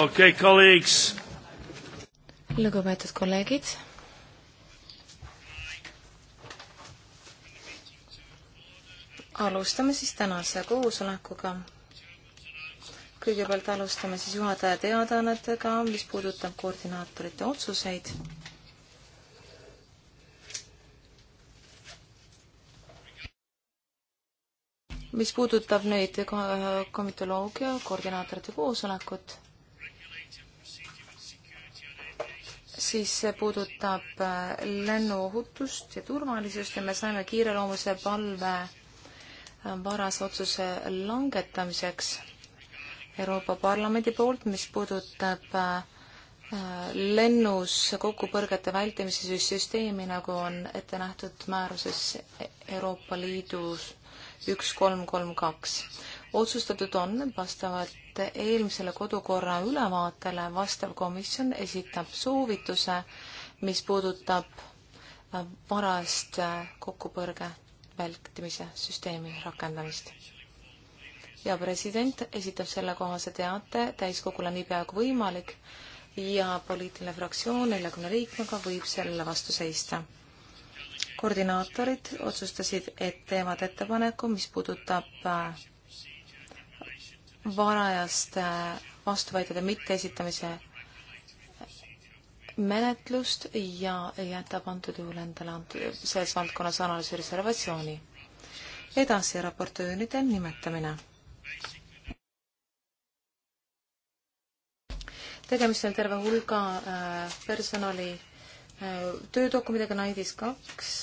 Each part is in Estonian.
okei okay,, kolleegid. lugupeetud kolleegid. alustame siis tänase koosolekuga. kõigepealt alustame siis juhataja teadaannetega, mis puudutab koordinaatorite otsuseid. mis puudutab nüüd komitoloogia koordinaatorite koosolekut siis see puudutab äh, lennuohutust ja turvalisust ja me saime kiireloomuse palve äh, varase otsuse langetamiseks Euroopa Parlamendi poolt, mis puudutab äh, lennus kokkupõrgete vältimise süsteemi, nagu on ette nähtud määruses Euroopa Liidus üks kolm kolm kaks otsustatud on vastavalt eelmisele kodukorra ülevaatele vastav komisjon esitab soovituse, mis puudutab äh, varast äh, kokkupõrge vältimise süsteemi rakendamist. ja president esitab sellekohase teate täiskogule niipea kui võimalik ja poliitiline fraktsioon neljakümne liikmega võib sellele vastu seista. koordinaatorid otsustasid, et teevad ettepaneku, mis puudutab äh, varajaste äh, vastuväidete mitteesitamise menetlust ja jätab antud juhul endale antud, selles valdkonnas analüüsi reservatsiooni. edasi raportööride nimetamine. tegemist on terve hulga äh, personali äh, töödokumendidega NAIDIS kaks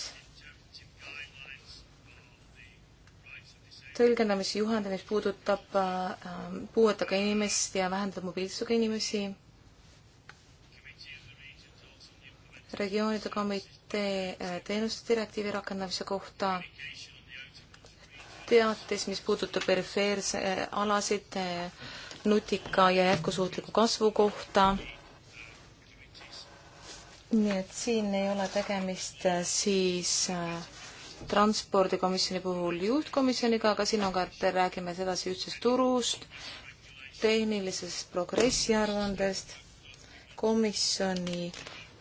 tõlgendamise juhend, mis puudutab äh, puuetega inimest ja vähendab mobiilsusega inimesi. regioonide komitee äh, teenuste direktiivi rakendamise kohta teatis, mis puudutab perifeerse äh, alasid nutika ja jätkusuutliku kasvu kohta nii et siin ei ole tegemist siis äh, transpordikomisjoni puhul juhtkomisjoniga, aga siin on ka, et räägime edasi ühtsest turust, tehnilisest progressi aruandest, komisjoni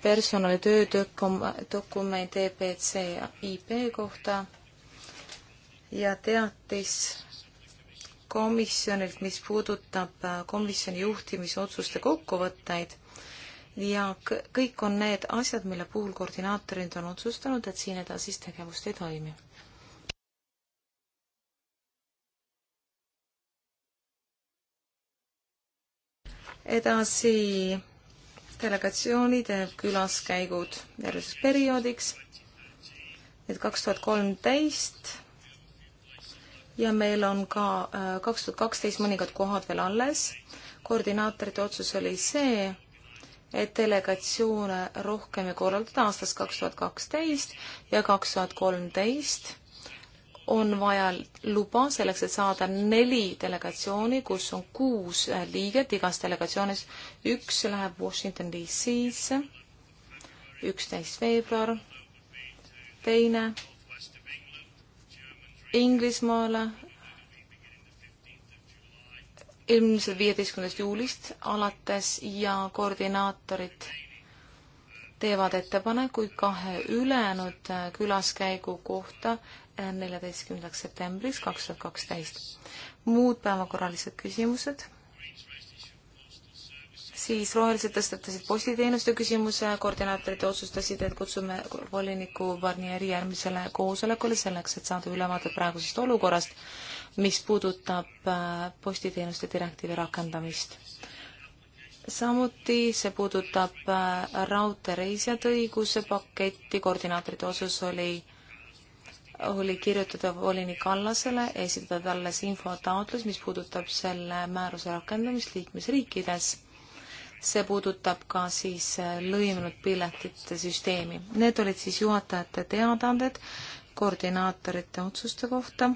personali töödokument EBC ja IP kohta ja teatis komisjonilt, mis puudutab äh, komisjoni juhtimisotsuste kokkuvõtteid ja kõik on need asjad, mille puhul koordinaatorid on otsustanud, et siin edasist tegevust ei toimi. edasi delegatsioonide külaskäigud järgmiseks perioodiks et kaks tuhat kolmteist ja meil on ka äh, kaks tuhat kaksteist mõningad kohad veel alles. koordinaatorite otsus oli see, et delegatsioone rohkem ja korraldada aastast kaks tuhat kaksteist ja kaks tuhat kolmteist on vaja luba selleks, et saada neli delegatsiooni, kus on kuus liiget igas delegatsioonis. üks läheb Washington DC-sse, üksteist veebruar, teine Inglismaale, eelmisel viieteistkümnendast juulist alates ja koordinaatorid teevad ettepanekuid kahe ülejäänud äh, külaskäigu kohta äh, neljateistkümnendaks septembriks kaks tuhat kaksteist. muud päevakorralised küsimused? siis rohelised tõstatasid postiteenuste küsimuse, koordinaatorid otsustasid, et kutsume voliniku Barnieri järgmisele koosolekule selleks, et saada ülevaade praegusest olukorrast mis puudutab äh, postiteenuste direktiivi rakendamist. samuti see puudutab äh, raudteereisijate õiguse paketti, koordinaatorite otsus oli, oli kirjutada volinik Allasele, esitada talle see infotaotlus, mis puudutab selle määruse rakendamist liikmesriikides see puudutab ka siis äh, lõimunud piletite süsteemi. Need olid siis juhatajate teadaanded koordinaatorite otsuste kohta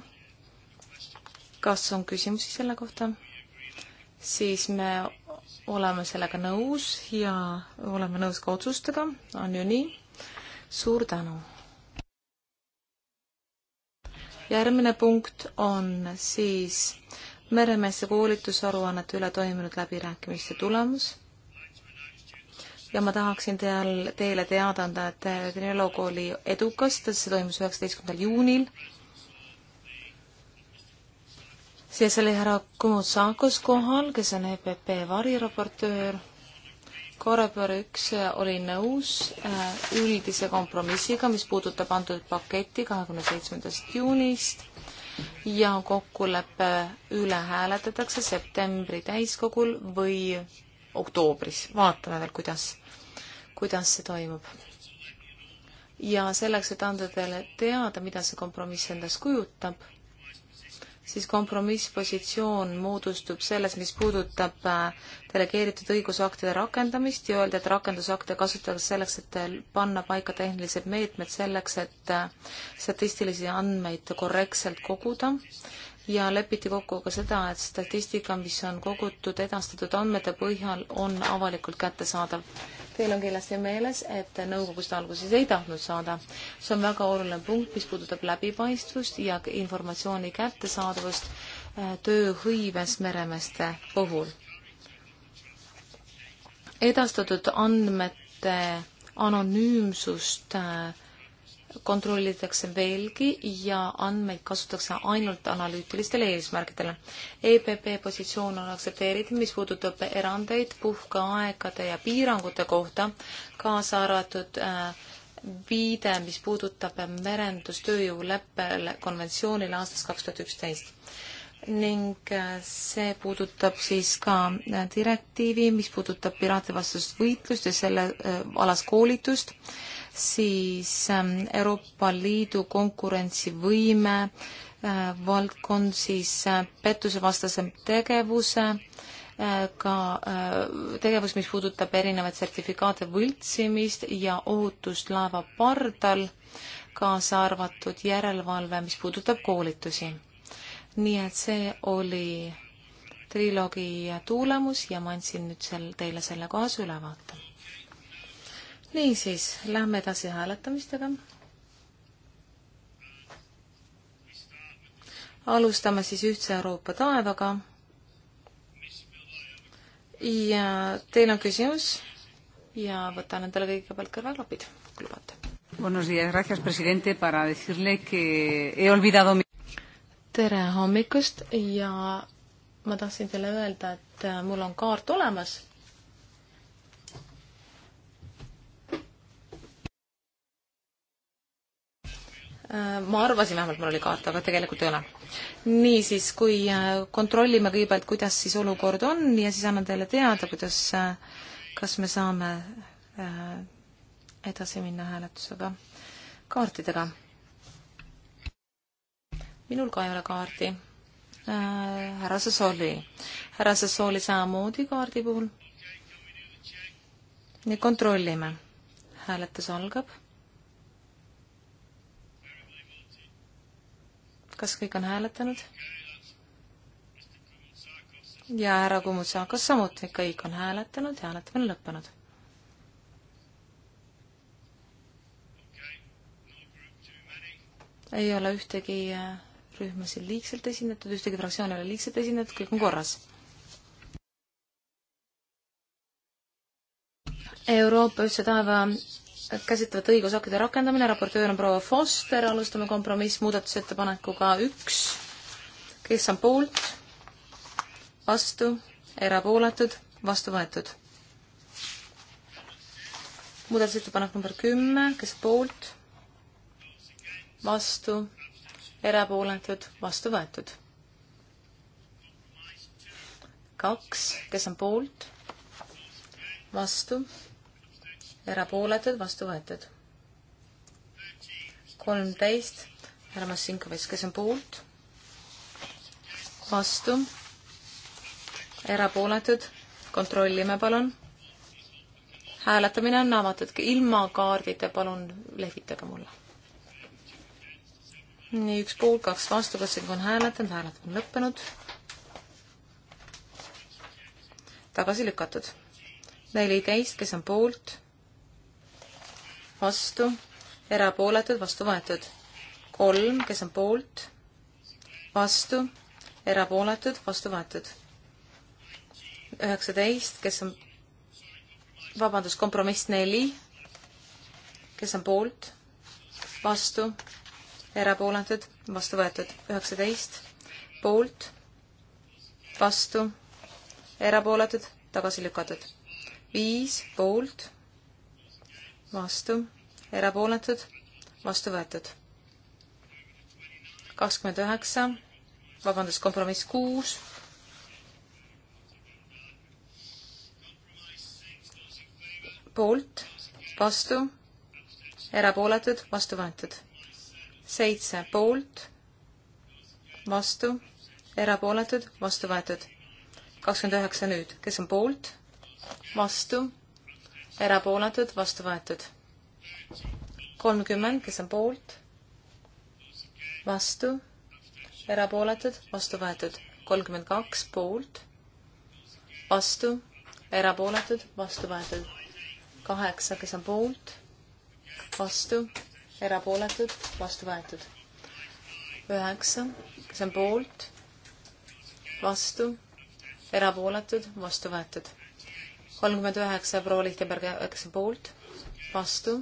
kas on küsimusi selle kohta? siis me oleme sellega nõus ja oleme nõus ka otsustega, on ju nii? suur tänu! järgmine punkt on siis meremeeste koolitusaruannete üle toimunud läbirääkimiste tulemus ja ma tahaksin teal, teile teada anda, et triloog oli edukas, see toimus üheksateistkümnendal juunil siis oli härra Kumutsakos kohal, kes on EPP variraportöör. Koreper üks äh, oli nõus äh, üldise kompromissiga, mis puudutab antud paketti kahekümne seitsmendast juunist ja kokkulepe üle hääletatakse septembri täiskogul või oktoobris, vaatame veel, kuidas, kuidas see toimub. ja selleks, et anda teile teada, mida see kompromiss endast kujutab siis kompromisspositsioon moodustub selles, mis puudutab äh, delegeeritud õigusaktide rakendamist ja öelda, et rakendusakte kasutatakse selleks, et äh, panna paika tehnilised meetmed selleks, et äh, statistilisi andmeid korrektselt koguda ja lepiti kokku ka seda, et statistika, mis on kogutud edastatud andmete põhjal, on avalikult kättesaadav. Teil on kindlasti meeles, et nõukogu seda alguses ei tahtnud saada. see on väga oluline punkt, mis puudutab läbipaistvust ja informatsiooni kättesaadavust äh, tööhõives meremeeste puhul. edastatud andmete anonüümsust äh, kontrollitakse veelgi ja andmeid kasutatakse ainult analüütilistele eesmärkidele. EPP positsioon on aktsepteeritud, mis puudutab erandeid puhkeaegade ja piirangute kohta, kaasa arvatud äh, viide, mis puudutab merendustööjõuleppele konventsioonile aastast kaks tuhat üksteist ning äh, see puudutab siis ka äh, direktiivi, mis puudutab piraatide vastast võitlust ja selle äh, alas koolitust äh, siis ähm, Euroopa Liidu konkurentsivõime äh, valdkond, siis äh, pettusevastase tegevuse, äh, ka tegevus, mis puudutab erinevaid sertifikaate võltsimist ja ohutust laeva pardal, kaasa arvatud järelevalve, mis puudutab koolitusi. nii et see oli triloogi tulemus ja ma andsin nüüd sel, teile selle kohas ülevaate niisiis, lähme edasi hääletamistega. alustame siis Ühtse Euroopa taevaga. ja teil on küsimus ja võtan endale kõigepealt kõrvaklapid, kui lubate. Buenos días, gracias presidente para decirle que he olvidado mi tere hommikust ja ma tahtsin teile öelda, et mul on kaart olemas Äh, ma arvasin, vähemalt mul oli kaart, aga tegelikult ei ole. niisiis, kui äh, kontrollime kõigepealt, kuidas siis olukord on ja siis annan teile teada, kuidas, äh, kas me saame edasi minna hääletusega kaartidega. minul ka ei ole kaardi. härra Sassooli, härra Sassooli samamoodi kaardi puhul. nii, kontrollime. hääletus algab kas kõik on hääletanud? ja härra Kumutsakos samuti, kõik on hääletanud, hääletamine on lõppenud. ei ole ühtegi äh, rühma siin liigselt esindatud, ühtegi fraktsiooni ei ole liigselt esindatud, kõik on korras. Euroopa Ühtse Taeva käsitlevad õigusaktide rakendamine, raportöör on proua Foster, alustame kompromissmuudatusettepanekuga üks, kes on poolt, vastu, erapooletud, vastu võetud. muudatusettepanek number kümme, kes poolt, vastu, erapooletud, vastu võetud. kaks, kes on poolt, vastu erapooletud, vastu võetud. kolmteist, härra Massinkovitš, kes on poolt? vastu, erapooletud, kontrollime palun. hääletamine on avatud, ilma kaardita palun lehvitage mulle. nii, üks poolt, kaks vastu, kas siin on hääletanud, hääletamine on lõppenud. tagasi lükatud. neliteist, kes on poolt vastu, erapooletud, vastu võetud. kolm, kes on poolt, vastu, erapooletud, vastu võetud. üheksateist, kes on, vabandust, kompromiss neli, kes on poolt, vastu, erapooletud, vastu võetud. üheksateist, poolt, vastu, erapooletud, tagasi lükatud. viis, poolt vastu, erapooletud, vastu võetud. kakskümmend üheksa, vabandust, kompromiss kuus. poolt, vastu, erapooletud, vastu võetud. seitse poolt, vastu, erapooletud, vastu võetud. kakskümmend üheksa nüüd, kes on poolt, vastu erapooletud, vastu võetud. kolmkümmend, kes on poolt, vastu, erapooletud, vastu võetud. kolmkümmend kaks poolt, vastu, erapooletud, vastu võetud. kaheksa, kes on poolt, vastu, erapooletud, vastu võetud. üheksa, kes on poolt, vastu, erapooletud, vastu võetud kolmkümmend üheksa proua Lihtenberg üheksa poolt, vastu,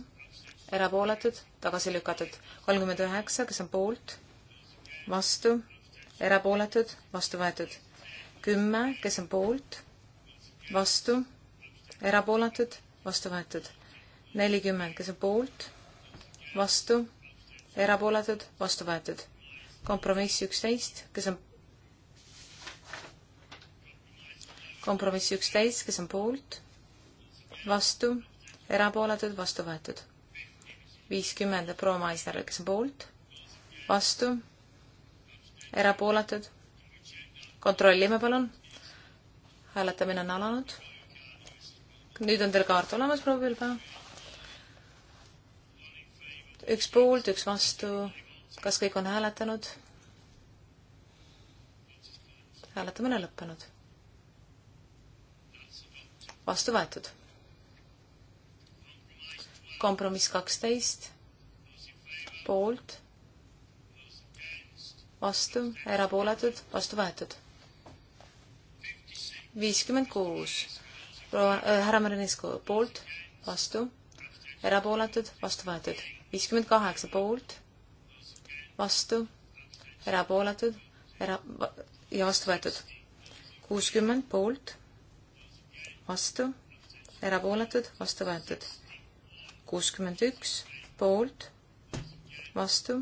erapooletud, tagasi lükatud. kolmkümmend üheksa, kes on poolt, vastu, erapooletud, vastu võetud. kümme, kes on poolt, vastu, erapooletud, vastu võetud. nelikümmend, kes on poolt, vastu, erapooletud, vastu võetud. kompromiss üksteist, kes on kompromiss üksteist, kes on poolt, vastu, erapooletud, vastu võetud. viiskümmend proua Maisner, kes on poolt, vastu, erapooletud. kontrollime palun. hääletamine on alanud. nüüd on teil kaart olemas, proua Pilva. üks poolt, üks vastu. kas kõik on hääletanud? hääletamine lõppenud vastu võetud. kompromiss kaksteist, poolt, vastu, erapooletud, vastu võetud. viiskümmend kuus, proua äh,, härra Marinescu, poolt, vastu, erapooletud, vastu võetud. viiskümmend kaheksa, poolt, vastu, erapooletud, era- ja vastu võetud. kuuskümmend poolt vastu, erapooletud, vastu võetud. kuuskümmend üks poolt, vastu,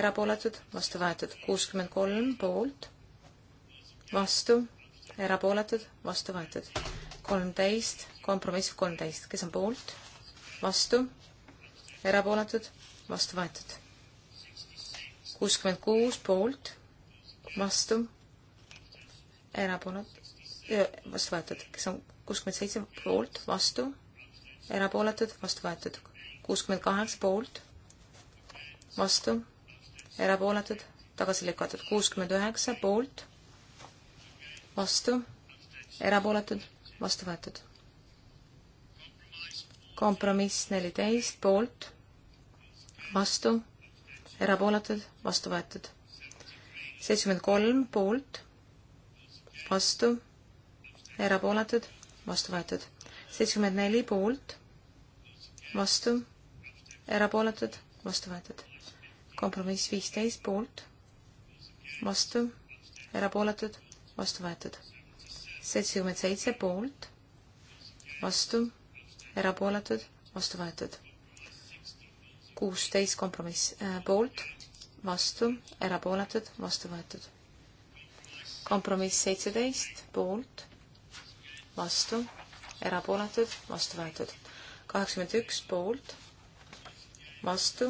erapooletud, vastu võetud. kuuskümmend kolm poolt, vastu, erapooletud, vastu võetud. kolmteist, kompromiss kolmteist, kes on poolt, vastu, erapooletud, vastu võetud. kuuskümmend kuus poolt, vastu, erapooletud vastu võetud, kes on kuuskümmend seitse poolt, vastu, erapooletud, vastu võetud. kuuskümmend kaheksa poolt, vastu, erapooletud, tagasi lükatud. kuuskümmend üheksa poolt, vastu, erapooletud, vastu võetud. kompromiss neliteist poolt, vastu, erapooletud, vastu võetud. seitsekümmend kolm poolt, vastu erapooletud, vastu võetud. seitsekümmend neli poolt, vastu, erapooletud, vastu võetud. kompromiss viisteist poolt, vastu, erapooletud, vastu võetud. seitsekümmend seitse poolt, vastu, erapooletud, vastu võetud. kuusteist kompromiss äh, poolt, vastu, erapooletud, vastu võetud kompromiss seitseteist, poolt, vastu, erapooletud, vastu võetud. kaheksakümmend üks poolt, vastu,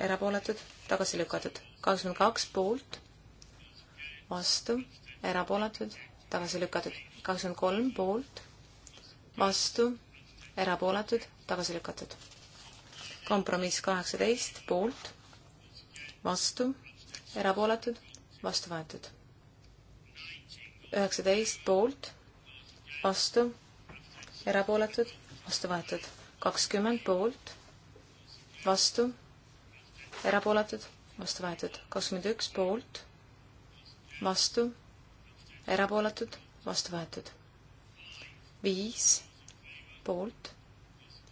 erapooletud, tagasi lükatud. kaheksakümmend kaks poolt, vastu, erapooletud, tagasi lükatud. kakskümmend kolm poolt, vastu, erapooletud, tagasi lükatud. kompromiss kaheksateist poolt, vastu, erapooletud, vastu võetud. üheksateist poolt vastu, erapooletud, vastu võetud. kakskümmend poolt, vastu, erapooletud, vastu võetud. kakskümmend üks poolt, vastu, erapooletud, vastu võetud. viis poolt,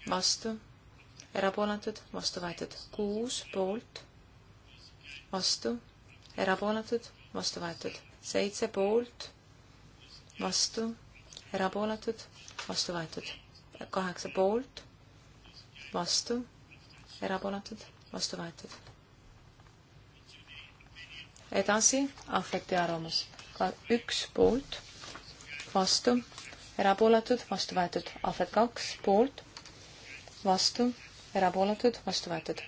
vastu, erapooletud, vastu võetud. kuus poolt, vastu, erapooletud, vastu võetud. seitse poolt, vastu erapooletud, vastu võetud. kaheksa poolt, vastu, erapooletud, vastu võetud. edasi afekti arvamus. ka üks poolt, vastu, erapooletud, vastu võetud. ahvet kaks poolt, vastu, erapooletud, vastu võetud.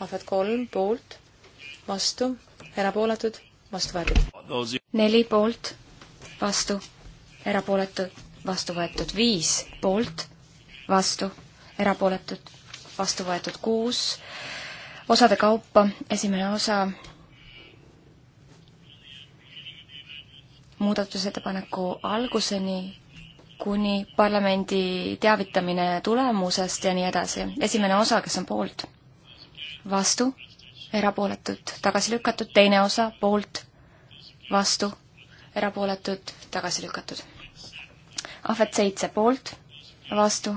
ahvet kolm poolt, vastu, erapooletud, vastu võetud. neli poolt, vastu erapooletud, vastu võetud viis poolt, vastu, erapooletud, vastu võetud kuus, osade kaupa esimene osa, muudatusettepaneku alguseni kuni parlamendi teavitamine tulemusest ja nii edasi. esimene osa, kes on poolt, vastu, erapooletud, tagasi lükatud, teine osa poolt, vastu, erapooletud, tagasi lükatud ahvet seitse poolt, vastu,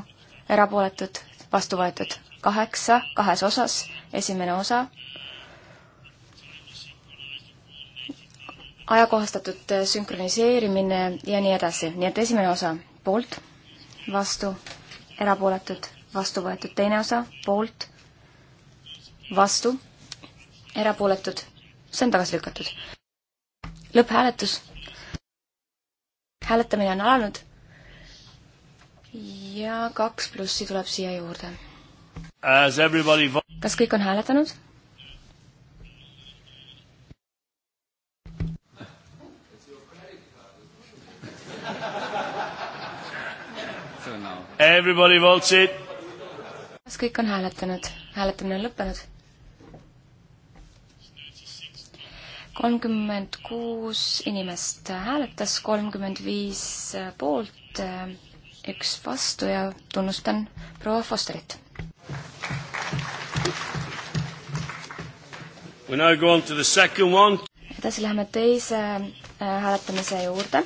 erapooletud, vastu võetud kaheksa kahes osas, esimene osa. ajakohastatud äh, sünkroniseerimine ja nii edasi, nii et esimene osa poolt, vastu, erapooletud, vastu võetud, teine osa poolt, vastu, erapooletud, see on tagasi lükatud. lõpphääletus. hääletamine on alanud ja kaks plussi tuleb siia juurde. kas kõik on hääletanud? Everybody votes it. kas kõik on hääletanud? hääletamine on lõppenud. kolmkümmend kuus inimest hääletas, kolmkümmend viis poolt üks vastu ja tunnustan proua Fosterit. edasi läheme teise äh, hääletamise juurde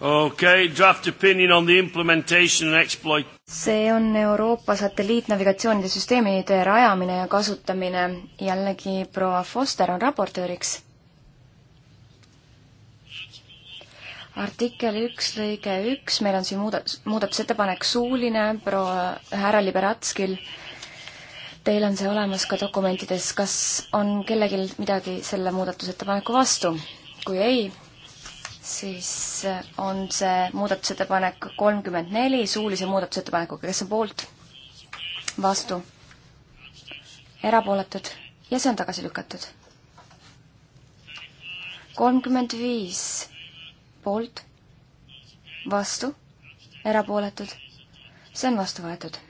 Okay, draft opinion on the implementation and exploit. see on Euroopa satelliitnavigatsioonide süsteemide rajamine ja kasutamine. jällegi proua Foster on raportööriks. artikkel üks lõige üks, meil on siin muudatus, muudatusettepanek suuline proua härra Liberatskil. Teil on see olemas ka dokumentides, kas on kellelgi midagi selle muudatusettepaneku vastu? kui ei, siis on see muudatusettepanek kolmkümmend neli suulise muudatusettepanekuga, kes on poolt? vastu? erapooletud? ja see on tagasi lükatud. kolmkümmend viis poolt, vastu, erapooletud, see on vastu võetud.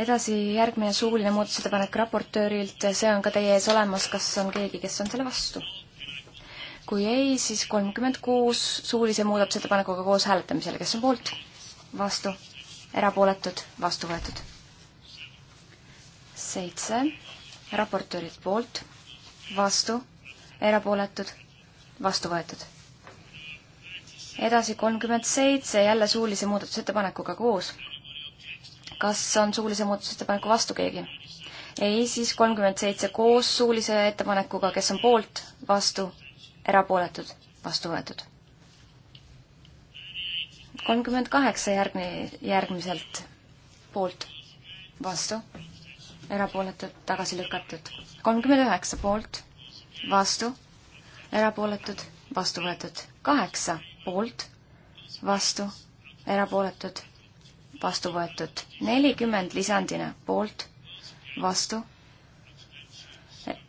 edasi järgmine suuline muudatusettepanek raportöörilt, see on ka teie ees olemas, kas on keegi, kes on selle vastu? kui ei, siis kolmkümmend kuus suulise muudatusettepanekuga koos hääletamisele, kes on poolt, vastu, erapooletud, vastu võetud. seitse raportöörilt poolt vastu, erapooletud, vastu võetud. edasi kolmkümmend seitse, jälle suulise muudatusettepanekuga koos. kas on suulise muudatusettepaneku vastu keegi? ei, siis kolmkümmend seitse koos suulise ettepanekuga, kes on poolt, vastu, erapooletud, vastu võetud. kolmkümmend kaheksa järgne, järgmiselt poolt, vastu erapooletud, tagasi lükatud. kolmkümmend üheksa poolt, vastu, erapooletud, vastu võetud. kaheksa poolt, vastu, erapooletud, vastu võetud. nelikümmend lisandina poolt, vastu,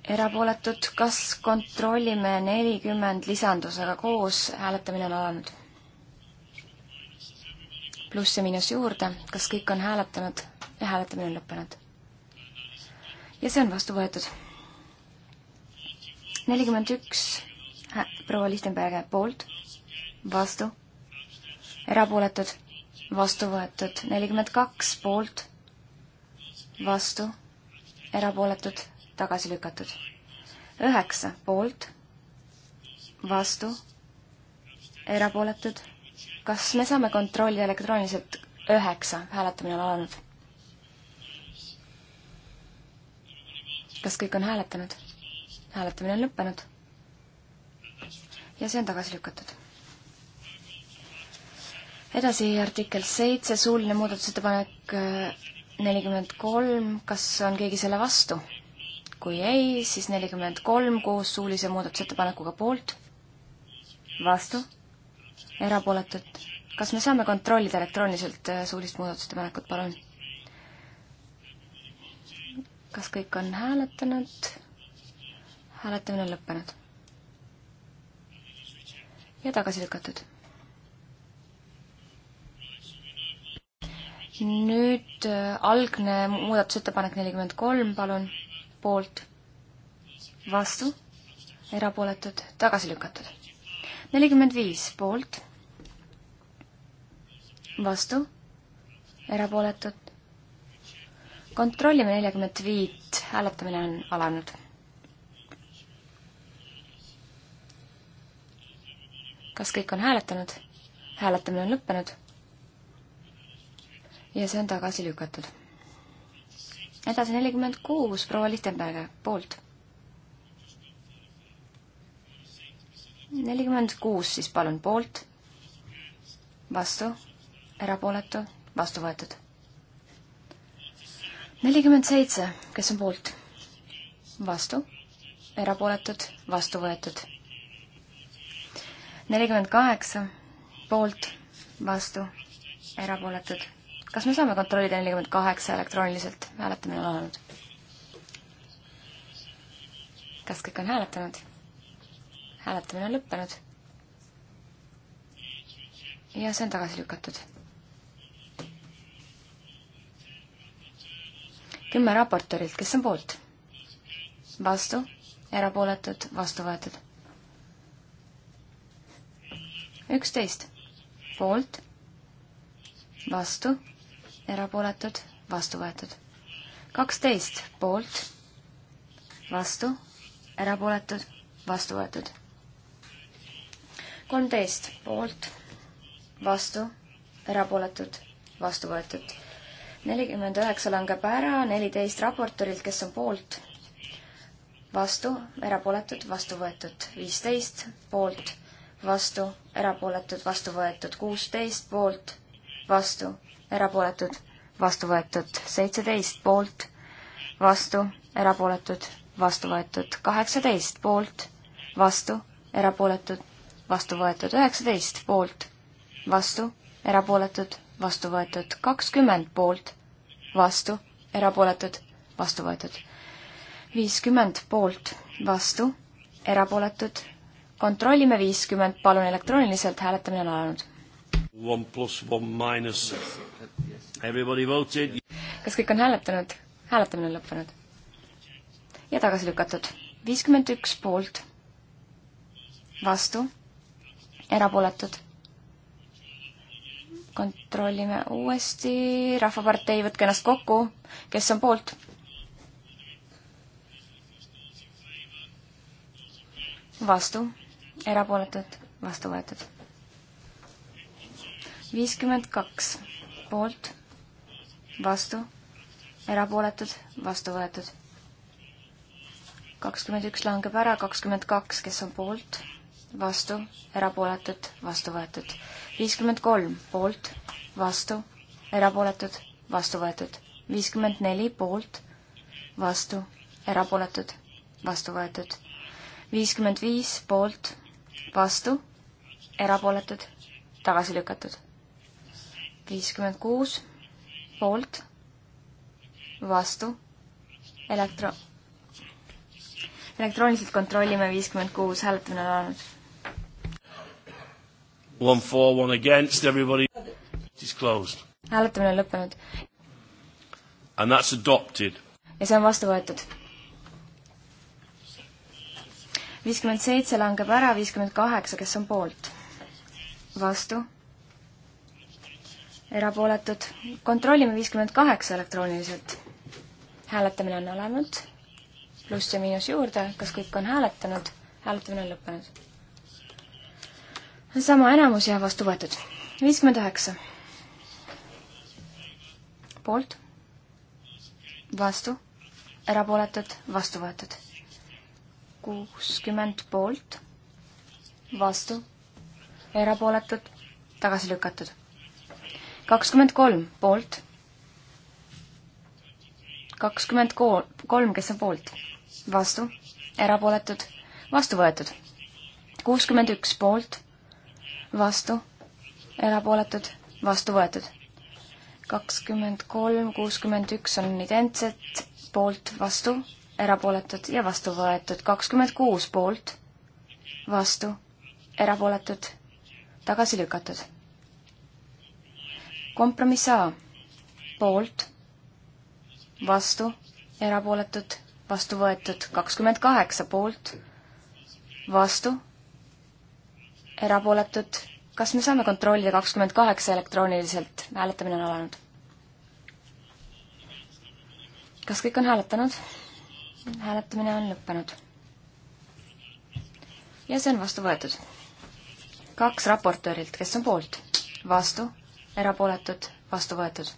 erapooletud. kas kontrollime nelikümmend lisandusega koos, hääletamine on alanud? pluss ja miinus juurde, kas kõik on hääletanud ja hääletamine on lõppenud? ja see on vastu võetud. nelikümmend üks proua Lichtenberger poolt, vastu, erapooletud, vastu võetud, nelikümmend kaks poolt, vastu, erapooletud, tagasi lükatud. üheksa poolt, vastu, erapooletud. kas me saame kontrollida elektrooniliselt üheksa, hääletamine on alanud kas kõik on hääletanud? hääletamine on lõppenud. ja see on tagasi lükatud. edasi artikkel seitse, suuline muudatusettepanek äh, nelikümmend kolm, kas on keegi selle vastu? kui ei, siis nelikümmend kolm koos suulise muudatusettepanekuga poolt, vastu, erapooletut. kas me saame kontrollida elektrooniliselt äh, suulist muudatusettepanekut, palun? kas kõik on hääletanud? hääletamine on lõppenud. ja tagasi lükatud. nüüd äh, algne muudatusettepanek nelikümmend kolm, palun, poolt, vastu, erapooletud, tagasi lükatud nelikümmend viis poolt, vastu, erapooletud, kontrollime neljakümmet viit, hääletamine on alanud. kas kõik on hääletanud? hääletamine on lõppenud. ja see on tagasi lükatud. edasi nelikümmend kuus, proua Lichtenberger, poolt. nelikümmend kuus siis palun poolt, vastu, erapooletu, vastu võetud nelikümmend seitse, kes on poolt? vastu, erapooletud, vastu võetud. nelikümmend kaheksa, poolt, vastu, erapooletud. kas me saame kontrollida nelikümmend kaheksa elektrooniliselt, hääletamine on alanud? kas kõik on hääletanud? hääletamine on lõppenud. ja see on tagasi lükatud kümme raportöörilt, kes on poolt? vastu, erapooletud, vastu võetud. üksteist, poolt, vastu, erapooletud, vastu võetud. kaksteist, poolt, vastu, erapooletud, vastu võetud. kolmteist, poolt, vastu, erapooletud, vastu võetud nelikümmend üheksa langeb ära, neliteist raportöörilt, kes on poolt, vastu, erapooletud, vastu võetud, viisteist poolt, vastu, erapooletud, vastu võetud, kuusteist poolt, vastu, erapooletud, vastu võetud, seitseteist poolt, vastu, erapooletud, vastu võetud, kaheksateist poolt, vastu, erapooletud, vastu võetud, üheksateist poolt, vastu, erapooletud, vastu võetud, kakskümmend poolt, vastu, erapooletud, vastu võetud. viiskümmend poolt, vastu, erapooletud, kontrollime viiskümmend, palun elektrooniliselt, hääletamine on alanud. One pluss, one minus. Everybody voted. kas kõik on hääletanud? hääletamine on lõppenud. ja tagasi lükatud. viiskümmend üks poolt, vastu, erapooletud kontrollime uuesti, Rahvapartei, võtke ennast kokku, kes on poolt? vastu, erapooletud, vastu võetud. viiskümmend kaks poolt, vastu, erapooletud, vastu võetud. kakskümmend üks langeb ära, kakskümmend kaks, kes on poolt, vastu, erapooletud, vastu võetud. viiskümmend kolm poolt, vastu, erapooletud, vastu võetud. viiskümmend neli poolt, vastu, erapooletud, vastu võetud. viiskümmend viis poolt, vastu, erapooletud, tagasi lükatud. viiskümmend kuus poolt, vastu, elektro elektrooniliselt kontrollime viiskümmend kuus, hääletamine on alanud. One for, one against, everybody It is closed. hääletamine on lõppenud. And that's adopted. ja see on vastu võetud. viiskümmend seitse langeb ära, viiskümmend kaheksa, kes on poolt? vastu? erapooletud? kontrollime viiskümmend kaheksa elektrooniliselt. hääletamine on alanud, pluss ja miinus juurde, kas kõik on hääletanud? hääletamine on lõppenud sama enamus ja vastu võetud. viiskümmend üheksa. poolt, vastu, erapooletud, vastu võetud. kuuskümmend poolt, vastu, erapooletud, tagasi lükatud. kakskümmend kolm poolt, kakskümmend kolm, kes on poolt, vastu, erapooletud, vastu võetud. kuuskümmend üks poolt vastu, erapooletud, vastu võetud. kakskümmend kolm, kuuskümmend üks on identsed, poolt, vastu, erapooletud ja vastu võetud. kakskümmend kuus poolt, vastu, erapooletud, tagasi lükatud. kompromiss A, poolt, vastu, erapooletud, vastu võetud. kakskümmend kaheksa poolt, vastu erapooletud. kas me saame kontrollida kakskümmend kaheksa elektrooniliselt? hääletamine on alanud. kas kõik on hääletanud? hääletamine on lõppenud. ja see on vastu võetud. kaks raportöörilt, kes on poolt? vastu, erapooletud, vastu võetud.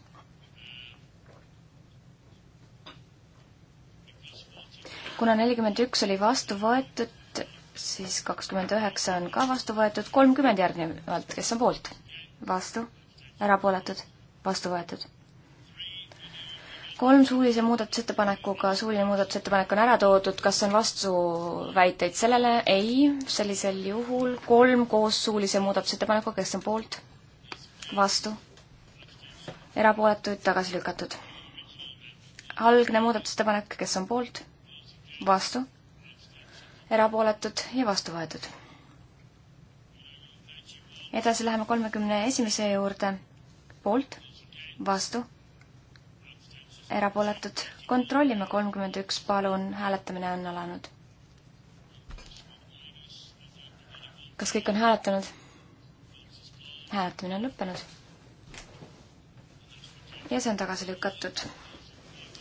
kuna nelikümmend üks oli vastu võetud, siis kakskümmend üheksa on ka vastu võetud, kolmkümmend järgnevalt, kes on poolt? vastu, erapooletud, vastu võetud. kolm suulise muudatusettepanekuga, suuline muudatusettepanek on ära toodud, kas on vastuväiteid sellele? ei, sellisel juhul kolm koos suulise muudatusettepanekuga, kes on poolt? vastu, erapooletuid tagasi lükatud. algne muudatusettepanek, kes on poolt? vastu erapooletud ja vastu võetud. edasi läheme kolmekümne esimese juurde, poolt, vastu, erapooletud, kontrollime kolmkümmend üks, palun, hääletamine on alanud. kas kõik on hääletanud? hääletamine on lõppenud. ja see on tagasi lükatud.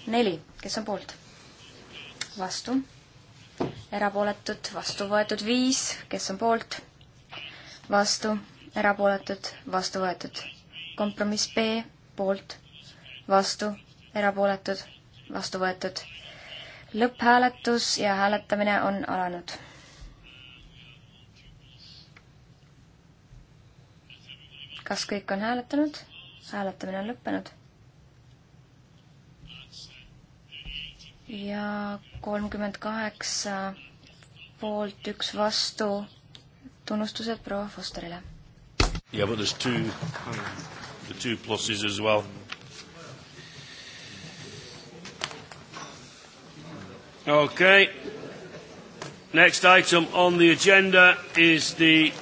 neli, kes on poolt? vastu erapooletud, vastu võetud viis, kes on poolt, vastu, erapooletud, vastu võetud. kompromiss B, poolt, vastu, erapooletud, vastu võetud. lõpphääletus ja hääletamine on alanud. kas kõik on hääletanud? hääletamine on lõppenud ja kolmkümmend kaheksa poolt, üks vastu. tunnustused proua Fosterile. Yeah, but there's two, the two pluses as well. Okay. Next item on the agenda is the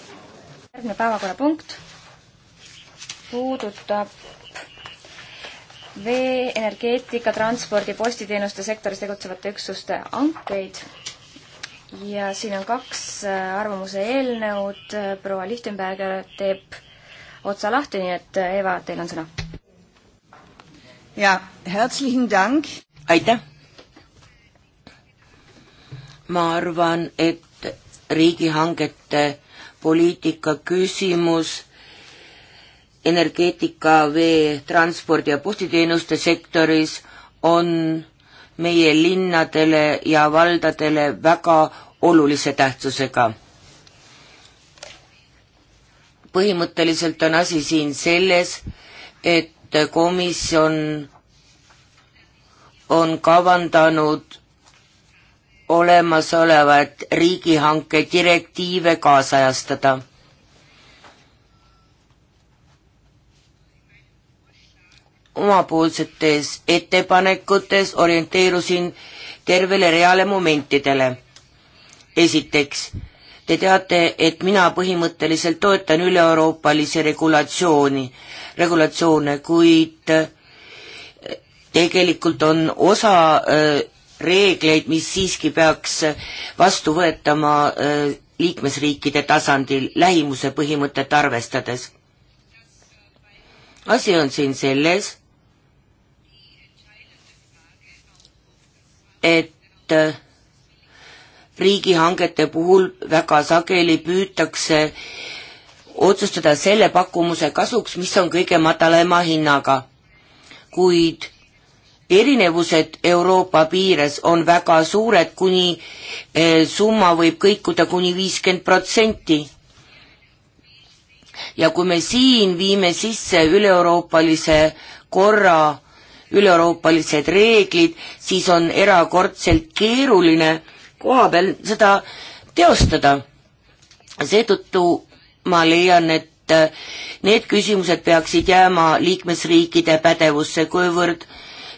järgmine päevakorrapunkt puudutab vee, energeetika, transpordi, postiteenuste sektoris tegutsevate üksuste ankeid. ja siin on kaks äh, arvamuse eelnõud, proua Lichtenberger teeb otsa lahti, nii et äh, Eva, teil on sõna. jaa, herzlichen Dank! aitäh! ma arvan, et riigihangete poliitika küsimus energeetika, vee, transpordi ja postiteenuste sektoris on meie linnadele ja valdadele väga olulise tähtsusega. põhimõtteliselt on asi siin selles, et komisjon on kavandanud olemasolevat riigihanke direktiive kaasajastada omapoolsetes ettepanekutes orienteerusin tervele reale momentidele. esiteks, te teate, et mina põhimõtteliselt toetan üle-euroopalisi regulatsiooni, regulatsioone, kuid eh, tegelikult on osa eh, reegleid, mis siiski peaks vastu võetama eh, liikmesriikide tasandil lähimuse põhimõtet arvestades. asi on siin selles, et äh, riigihangete puhul väga sageli püütakse otsustada selle pakkumuse kasuks, mis on kõige madalama hinnaga. kuid erinevused Euroopa piires on väga suured, kuni äh, summa võib kõikuda kuni viiskümmend protsenti. ja kui me siin viime sisse üleeuroopalise korra üleeuroopalised reeglid, siis on erakordselt keeruline koha peal seda teostada. seetõttu ma leian, et äh, need küsimused peaksid jääma liikmesriikide pädevusse, kuivõrd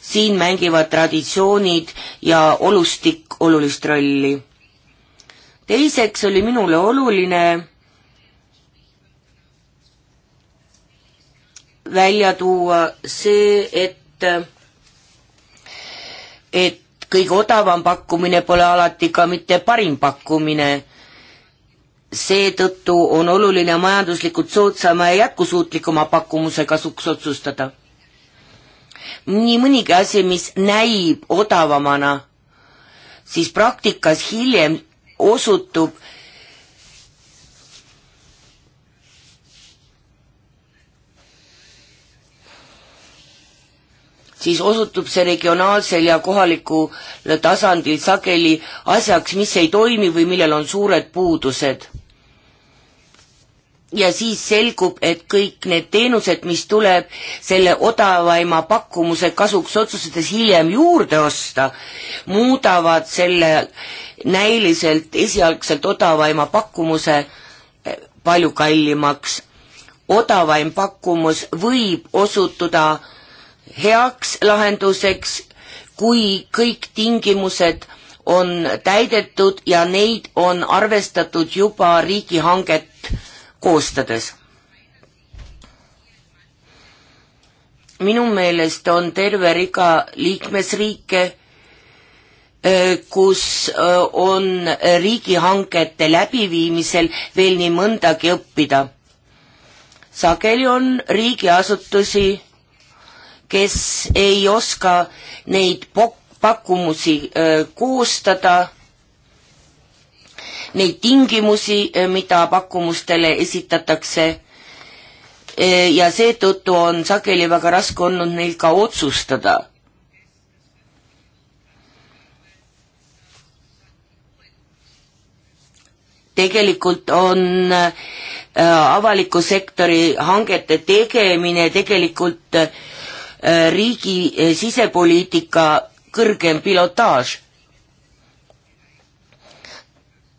siin mängivad traditsioonid ja olustik olulist rolli. teiseks oli minule oluline välja tuua see, et et, et kõige odavam pakkumine pole alati ka mitte parim pakkumine. seetõttu on oluline majanduslikult soodsama ja jätkusuutlikuma pakkumuse kasuks otsustada. nii mõnigi asi, mis näib odavamana, siis praktikas hiljem osutub siis osutub see regionaalsel ja kohalikul tasandil sageli asjaks, mis ei toimi või millel on suured puudused. ja siis selgub, et kõik need teenused, mis tuleb selle odavaima pakkumuse kasuks otsustades hiljem juurde osta, muudavad selle näiliselt esialgselt odavaima pakkumuse eh, palju kallimaks. odavaim pakkumus võib osutuda äh, heaks lahenduseks, kui kõik tingimused on täidetud ja neid on arvestatud juba riigihanget koostades. minu meelest on terve riga liikmesriike, äh, kus äh, on riigihangete läbiviimisel veel nii mõndagi õppida. sageli on riigiasutusi kes ei oska neid pakkumusi äh, koostada, neid tingimusi, äh, mida pakkumustele esitatakse äh, ja seetõttu on sageli väga raske olnud neil ka otsustada tegelikult on avaliku sektori hangete tegemine tegelikult Äh, riigi äh, sisepoliitika kõrgem pilotaaž.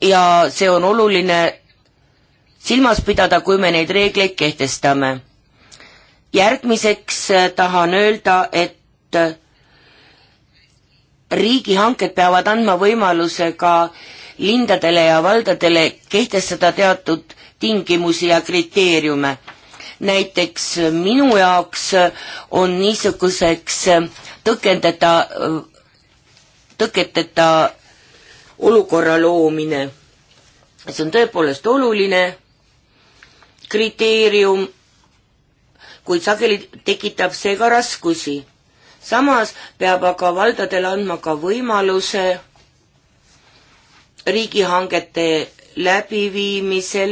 ja see on oluline silmas pidada, kui me neid reegleid kehtestame. järgmiseks äh, tahan öelda, et riigihanked peavad andma võimaluse ka lindadele ja valdadele kehtestada teatud tingimusi ja kriteeriume näiteks äh, minu jaoks äh, on niisuguseks äh, tõkendada, tõketeta olukorra loomine. see on tõepoolest oluline kriteerium, kuid sageli tekitab see ka raskusi. samas peab aga valdadele andma ka võimaluse riigihangete läbiviimisel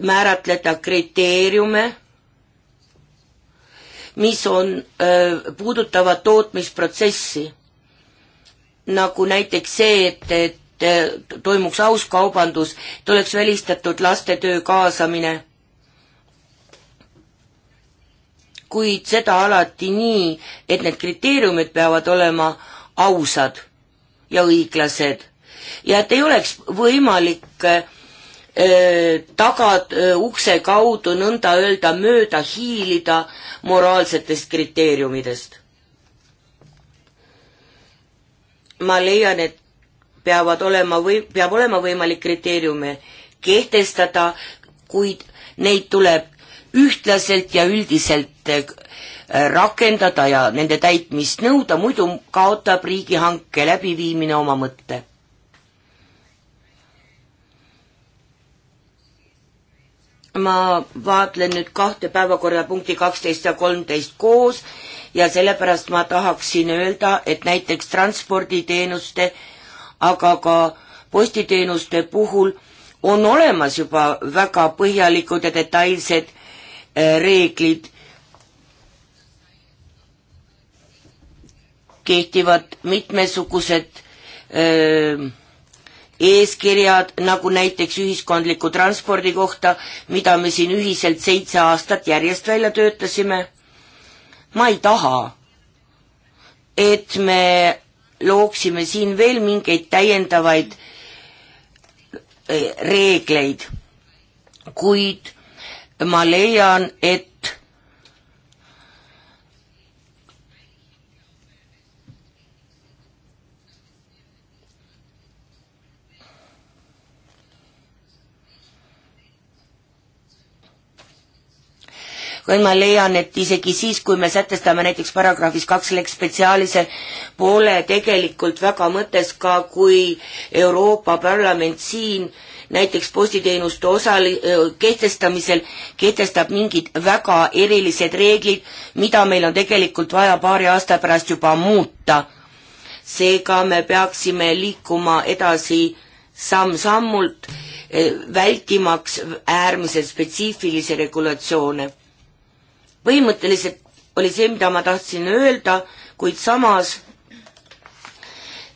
määratleda kriteeriume, mis on, puudutavad tootmisprotsessi. nagu näiteks see, et, et toimuks aus kaubandus, et oleks välistatud lastetöö kaasamine. kuid seda alati nii, et need kriteeriumid peavad olema ausad ja õiglased ja et ei oleks võimalik äh, Äh, tagad äh, ukse kaudu nõnda öelda mööda hiilida moraalsetest kriteeriumidest. ma leian, et peavad olema või peab olema võimalik kriteeriume kehtestada, kuid neid tuleb ühtlaselt ja üldiselt äh, rakendada ja nende täitmist nõuda, muidu kaotab riigihanke läbiviimine oma mõtte ma vaatlen nüüd kahte päevakorrapunkti kaksteist ja kolmteist koos ja sellepärast ma tahaksin öelda, et näiteks transporditeenuste, aga ka postiteenuste puhul on olemas juba väga põhjalikud ja detailsed äh, reeglid, kehtivad mitmesugused öö, äh, eeskirjad, nagu näiteks ühiskondliku transpordi kohta, mida me siin ühiselt seitse aastat järjest välja töötasime. ma ei taha, et me looksime siin veel mingeid täiendavaid eh, reegleid, kuid ma leian, et või ma leian, et isegi siis, kui me sätestame näiteks paragrahvis kaks leks spetsiaalise, pole tegelikult väga mõttes ka, kui Euroopa Parlament siin näiteks postiteenuste osali-, kehtestamisel kehtestab mingid väga erilised reeglid, mida meil on tegelikult vaja paari aasta pärast juba muuta. seega me peaksime liikuma edasi samm-sammult, vältimaks äärmiselt spetsiifilisi regulatsioone põhimõtteliselt oli see, mida ma tahtsin öelda, kuid samas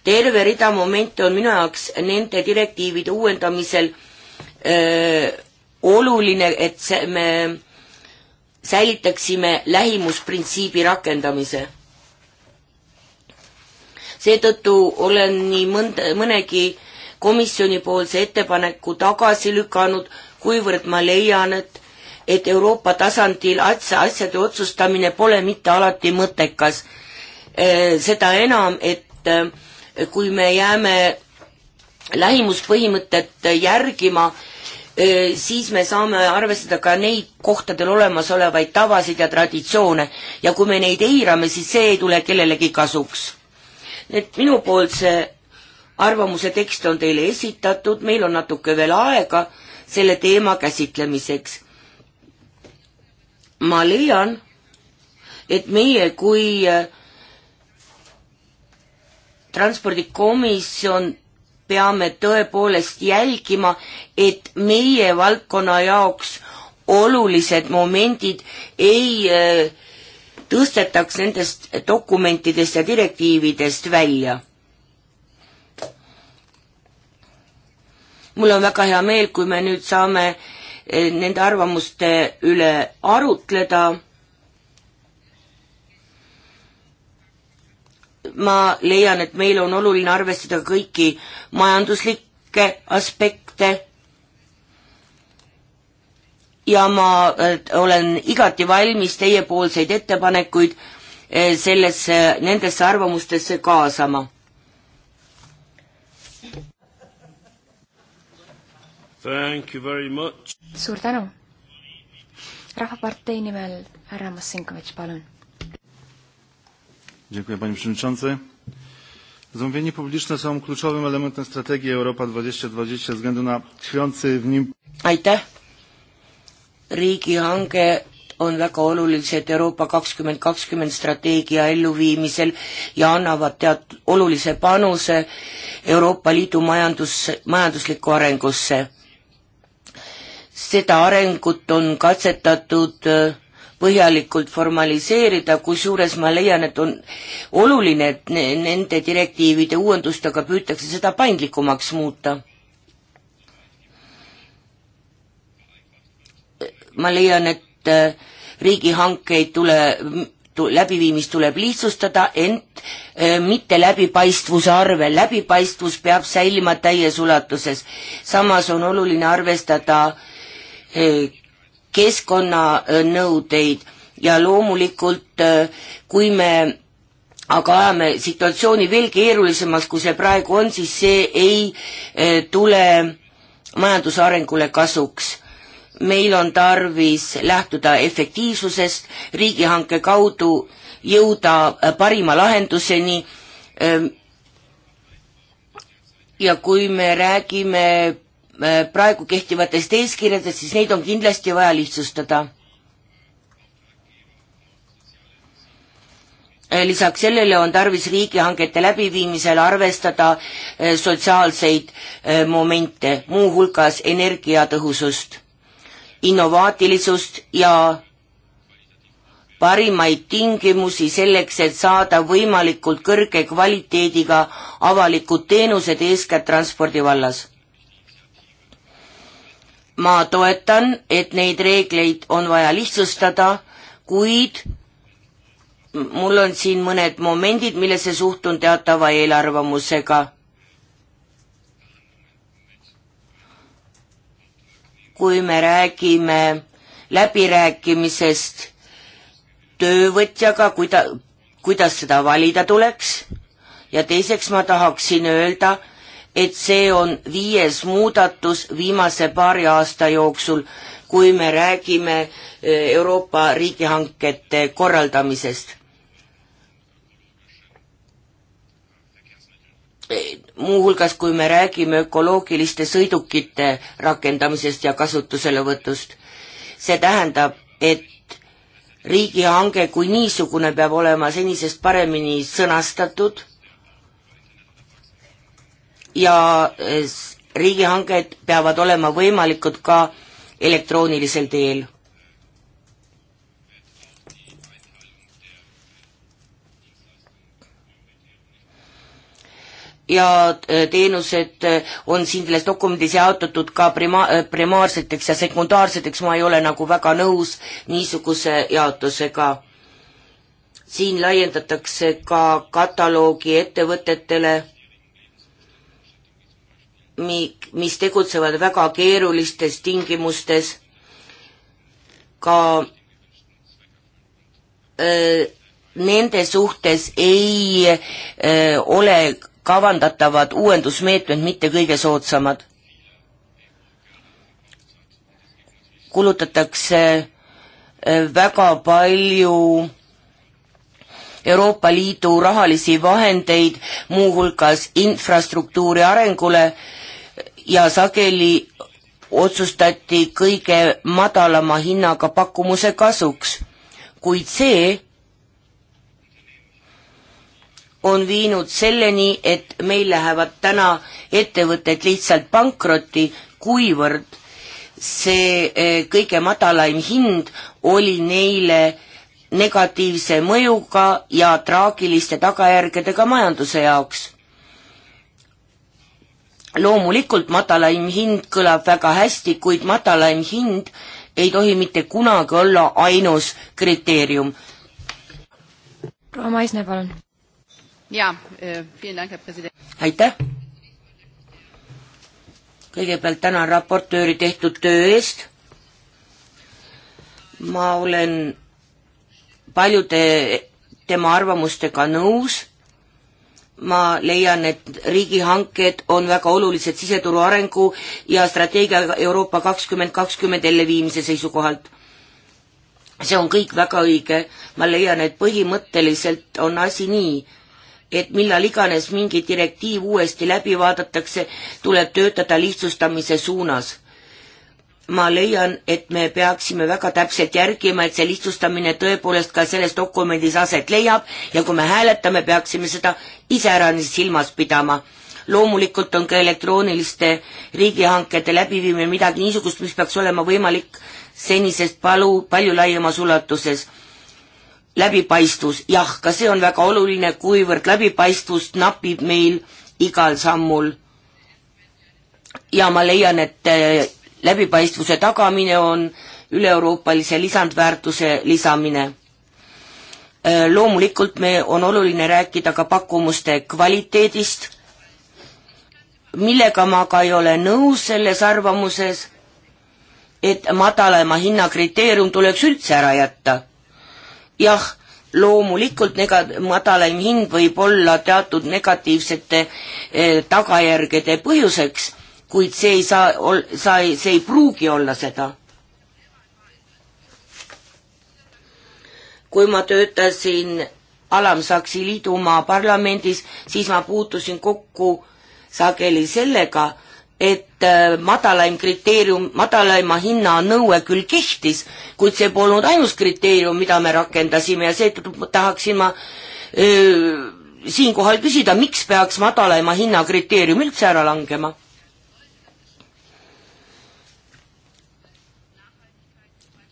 terve rida momente on minu jaoks nende direktiivide uuendamisel öö, oluline, et see, me säilitaksime lähimusprintsiibi rakendamise. seetõttu olen nii mõnda, mõnegi komisjonipoolse ettepaneku tagasi lükanud, kuivõrd ma leian, et et Euroopa tasandil asja, asjade otsustamine pole mitte alati mõttekas. Eh, seda enam, et eh, kui me jääme lähimuspõhimõtet järgima, eh, siis me saame arvestada ka neid kohtadel olemasolevaid tavasid ja traditsioone ja kui me neid eirame, siis see ei tule kellelegi kasuks. et minu poolt see arvamuse tekst on teile esitatud, meil on natuke veel aega selle teema käsitlemiseks ma leian, et meie kui äh, transpordikomisjon peame tõepoolest jälgima, et meie valdkonna jaoks olulised momendid ei äh, tõstetaks nendest dokumentidest ja direktiividest välja. mul on väga hea meel, kui me nüüd saame Eh, nende arvamuste üle arutleda. ma leian, et meil on oluline arvestada kõiki majanduslikke aspekte ja ma eh, olen igati valmis teiepoolseid ettepanekuid eh, sellesse, nendesse arvamustesse kaasama suur tänu. rahvapartei nimel härra Massinkovitš, palun. Dziękuję panie przewodniczący. Zamówienia publiczne są kluczowym elementem strategii Europa 2020 ze względu na tkwiący w nim... Aitäh! Riigihange on väga olulised Euroopa 2020 strateegia elluviimisel ja annavad tead olulise panuse Euroopa Liidu majandus, majanduslikku arengusse seda arengut on katsetatud äh, põhjalikult formaliseerida, kusjuures ma leian, et on oluline, et nende direktiivide uuendustega püütakse seda paindlikumaks muuta. ma leian, et äh, riigihankeid tule, läbiviimist tuleb lihtsustada, ent äh, mitte läbipaistvuse arvel, läbipaistvus peab säilima täies ulatuses. samas on oluline arvestada äh, Eh, keskkonnanõudeid ja loomulikult, eh, kui me aga ajame situatsiooni veel keerulisemaks, kui see praegu on, siis see ei eh, tule majanduse arengule kasuks meil on tarvis lähtuda efektiivsusest, riigihanke kaudu jõuda parima lahenduseni. ja kui me räägime Äh, praegu kehtivatest eeskirjadest, siis neid on kindlasti vaja lihtsustada. Äh, lisaks sellele on tarvis riigihangete läbiviimisel arvestada äh, sotsiaalseid momente, muuhulgas energiatõhusust, innovaatilisust ja parimaid tingimusi selleks, et saada võimalikult kõrge kvaliteediga avalikud teenused, eeskätt transpordi vallas ma toetan, et neid reegleid on vaja lihtsustada, kuid mul on siin mõned momendid, millesse suhtun teatava eelarvamusega. kui me räägime läbirääkimisest töövõtjaga, kuida-, kuidas seda valida tuleks ja teiseks ma tahaksin öelda, et see on viies muudatus viimase paari aasta jooksul, kui me räägime eh, Euroopa riigihankete korraldamisest. Eh, muuhulgas, kui me räägime ökoloogiliste sõidukite rakendamisest ja kasutuselevõtust. see tähendab, et riigihange kui niisugune peab olema senisest paremini sõnastatud ja eh, riigihanked peavad olema võimalikud ka elektroonilisel teel. ja eh, teenused eh, on siin selles dokumendis jaotatud ka prima-, primaarseteks ja sekundaarseteks, ma ei ole nagu väga nõus niisuguse jaotusega. siin laiendatakse ka kataloogi ettevõtetele mi-, mis tegutsevad väga keerulistes tingimustes, ka öö, nende suhtes ei öö, ole kavandatavad uuendusmeetmed mitte kõige soodsamad. kulutatakse väga palju Euroopa Liidu rahalisi vahendeid, muuhulgas infrastruktuuri arengule, ja sageli otsustati kõige madalama hinnaga pakkumuse kasuks, kuid see on viinud selleni, et meil lähevad täna ettevõtted lihtsalt pankrotti, kuivõrd see eh, kõige madalaim hind oli neile negatiivse mõjuga ja traagiliste tagajärgedega majanduse jaoks loomulikult madalaim hind kõlab väga hästi, kuid madalaim hind ei tohi mitte kunagi olla ainus kriteerium. proua Maisne, palun. jaa, äh, aitäh. kõigepealt tänan raportööri tehtud töö eest. ma olen paljude tema arvamustega nõus ma leian, et riigihanked on väga olulised siseturu arengu ja strateegia Euroopa kakskümmend kakskümmend elluviimise seisukohalt. see on kõik väga õige, ma leian, et põhimõtteliselt on asi nii, et millal iganes mingi direktiiv uuesti läbi vaadatakse, tuleb töötada lihtsustamise suunas ma leian, et me peaksime väga täpselt järgima, et see lihtsustamine tõepoolest ka selles dokumendis aset leiab ja kui me hääletame, peaksime seda iseäranis silmas pidama. loomulikult on ka elektrooniliste riigihankede läbiviimine midagi niisugust, mis peaks olema võimalik senisest palu, palju laiemas ulatuses. läbipaistvus, jah, ka see on väga oluline, kuivõrd läbipaistvust napib meil igal sammul ja ma leian, et läbipaistvuse tagamine on üle-euroopalise lisandväärtuse lisamine. Äh, loomulikult me, on oluline rääkida ka pakkumuste kvaliteedist, millega ma ka ei ole nõus selles arvamuses, et madalama hinnakriteerium tuleks üldse ära jätta. jah, loomulikult nega-, madalaim hind võib olla teatud negatiivsete eh, tagajärgede põhjuseks kuid see ei saa, sa ei, see ei pruugi olla seda. kui ma töötasin Alamsaksi liidumaa parlamendis, siis ma puutusin kokku sageli sellega, et äh, madalaim kriteerium, madalaima hinna nõue küll kehtis, kuid see polnud ainus kriteerium, mida me rakendasime ja seetõttu tahaksin ma öö, äh, siinkohal küsida, miks peaks madalaima hinna kriteerium üldse ära langema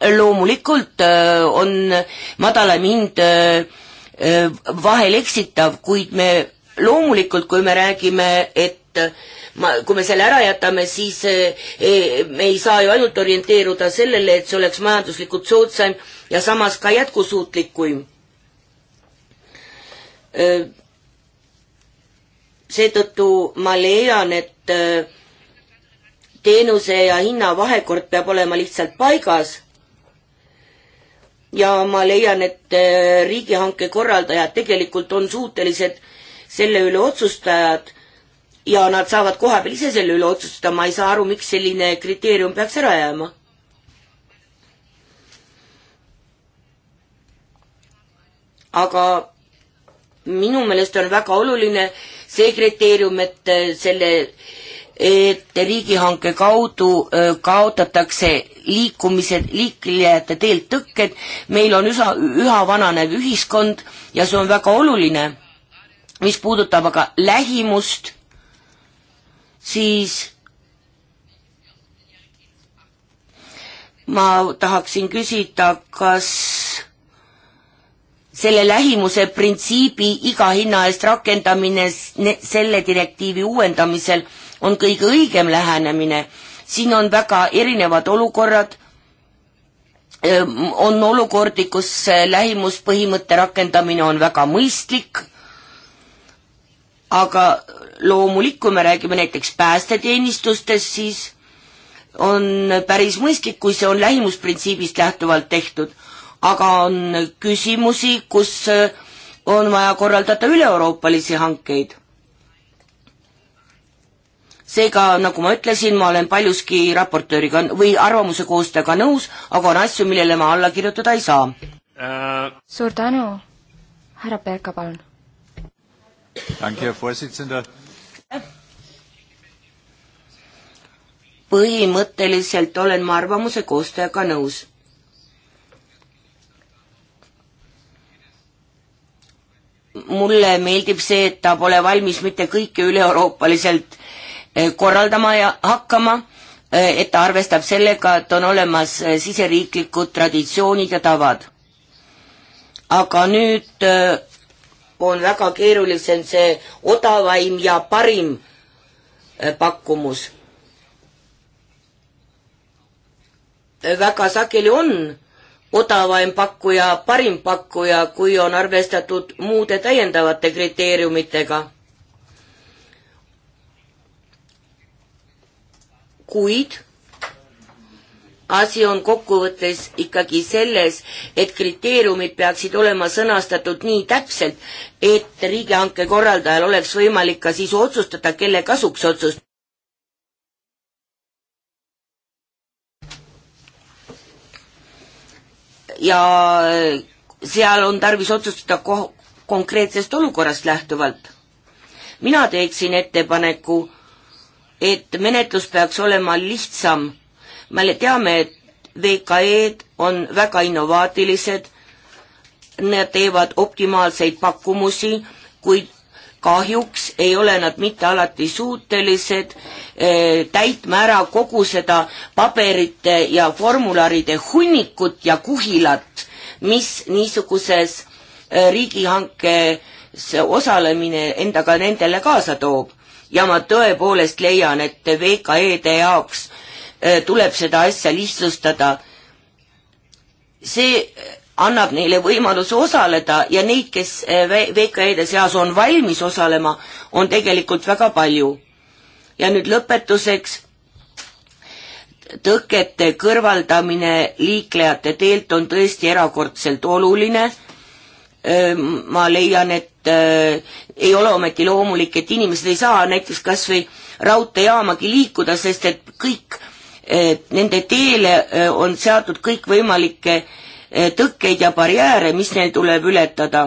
loomulikult äh, on madalam hind äh, äh, vahel eksitav, kuid me loomulikult, kui me räägime, et ma, kui me selle ära jätame, siis me ei saa ju ainult orienteeruda sellele, et see oleks majanduslikult soodsam ja samas ka jätkusuutlikuim. seetõttu ma leian, et teenuse ja hinna vahekord peab olema lihtsalt paigas ja ma leian, et äh, riigihanke korraldajad tegelikult on suutelised selle üle otsustajad ja nad saavad kohapeal ise selle üle otsustada, ma ei saa aru, miks selline kriteerium peaks ära jääma. aga minu meelest on väga oluline see kriteerium, et äh, selle äh, et riigihanke kaudu kaotatakse liikumised, liiklejate teelt tõkked, meil on üsa, üha vananev ühiskond ja see on väga oluline. mis puudutab aga lähimust, siis ma tahaksin küsida, kas selle lähimuse printsiibi iga hinna eest rakendamine selle direktiivi uuendamisel on kõige õigem lähenemine. siin on väga erinevad olukorrad, ehm, on olukordi, kus lähimuspõhimõtte rakendamine on väga mõistlik, aga loomulikult, kui me räägime näiteks päästeteenistustest, siis on päris mõistlik, kui see on lähimusprintsiibist lähtuvalt tehtud, aga on küsimusi, kus ehm, on vaja korraldada üle-euroopalisi hankeid seega, nagu ma ütlesin, ma olen paljuski raportööriga või arvamuse koostajaga nõus, aga on asju, millele ma alla kirjutada ei saa äh.... suur tänu, härra Perka, palun. põhimõtteliselt olen ma arvamuse koostajaga nõus mulle meeldib see, et ta pole valmis mitte kõike üle-euroopaliselt Eh, korraldama ja hakkama, eh, et ta arvestab sellega, et on olemas eh, siseriiklikud traditsioonid ja tavad. aga nüüd on väga keerulisem see odavaim ja parim pakkumus. väga sageli on odavaim pakkuja parim pakkuja, kui on arvestatud muude täiendavate kriteeriumitega kuid asi on kokkuvõttes ikkagi selles, et kriteeriumid peaksid olema sõnastatud nii täpselt, et riigihanke korraldajal oleks võimalik ka siis otsustada, kelle kasuks otsust. ja seal on tarvis otsustada ko konkreetsest olukorrast lähtuvalt. mina teeksin ettepaneku et menetlus peaks olema lihtsam. me teame, et VKE-d on väga innovaatilised, nad teevad optimaalseid pakkumusi, kuid kahjuks ei ole nad mitte alati suutelised eh, täitma ära kogu seda paberite ja formularide hunnikut ja kuhilat, mis niisuguses eh, riigihankes osalemine endaga nendele kaasa toob ja ma tõepoolest leian, et VKE-de jaoks äh, tuleb seda asja lihtsustada. see äh, annab neile võimaluse osaleda ja neid, kes äh, VKE-de seas on valmis osalema, on tegelikult väga palju. ja nüüd lõpetuseks. tõkete kõrvaldamine liiklejate teelt on tõesti erakordselt oluline. ma leian, et äh, ei ole ometi loomulik, et inimesed ei saa näiteks kas või raudteejaamagi liikuda, sest et kõik äh,, nende teele äh, on seatud kõikvõimalikke äh, tõkkeid ja barjääre, mis neil tuleb ületada.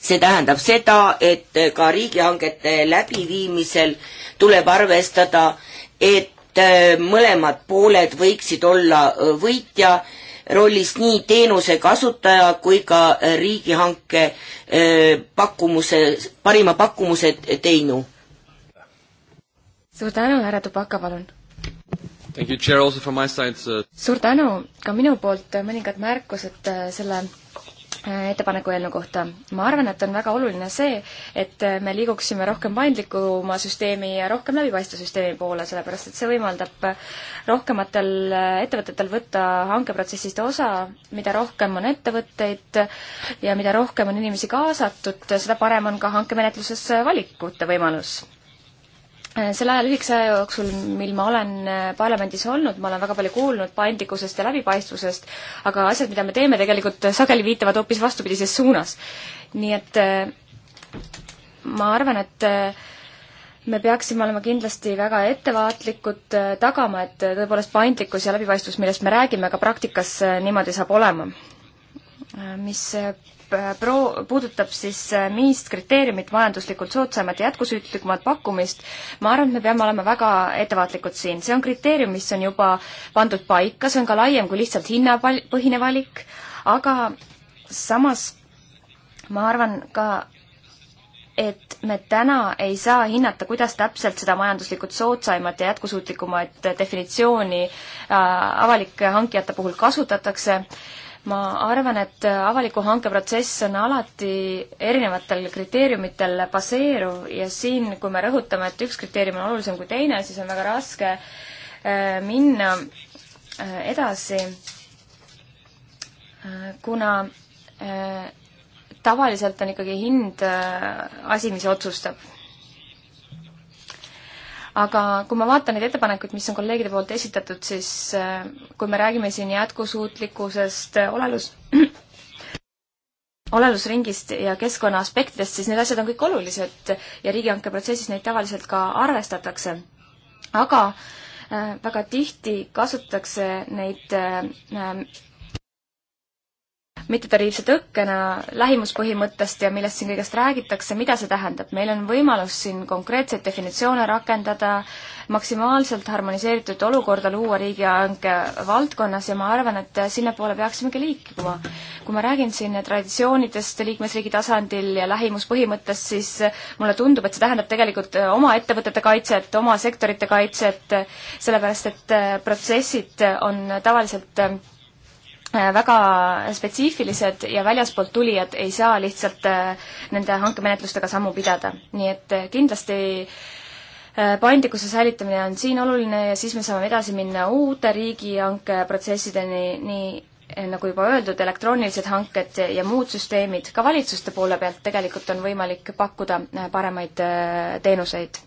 see tähendab seda, et äh, ka riigihangete läbiviimisel tuleb arvestada, et äh, mõlemad pooled võiksid olla äh, võitja äh, rollist nii teenuse kasutaja kui ka riigihanke pakkumuse, parima pakkumuse teinu. suur tänu, härra Tubaka, palun! Thank you, Chair, also from my side uh.... suur tänu ka minu poolt, mõningad märkused äh, selle ettepaneku eelnõu kohta. ma arvan, et on väga oluline see, et me liiguksime rohkem paindlikuma süsteemi ja rohkem läbipaistva süsteemi poole, sellepärast et see võimaldab rohkematel ettevõtetel võtta hankeprotsessist osa, mida rohkem on ettevõtteid ja mida rohkem on inimesi kaasatud, seda parem on ka hankemenetluses valikute võimalus Äh, selle aja lühikese aja jooksul, mil ma olen äh, parlamendis olnud, ma olen väga palju kuulnud paindlikkusest ja läbipaistvusest, aga asjad, mida me teeme, tegelikult sageli viitavad hoopis vastupidises suunas. nii et äh, ma arvan, et me peaksime olema kindlasti väga ettevaatlikud, tagama, et tõepoolest paindlikkus ja läbipaistvus, millest me räägime, ka praktikas niimoodi saab olema. mis Äh, pro-, puudutab siis äh, MIS kriteeriumit majanduslikult soodsamat ja jätkusuutlikumat pakkumist, ma arvan, et me peame olema väga ettevaatlikud siin. see on kriteerium, mis on juba pandud paika, see on ka laiem kui lihtsalt hinnapõhine valik, aga samas ma arvan ka, et me täna ei saa hinnata, kuidas täpselt seda majanduslikult soodsaimat ja jätkusuutlikumat definitsiooni äh, avalike hankijate puhul kasutatakse äh, ma arvan, et avaliku hanke protsess on alati erinevatel kriteeriumitel baseeruv ja siin, kui me rõhutame, et üks kriteerium on olulisem kui teine, siis on väga raske äh, minna äh, edasi, äh, kuna tavaliselt on ikkagi hind asi, mis otsustab aga kui ma vaatan neid ettepanekuid, mis on kolleegide poolt esitatud, siis äh, kui me räägime siin jätkusuutlikkusest, äh, olelus, olelusringist ja keskkonna aspektidest, siis need asjad on kõik olulised ja riigihanke protsessis neid tavaliselt ka arvestatakse. aga äh, väga tihti kasutatakse neid mittetariifse tõkkena lähimuspõhimõttest ja millest siin kõigest räägitakse, mida see tähendab? meil on võimalus siin konkreetseid definitsioone rakendada, maksimaalselt harmoniseeritud olukorda luua riigihanke valdkonnas ja ma arvan, et sinnapoole peaksimegi liikuma. kui ma räägin siin traditsioonidest liikmesriigi tasandil ja lähimuspõhimõttest, siis mulle tundub, et see tähendab tegelikult oma ettevõtete kaitset, oma sektorite kaitset, sellepärast et protsessid on tavaliselt Äh, väga spetsiifilised ja väljaspoolt tulijad ei saa lihtsalt äh, nende hankemenetlustega sammu pidada. nii et äh, kindlasti paindlikkuse säilitamine on siin oluline ja siis me saame edasi minna uute riigihanke protsessideni, nii nagu juba öeldud, elektroonilised hanked ja muud süsteemid, ka valitsuste poole pealt tegelikult on võimalik pakkuda paremaid teenuseid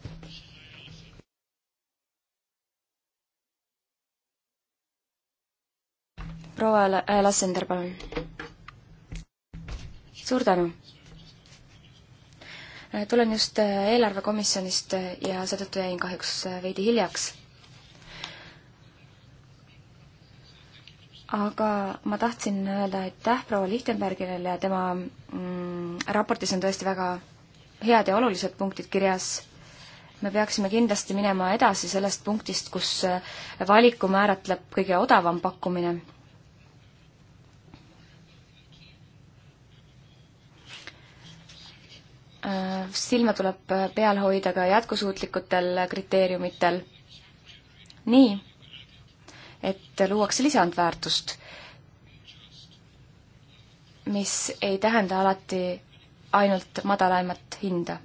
proua äh, Lassender, palun. suur tänu. Äh, tulen just äh, eelarvekomisjonist ja seetõttu jäin kahjuks veidi hiljaks. aga ma tahtsin öelda aitäh proua Lichtenbergile ja tema mm, raportis on tõesti väga head ja olulised punktid kirjas me peaksime kindlasti minema edasi sellest punktist, kus valiku määratleb kõige odavam pakkumine. Äh, silma tuleb äh, peal hoida ka jätkusuutlikutel äh, kriteeriumitel. nii, et luuakse lisandväärtust, mis ei tähenda alati ainult madalaimat hinda.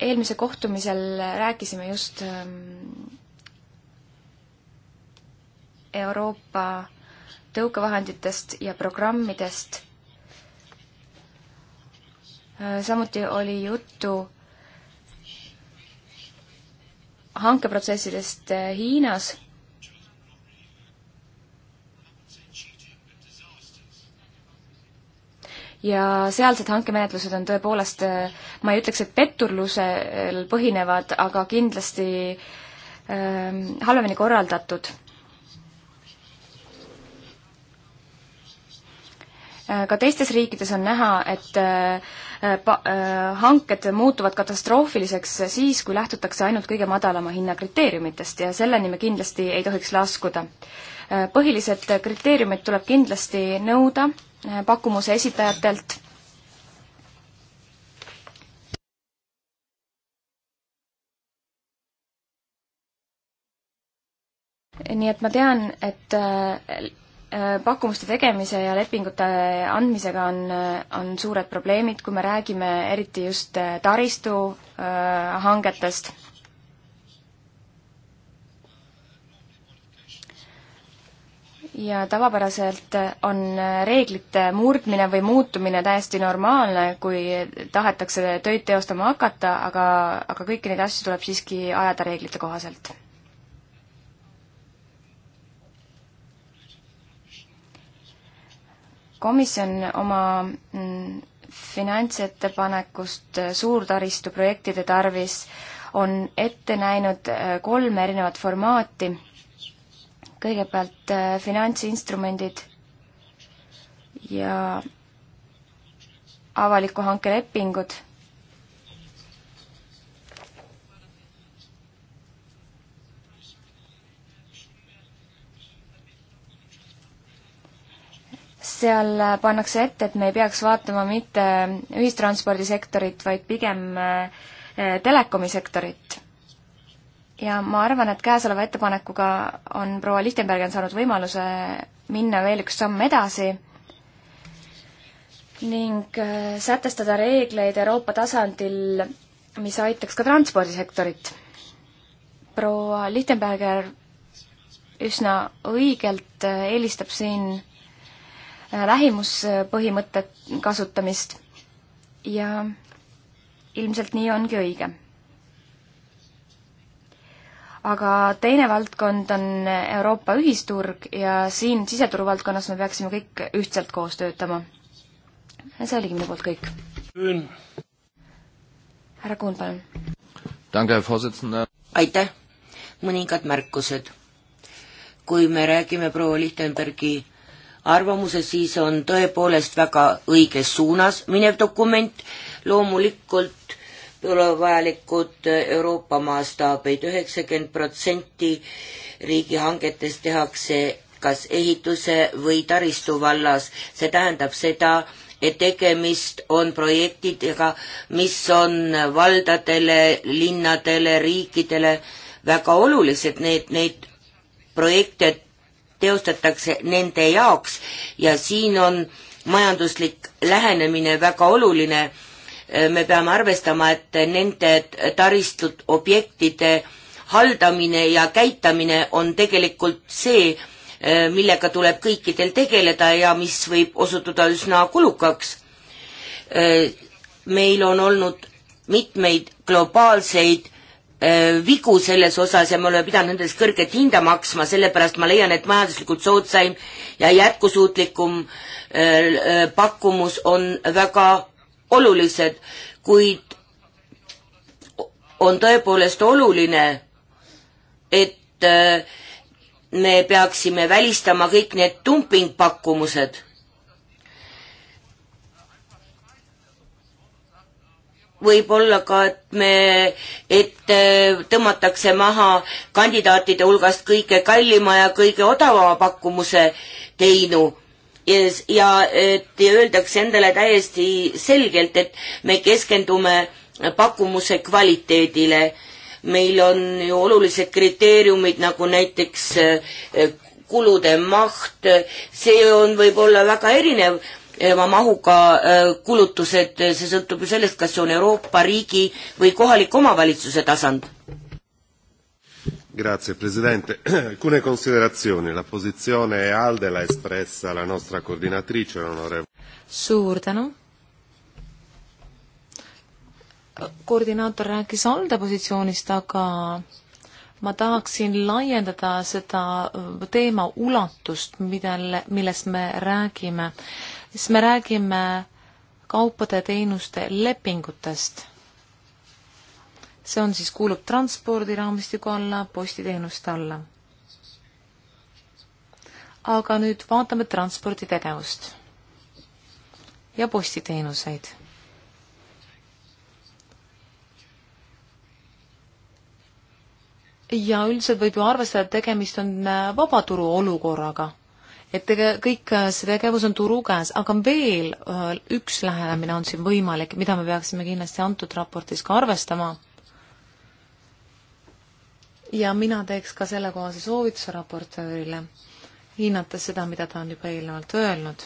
eelmise kohtumisel rääkisime just ähm, Euroopa tõukevahenditest ja programmidest. samuti oli juttu hankeprotsessidest Hiinas ja sealsed hankemenetlused on tõepoolest, ma ei ütleks, et petturlusel põhinevad, aga kindlasti ähm, halvemini korraldatud. ka teistes riikides on näha, et äh, pa-, äh, hanked muutuvad katastroofiliseks siis, kui lähtutakse ainult kõige madalama hinna kriteeriumitest ja selleni me kindlasti ei tohiks laskuda. Äh, põhilised kriteeriumid tuleb kindlasti nõuda pakkumuse esitajatelt nii et ma tean, et Äh, pakkumuste tegemise ja lepingute andmisega on, äh, on suured probleemid, kui me räägime eriti just äh, taristu hangetest. ja tavapäraselt on reeglite murdmine või muutumine täiesti normaalne, kui tahetakse töid teostama hakata, aga, aga kõiki neid asju tuleb siiski ajada reeglite kohaselt komisjon oma mm, finantsettepanekust äh, suurtaristu projektide tarvis on ette näinud äh, kolm erinevat formaati. kõigepealt äh, finantsinstrumendid ja avaliku hanke lepingud seal pannakse ette, et me ei peaks vaatama mitte ühistranspordisektorit, vaid pigem eh, telekomisektorit. ja ma arvan, et käesoleva ettepanekuga on proua Lichtenberg on saanud võimaluse minna veel üks samm edasi ning eh, sätestada reegleid Euroopa tasandil, mis aitaks ka transpordisektorit. proua Lichtenberger üsna õigelt eh, eelistab siin Äh, lähimuspõhimõtte kasutamist ja ilmselt nii ongi õige. aga teine valdkond on Euroopa ühisturg ja siin siseturu valdkonnas me peaksime kõik ühtselt koos töötama. see oligi minu poolt kõik. härra Kuhn, palun. aitäh, mõningad märkused. kui me räägime proua Lichtenbergi arvamuse, siis on tõepoolest väga õiges suunas minev dokument, loomulikult tuleb vajalikud Euroopa mastaabid, üheksakümmend protsenti riigihangetest tehakse kas ehituse või taristu vallas, see tähendab seda, et tegemist on projektidega, mis on valdadele, linnadele, riikidele väga olulised, need, neid projekte teostatakse nende jaoks ja siin on majanduslik lähenemine väga oluline. Äh, me peame arvestama, et nende taristud, objektide haldamine ja käitamine on tegelikult see, äh, millega tuleb kõikidel tegeleda ja mis võib osutuda üsna kulukaks. Äh, meil on olnud mitmeid globaalseid Äh, vigu selles osas ja me oleme pidanud nendest kõrget hinda maksma, sellepärast ma leian, et majanduslikult soodsaim ja jätkusuutlikum äh, äh, pakkumus on väga olulised, kuid on tõepoolest oluline, et me peaksime välistama kõik need dumpingpakkumused võib-olla ka, et me, et äh, tõmmatakse maha kandidaatide hulgast kõige kallima ja kõige odavama pakkumuse teinu. ja et öeldakse endale täiesti selgelt, et me keskendume pakkumuse kvaliteedile. meil on ju olulised kriteeriumid nagu näiteks äh, kulude maht, see on võib-olla väga erinev oma mahuga äh, kulutused, äh, see sõltub ju sellest, kas see on Euroopa, riigi või kohaliku omavalitsuse tasand. Grazie Presidente. Alcune considerazioni. La posizione ALDE l'ha espressa la nostra coordinatrice, l'onorevole. Suur tänu. koordinaator rääkis ALDE positsioonist, aga ma tahaksin laiendada seda teema ulatust, millele, millest me räägime siis me räägime kaupade ja teenuste lepingutest. see on siis, kuulub transpordiraamistiku alla, postiteenuste alla. aga nüüd vaatame transporditegevust ja postiteenuseid ja üldiselt võib ju arvestada, et tegemist on vabaturu olukorraga et tege-, kõik äh, see tegevus on turu käes, aga veel äh, üks lähenemine on siin võimalik, mida me peaksime kindlasti antud raportis ka arvestama. ja mina teeks ka sellekohase soovituse raportöörile, hinnates seda, mida ta on juba eelnevalt öelnud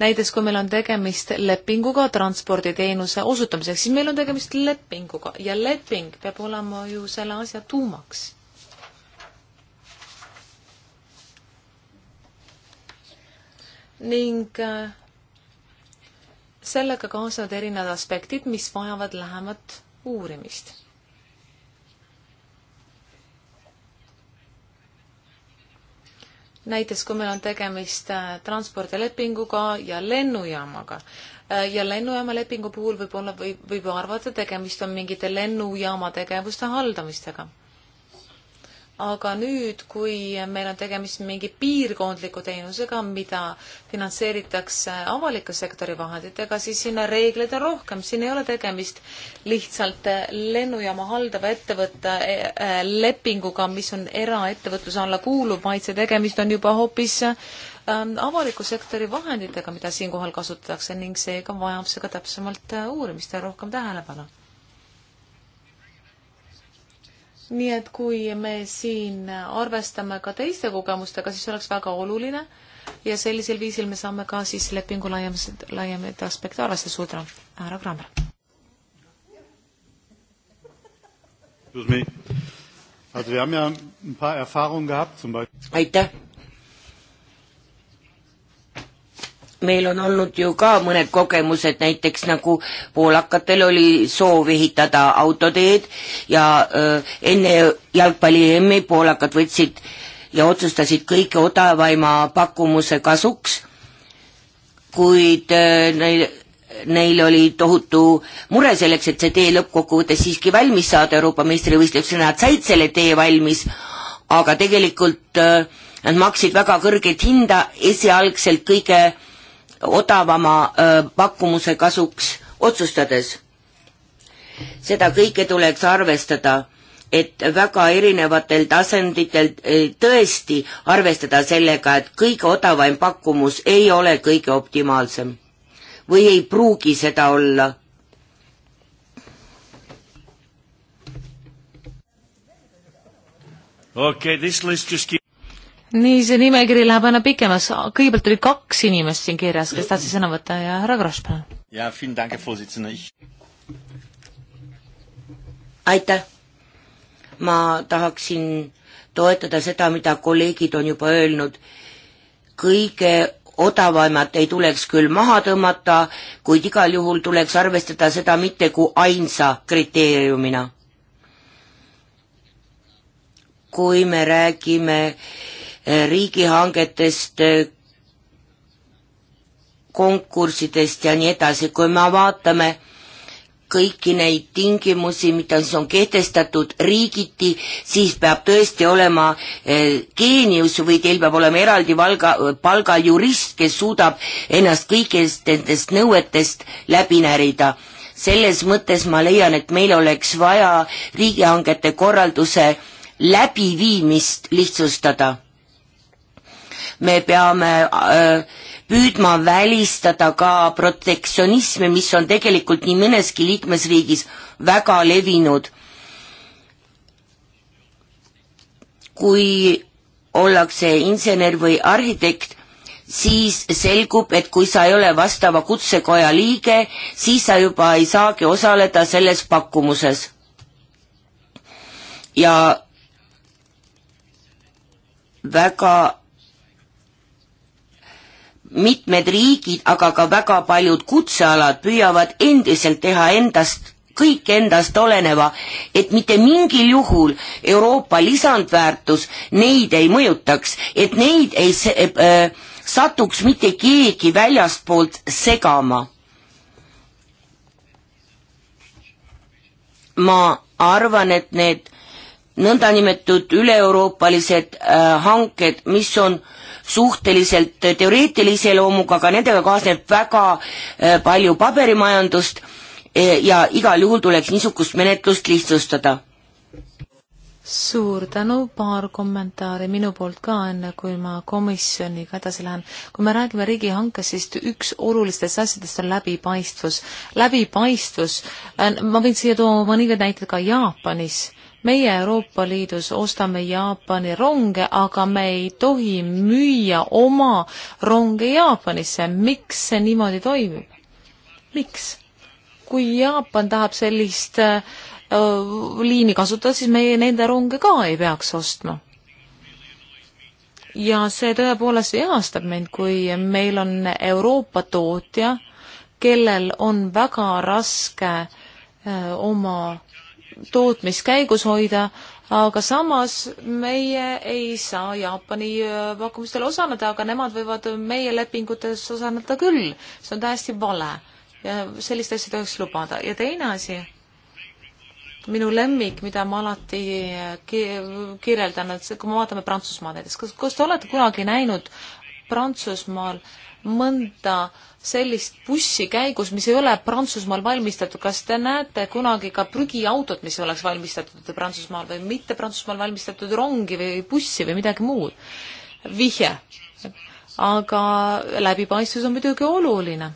näiteks kui meil on tegemist lepinguga transporditeenuse osutamiseks, siis meil on tegemist lepinguga ja leping peab olema ju selle asja tuumaks. ning äh, sellega kaasnevad erinevad aspektid, mis vajavad lähemat uurimist. näiteks kui meil on tegemist äh, transpordilepinguga ja lennujaamaga äh, ja lennujaama lepingu puhul võib olla, võib, võib arvata, tegemist on mingite lennujaama tegevuste haldamistega aga nüüd, kui meil on tegemist mingi piirkondliku teenusega, mida finantseeritakse avaliku sektori vahenditega, siis sinna reegleid on rohkem, siin ei ole tegemist lihtsalt lennujaama haldava ettevõtte eh, eh, lepinguga, mis on eraettevõtluse alla kuuluv, vaid see tegemist on juba hoopis ähm, avaliku sektori vahenditega, mida siinkohal kasutatakse ning seega vajab see ka täpsemalt äh, uurimist ja rohkem tähelepanu nii et kui me siin arvestame ka teiste kogemustega, siis oleks väga oluline ja sellisel viisil me saame ka siis lepingu laiemaid, laiemaid aspekte arvestada. suur tänu, härra Krammer. aitäh meil on olnud ju ka mõned kogemused, näiteks nagu poolakatel oli soov ehitada autoteed ja öö, äh, enne jalgpalli EM-i poolakad võtsid ja otsustasid kõige odavaima pakkumuse kasuks, kuid öö, äh, neil, neil oli tohutu mure selleks, et see tee lõppkokkuvõttes siiski valmis saada Euroopa meistrivõistluseks, nad said selle tee valmis, aga tegelikult öö, äh, nad maksid väga kõrget hinda esialgselt kõige öö, odavama pakkumuse kasuks otsustades. seda kõike tuleks arvestada, et väga erinevatel tasanditel tõesti arvestada sellega, et kõige odavaim pakkumus ei ole kõige optimaalsem või ei pruugi seda olla Okay, this list just keeps nii see nimekiri läheb aina pikemas, kõigepealt oli kaks inimest siin kirjas, kes tahtsid sõna võtta ja härra Grosch, palun. aitäh, ma tahaksin toetada seda, mida kolleegid on juba öelnud, kõige odavamat ei tuleks küll maha tõmmata, kuid igal juhul tuleks arvestada seda mitte kui ainsa kriteeriumina. kui me räägime äh, riigihangetest, konkurssidest ja nii edasi, kui me vaatame kõiki neid tingimusi, mida siis on kehtestatud riigiti, siis peab tõesti olema eh, geenius või teil peab olema eraldi valga, palgajurist, kes suudab ennast kõigist nendest nõuetest läbi närida. selles mõttes ma leian, et meil oleks vaja riigihangete korralduse läbiviimist lihtsustada me peame äh, püüdma välistada ka protektsionismi, mis on tegelikult nii mõneski liikmesriigis väga levinud. kui ollakse insener või arhitekt, siis selgub, et kui sa ei ole vastava kutsekoja liige, siis sa juba ei saagi osaleda selles pakkumuses. ja väga mitmed riigid, aga ka väga paljud kutsealad püüavad endiselt teha endast kõik endast oleneva, et mitte mingil juhul Euroopa lisandväärtus neid ei mõjutaks, et neid ei äh, satuks mitte keegi väljastpoolt segama. ma arvan, et need nõndanimetatud üle-euroopalised äh, hanked, mis on äh, suhteliselt teoreetilise loomuga, aga nendega kaasneb väga äh, palju paberimajandust äh, ja igal juhul tuleks niisugust menetlust lihtsustada. suur tänu, paar kommentaari minu poolt ka, enne kui ma komisjoniga edasi lähen. kui me räägime riigihankest, siis üks olulistest asjadest on läbipaistvus. läbipaistvus, äh, ma võin siia tuua mõningad näited ka Jaapanis meie Euroopa Liidus ostame Jaapani ronge, aga me ei tohi müüa oma ronge Jaapanisse. miks see niimoodi toimib? miks? kui Jaapan tahab sellist öö, äh, äh, liini kasutada, siis meie nende ronge ka ei peaks ostma ja see tõepoolest vihastab mind, kui meil on Euroopa tootja, kellel on väga raske äh, oma tootmist käigus hoida, aga samas meie ei saa Jaapani äh, pakkumistel osaleda, aga nemad võivad meie lepingutes osaleda küll. see on täiesti vale ja sellist asja ei tohiks lubada. ja teine asi, minu lemmik, mida ma alati äh, ki kirjeldan, et kui me vaatame Prantsusmaa näiteks, kas, kas te olete kunagi näinud Prantsusmaal mõnda äh, sellist bussi käigus, mis ei ole Prantsusmaal valmistatud, kas te näete kunagi ka prügiautot, mis oleks valmistatud Prantsusmaal või mitte Prantsusmaal valmistatud rongi või bussi või midagi muud? vihje. aga läbipaistvus on muidugi oluline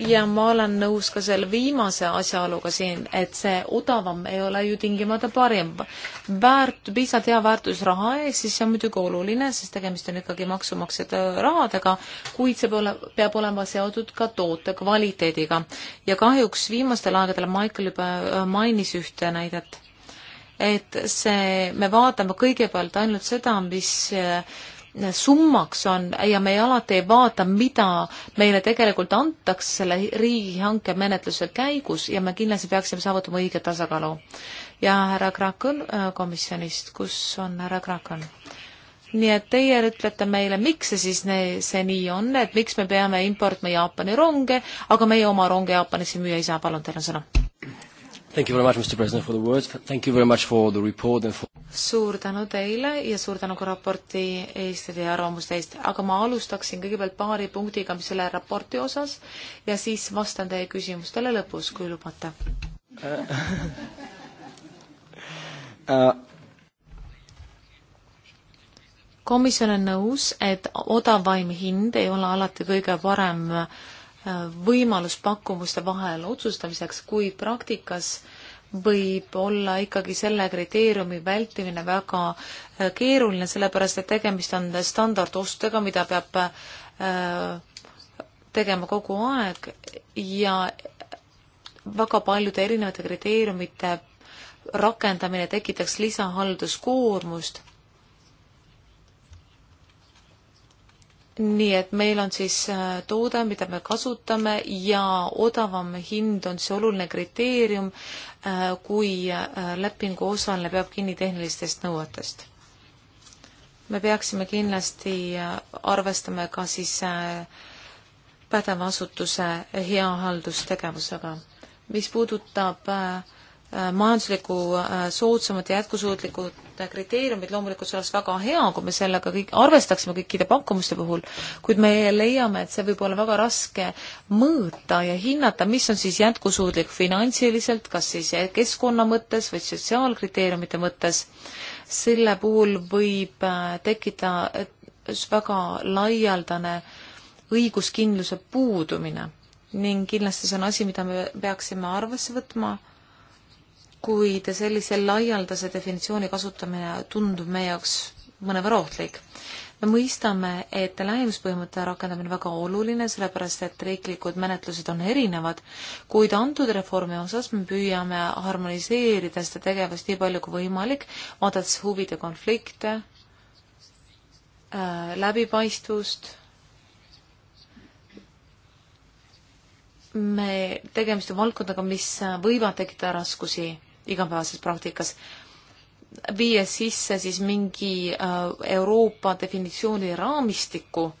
ja ma olen nõus ka selle viimase asjaoluga siin, et see odavam ei ole ju tingimata parim. väärt, piisavalt hea väärtus raha eest, siis see on muidugi oluline, sest tegemist on ikkagi maksumaksjate rahadega, kuid see pole, peab olema seotud ka toote kvaliteediga. ja kahjuks viimastel aegadel Michael juba äh, mainis ühte näidet, et see, me vaatame kõigepealt ainult seda, mis äh, summaks on ja me ei alati ei vaata, mida meile tegelikult antakse selle riigihanke menetluse käigus ja me kindlasti peaksime saavutama õige tasakaalu. ja härra Krakon äh, komisjonist, kus on härra Krakon? nii et teie ütlete meile, miks see siis ne, see nii on, et miks me peame importima Jaapani ronge, aga meie oma ronge Jaapanisse müüa ei saa, palun, teil on sõna Thank you very much, Mr President, for the words. Thank you very much for the report and for suur tänu teile ja suur tänu ka raporti eest ja teie arvamuste eest, aga ma alustaksin kõigepealt paari punktiga, mis selle raporti osas ja siis vastan teie küsimustele lõpus, kui lubate uh.. komisjon on nõus, et odavaim hind ei ole alati kõige parem äh, võimalus pakkumuste vahel otsustamiseks, kui praktikas võib olla ikkagi selle kriteeriumi vältimine väga äh, keeruline, sellepärast et tegemist on standardostudega, mida peab äh, tegema kogu aeg ja väga paljude erinevate kriteeriumite rakendamine tekitaks lisahalduskoormust nii et meil on siis äh, toode, mida me kasutame ja odavam hind on see oluline kriteerium, äh, kui äh, lepingu osaline peab kinni tehnilistest nõuetest. me peaksime kindlasti arvestama ka siis pädeva asutuse hea haldustegevusega. mis puudutab äh, Äh, majanduslikku äh, soodsamat ja jätkusuutlikud äh, kriteeriumid, loomulikult see oleks väga hea, kui me sellega kõik, arvestaksime kõikide pakkumuste puhul, kuid me leiame, et see võib olla väga raske mõõta ja hinnata, mis on siis jätkusuutlik finantsiliselt, kas siis keskkonna mõttes või sotsiaalkriteeriumite mõttes. selle puhul võib tekkida väga laialdane õiguskindluse puudumine ning kindlasti see on asi, mida me peaksime arvesse võtma kuid sellise laialdase definitsiooni kasutamine tundub meie jaoks mõnevõrra ohtlik. me mõistame, et lähimuspõhimõtte rakendamine on väga oluline, sellepärast et riiklikud menetlused on erinevad, kuid antud reformi osas me püüame harmoniseerida seda tegevust nii palju kui võimalik, vaadates huvide konflikte, äh, läbipaistvust me, tegemist on valdkondadega, mis võivad tekitada raskusi igapäevases praktikas, viies sisse siis mingi äh, Euroopa definitsiooni raamistiku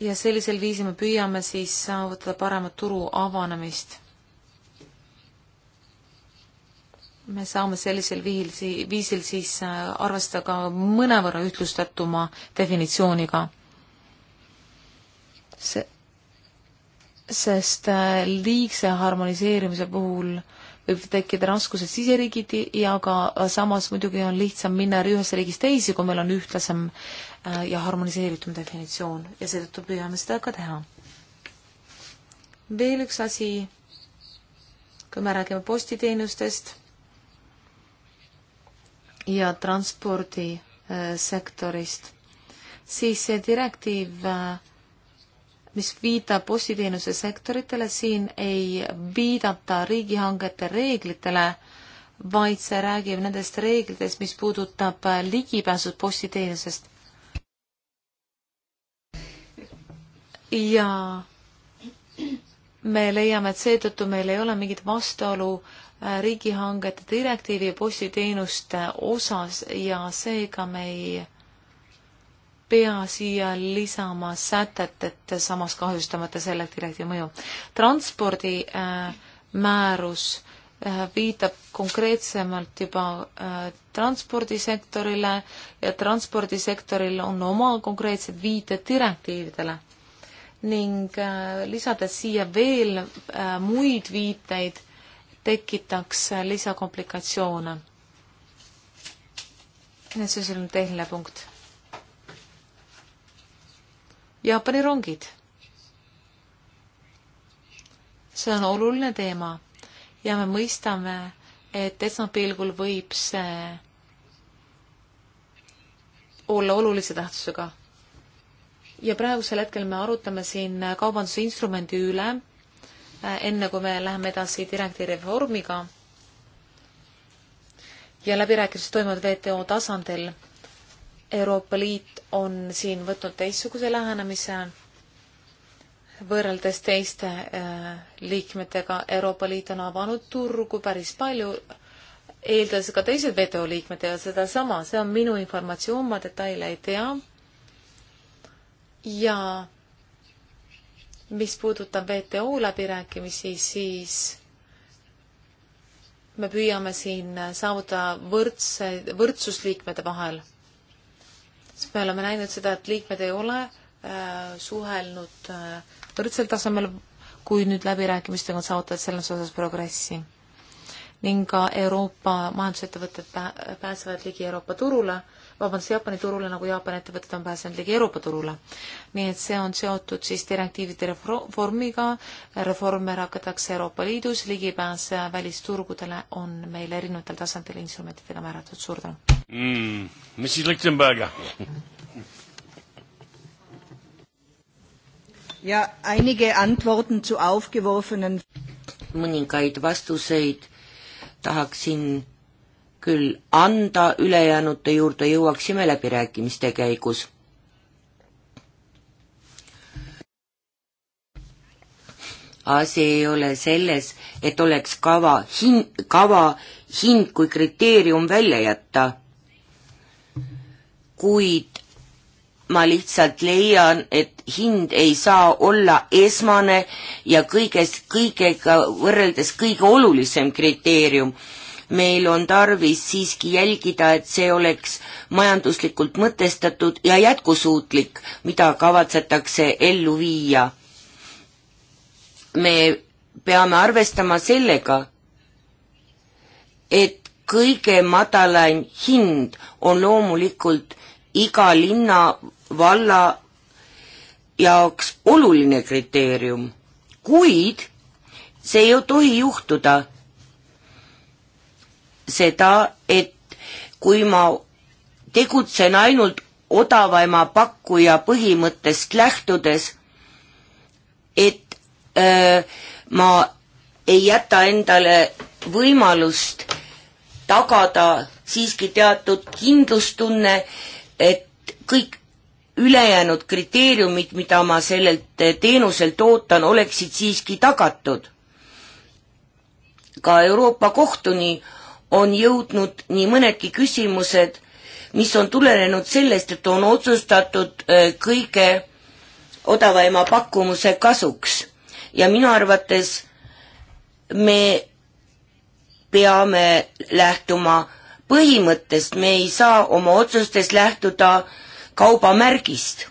ja sellisel viisil me püüame siis saavutada paremat turu avanemist. me saame sellisel viisil, viisil siis äh, arvestada ka mõnevõrra ühtlustatuma definitsiooniga. see, sest äh, liigse harmoniseerimise puhul äh, tekkida raskused siseriigiti ja ka äh, samas muidugi on lihtsam minna ühest riigist teise, kui meil on ühtlasem äh, ja harmoniseeritum definitsioon ja seetõttu püüame seda ka teha. veel üks asi, kui me räägime postiteenustest ja transpordisektorist, äh, siis see direktiiv äh, mis viitab bussiteenuse sektoritele, siin ei viidata riigihangete reeglitele, vaid see räägib nendest reeglitest, mis puudutab ligipääsu bussiteenusest. ja me leiame, et seetõttu meil ei ole mingit vastuolu äh, riigihangete direktiivi ja bussiteenuste osas ja seega me ei pea siia lisama sätet, et samas kahjustamata selle direktiivi mõju. transpordi äh, määrus äh, viitab konkreetsemalt juba äh, transpordisektorile ja transpordisektoril on oma konkreetsed viited direktiividele. ning äh, lisades siia veel äh, muid viiteid, tekitaks äh, lisakomplikatsioone. nii et see on tehniline punkt Jaapani rongid. see on oluline teema ja me mõistame, et esmapilgul võib see olla olulise tähtsusega. ja praegusel hetkel me arutame siin kaubandusinstrumendi üle, äh, enne kui me läheme edasi direktiivi reformiga ja läbirääkimised toimuvad WTO tasandil Euroopa Liit on siin võtnud teistsuguse lähenemise võrreldes teiste äh, liikmetega. Euroopa Liit on avanud turgu päris palju, eeldades ka teised WTO liikmed teevad sedasama, see on minu informatsioon, ma detaile ei tea. ja mis puudutab WTO läbirääkimisi, siis me püüame siin saavutada võrdse, võrdsust liikmete vahel siis me oleme näinud seda, et liikmed ei ole äh, suhelnud äh, võrdsel tasemel, kui nüüd läbirääkimistega saavutavad selles osas progressi. ning ka Euroopa majandusettevõtted pää-, pääsevad ligi Euroopa turule vabandust, Jaapani turule, nagu Jaapani ettevõtted on pääsenud ligi Euroopa turule. nii et see on seotud siis direktiivide reformiga, reforme rakendatakse Euroopa Liidus, ligipääs välisturgudele on meil erinevatel tasandil instrumentidega määratud, suur tänu mm,. mis siis Lichtenberger? ja einige Antworten zu aufgeworfenen mõningaid vastuseid tahaksin küll anda, ülejäänute juurde jõuaksime läbirääkimiste käigus. asi ei ole selles, et oleks kava hin-, kava hind kui kriteerium välja jätta, kuid ma lihtsalt leian, et hind ei saa olla esmane ja kõigest, kõigega võrreldes kõige olulisem kriteerium meil on tarvis siiski jälgida, et see oleks majanduslikult mõtestatud ja jätkusuutlik, mida kavatsetakse ellu viia. me peame arvestama sellega, et kõige madalaim hind on loomulikult iga linna, valla jaoks oluline kriteerium, kuid see ei tohi juhtuda, seda, et kui ma tegutsen ainult odavaima pakkuja põhimõttest lähtudes, et öö, ma ei jäta endale võimalust tagada siiski teatud kindlustunne, et kõik ülejäänud kriteeriumid, mida ma sellelt teenuselt ootan, oleksid siiski tagatud. ka Euroopa kohtuni on jõudnud nii mõnedki küsimused, mis on tulenenud sellest, et on otsustatud äh, kõige odavaima pakkumuse kasuks. ja minu arvates me peame lähtuma põhimõttest, me ei saa oma otsustes lähtuda kaubamärgist.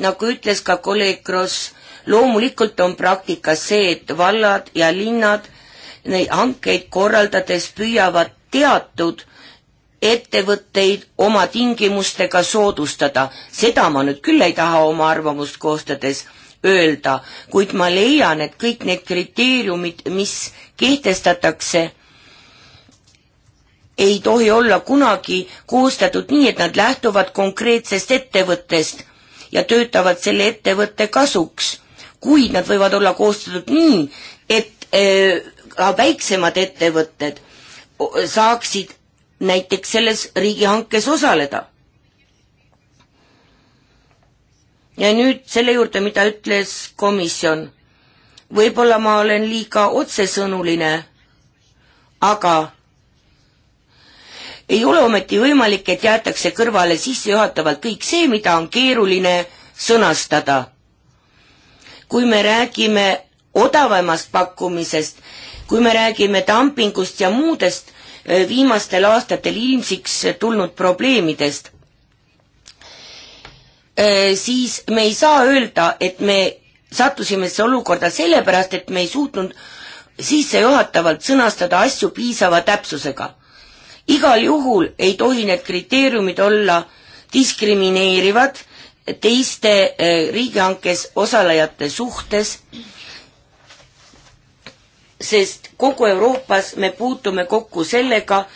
nagu ütles ka kolleeg Kross, loomulikult on praktikas see, et vallad ja linnad neid hankeid korraldades püüavad teatud ettevõtteid oma tingimustega soodustada. seda ma nüüd küll ei taha oma arvamust koostades öelda, kuid ma leian, et kõik need kriteeriumid, mis kehtestatakse, ei tohi olla kunagi koostatud nii, et nad lähtuvad konkreetsest ettevõttest ja töötavad selle ettevõtte kasuks kuid nad võivad olla koostatud nii, et äh, ka väiksemad ettevõtted saaksid näiteks selles riigihankes osaleda. ja nüüd selle juurde, mida ütles komisjon. võib-olla ma olen liiga otsesõnuline, aga ei ole ometi võimalik, et jäetakse kõrvale sissejuhatavalt kõik see, mida on keeruline sõnastada kui me räägime odavamast pakkumisest, kui me räägime dumpingust ja muudest äh, viimastel aastatel ilmsiks tulnud probleemidest, äh, siis me ei saa öelda, et me sattusime see olukorda sellepärast, et me ei suutnud sissejuhatavalt sõnastada asju piisava täpsusega. igal juhul ei tohi need kriteeriumid olla diskrimineerivad teiste eh, riigihankes osalejate suhtes, sest kogu Euroopas me puutume kokku sellega,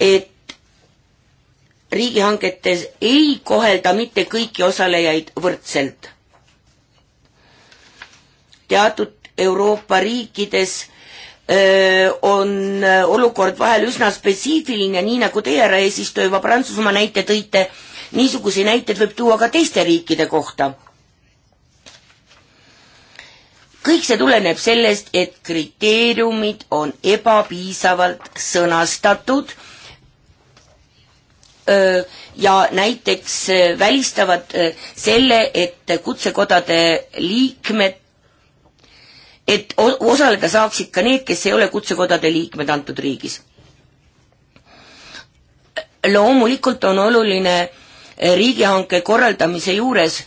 et riigihangetes ei kohelda mitte kõiki osalejaid võrdselt. teatud Euroopa riikides öö, eh, on eh, olukord vahel üsna spetsiifiline, nii nagu teie, härra eesistuja, juba Prantsusmaa näite tõite niisuguseid näiteid võib tuua ka teiste riikide kohta. kõik see tuleneb sellest, et kriteeriumid on ebapiisavalt sõnastatud ja näiteks välistavad selle, et kutsekodade liikmed, et osaleda saaksid ka need, kes ei ole kutsekodade liikmed antud riigis loomulikult on oluline riigihanke korraldamise juures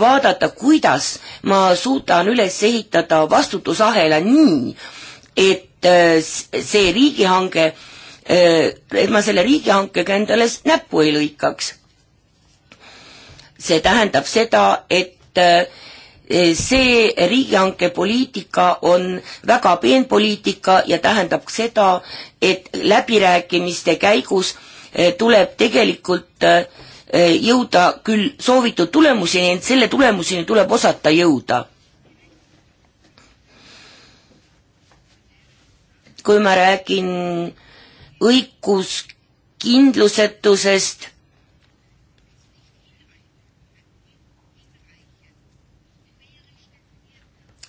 vaadata, kuidas ma suudan üles ehitada vastutusahela nii, et äh, see riigihange, äh, et ma selle riigihankega endale näppu ei lõikaks. see tähendab seda, et äh, see riigihanke poliitika on väga peen poliitika ja tähendab seda, et läbirääkimiste käigus tuleb tegelikult äh, Eh, jõuda küll soovitud tulemuseni, ent selle tulemuseni tuleb osata jõuda. kui ma räägin õiguskindlusetusest,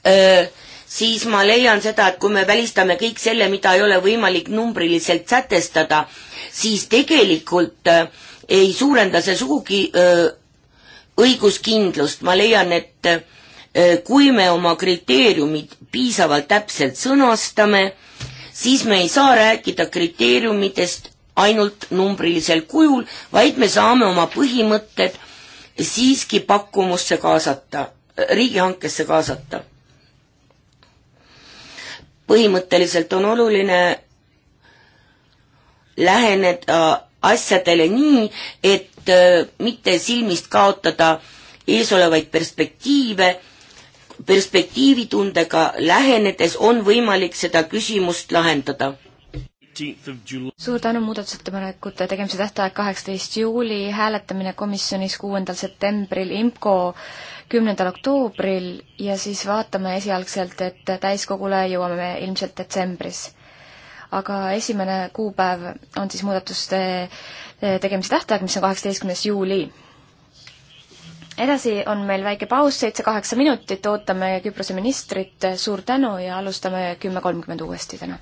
eh, siis ma leian seda, et kui me välistame kõik selle, mida ei ole võimalik numbriliselt sätestada, siis tegelikult äh, ei suurenda see sugugi öö, õiguskindlust, ma leian, et öö, kui me oma kriteeriumid piisavalt täpselt sõnastame, siis me ei saa rääkida kriteeriumidest ainult numbrilisel kujul, vaid me saame oma põhimõtted siiski pakkumusse kaasata, riigihankesse kaasata. põhimõtteliselt on oluline läheneda asjadele nii, et äh, mitte silmist kaotada eesolevaid perspektiive, perspektiivitundega lähenedes on võimalik seda küsimust lahendada. suur tänu muudatusettepanekute tegemise tähtaeg, kaheksateist juuli, hääletamine komisjonis kuuendal septembril, IMCO kümnendal oktoobril ja siis vaatame esialgselt, et täiskogule jõuame ilmselt detsembris aga esimene kuupäev on siis muudatuste eh, tegemise tähtaeg, mis on kaheksateistkümnes juuli. edasi on meil väike paus, seitse-kaheksa minutit, ootame Küprose ministrit, suur tänu ja alustame kümme kolmkümmend uuesti täna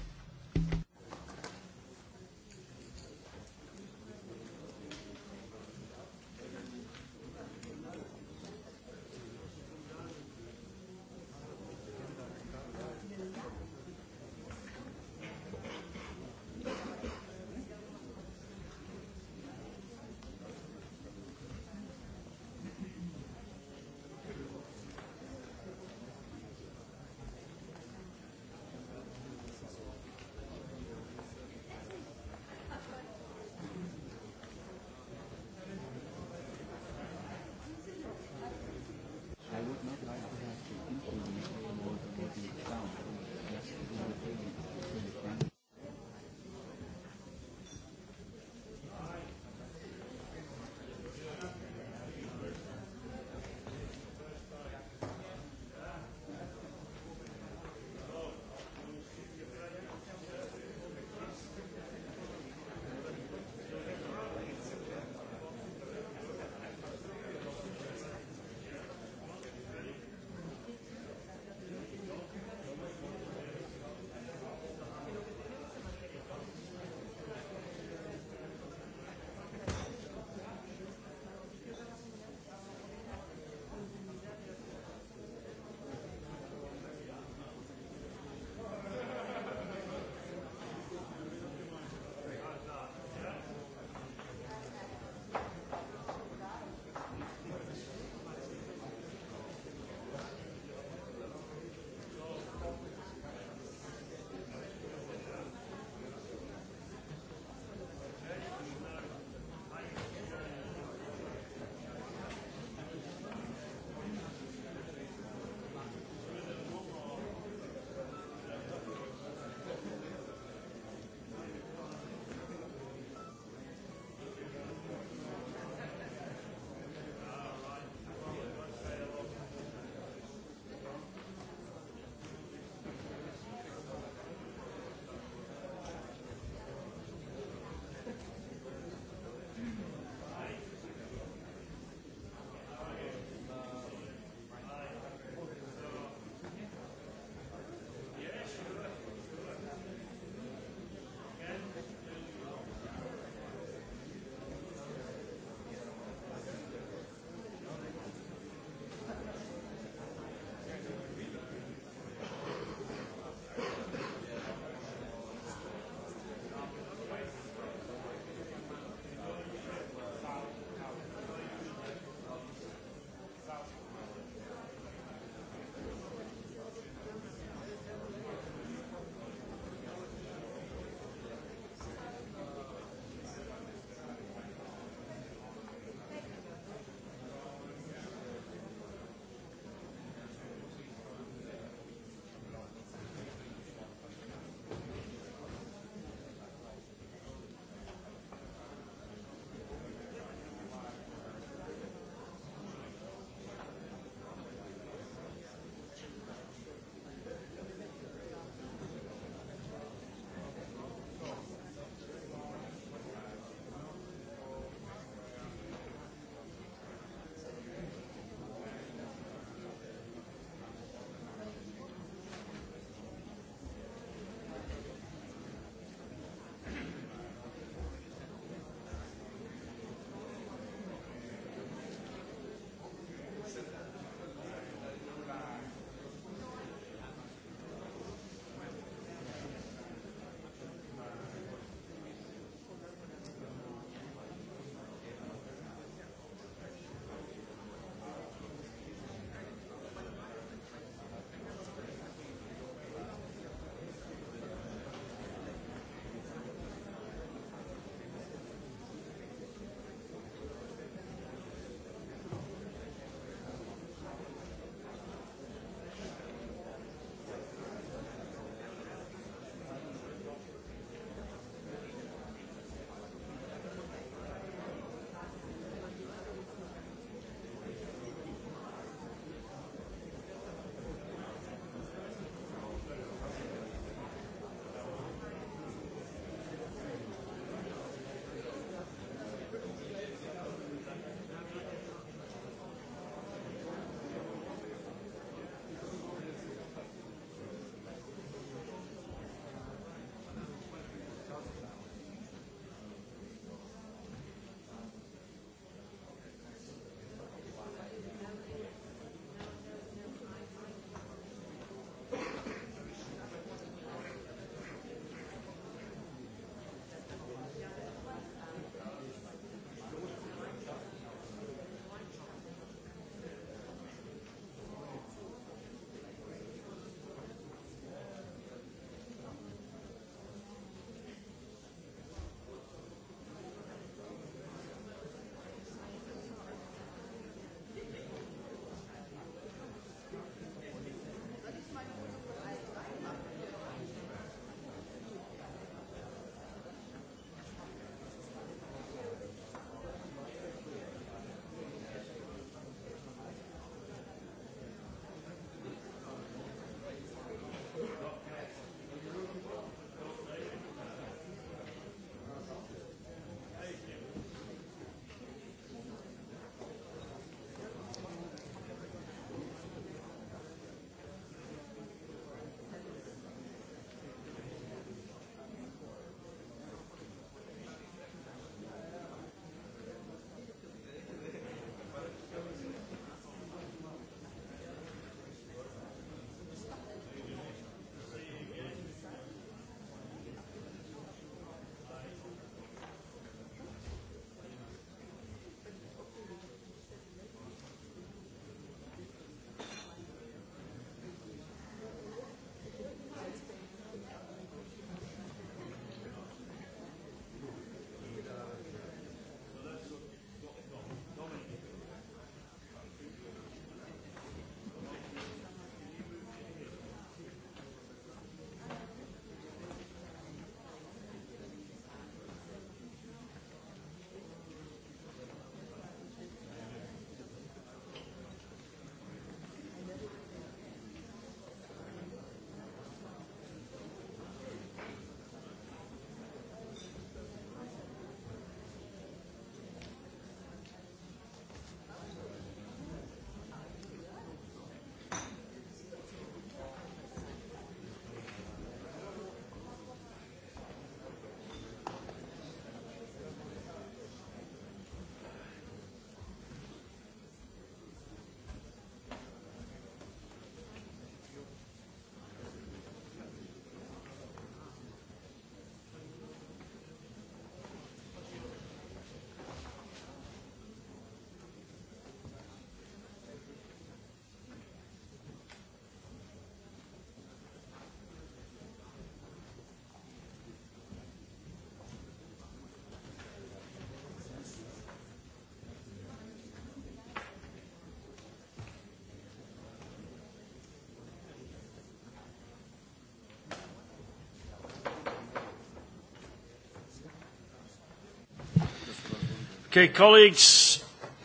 Okay, colleagues,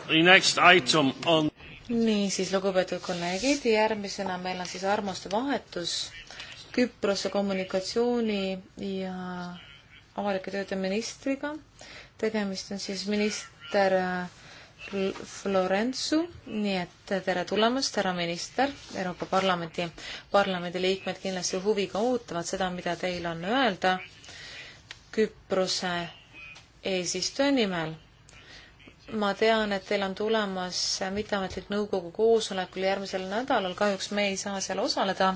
the next item on niisiis, lugupeetud kolleegid, järgmisena meil on siis armuste vahetus Küprose kommunikatsiooni ja avalike tööde ministriga. tegemist on siis minister äh, Florensu, nii et tere tulemast, härra minister, Euroopa Parlamenti, parlamendi liikmed kindlasti huviga ootavad seda, mida teil on öelda Küprose eesistuja nimel ma tean, et teil on tulemas mitteametlik nõukogu koosolek küll järgmisel nädalal, kahjuks me ei saa seal osaleda,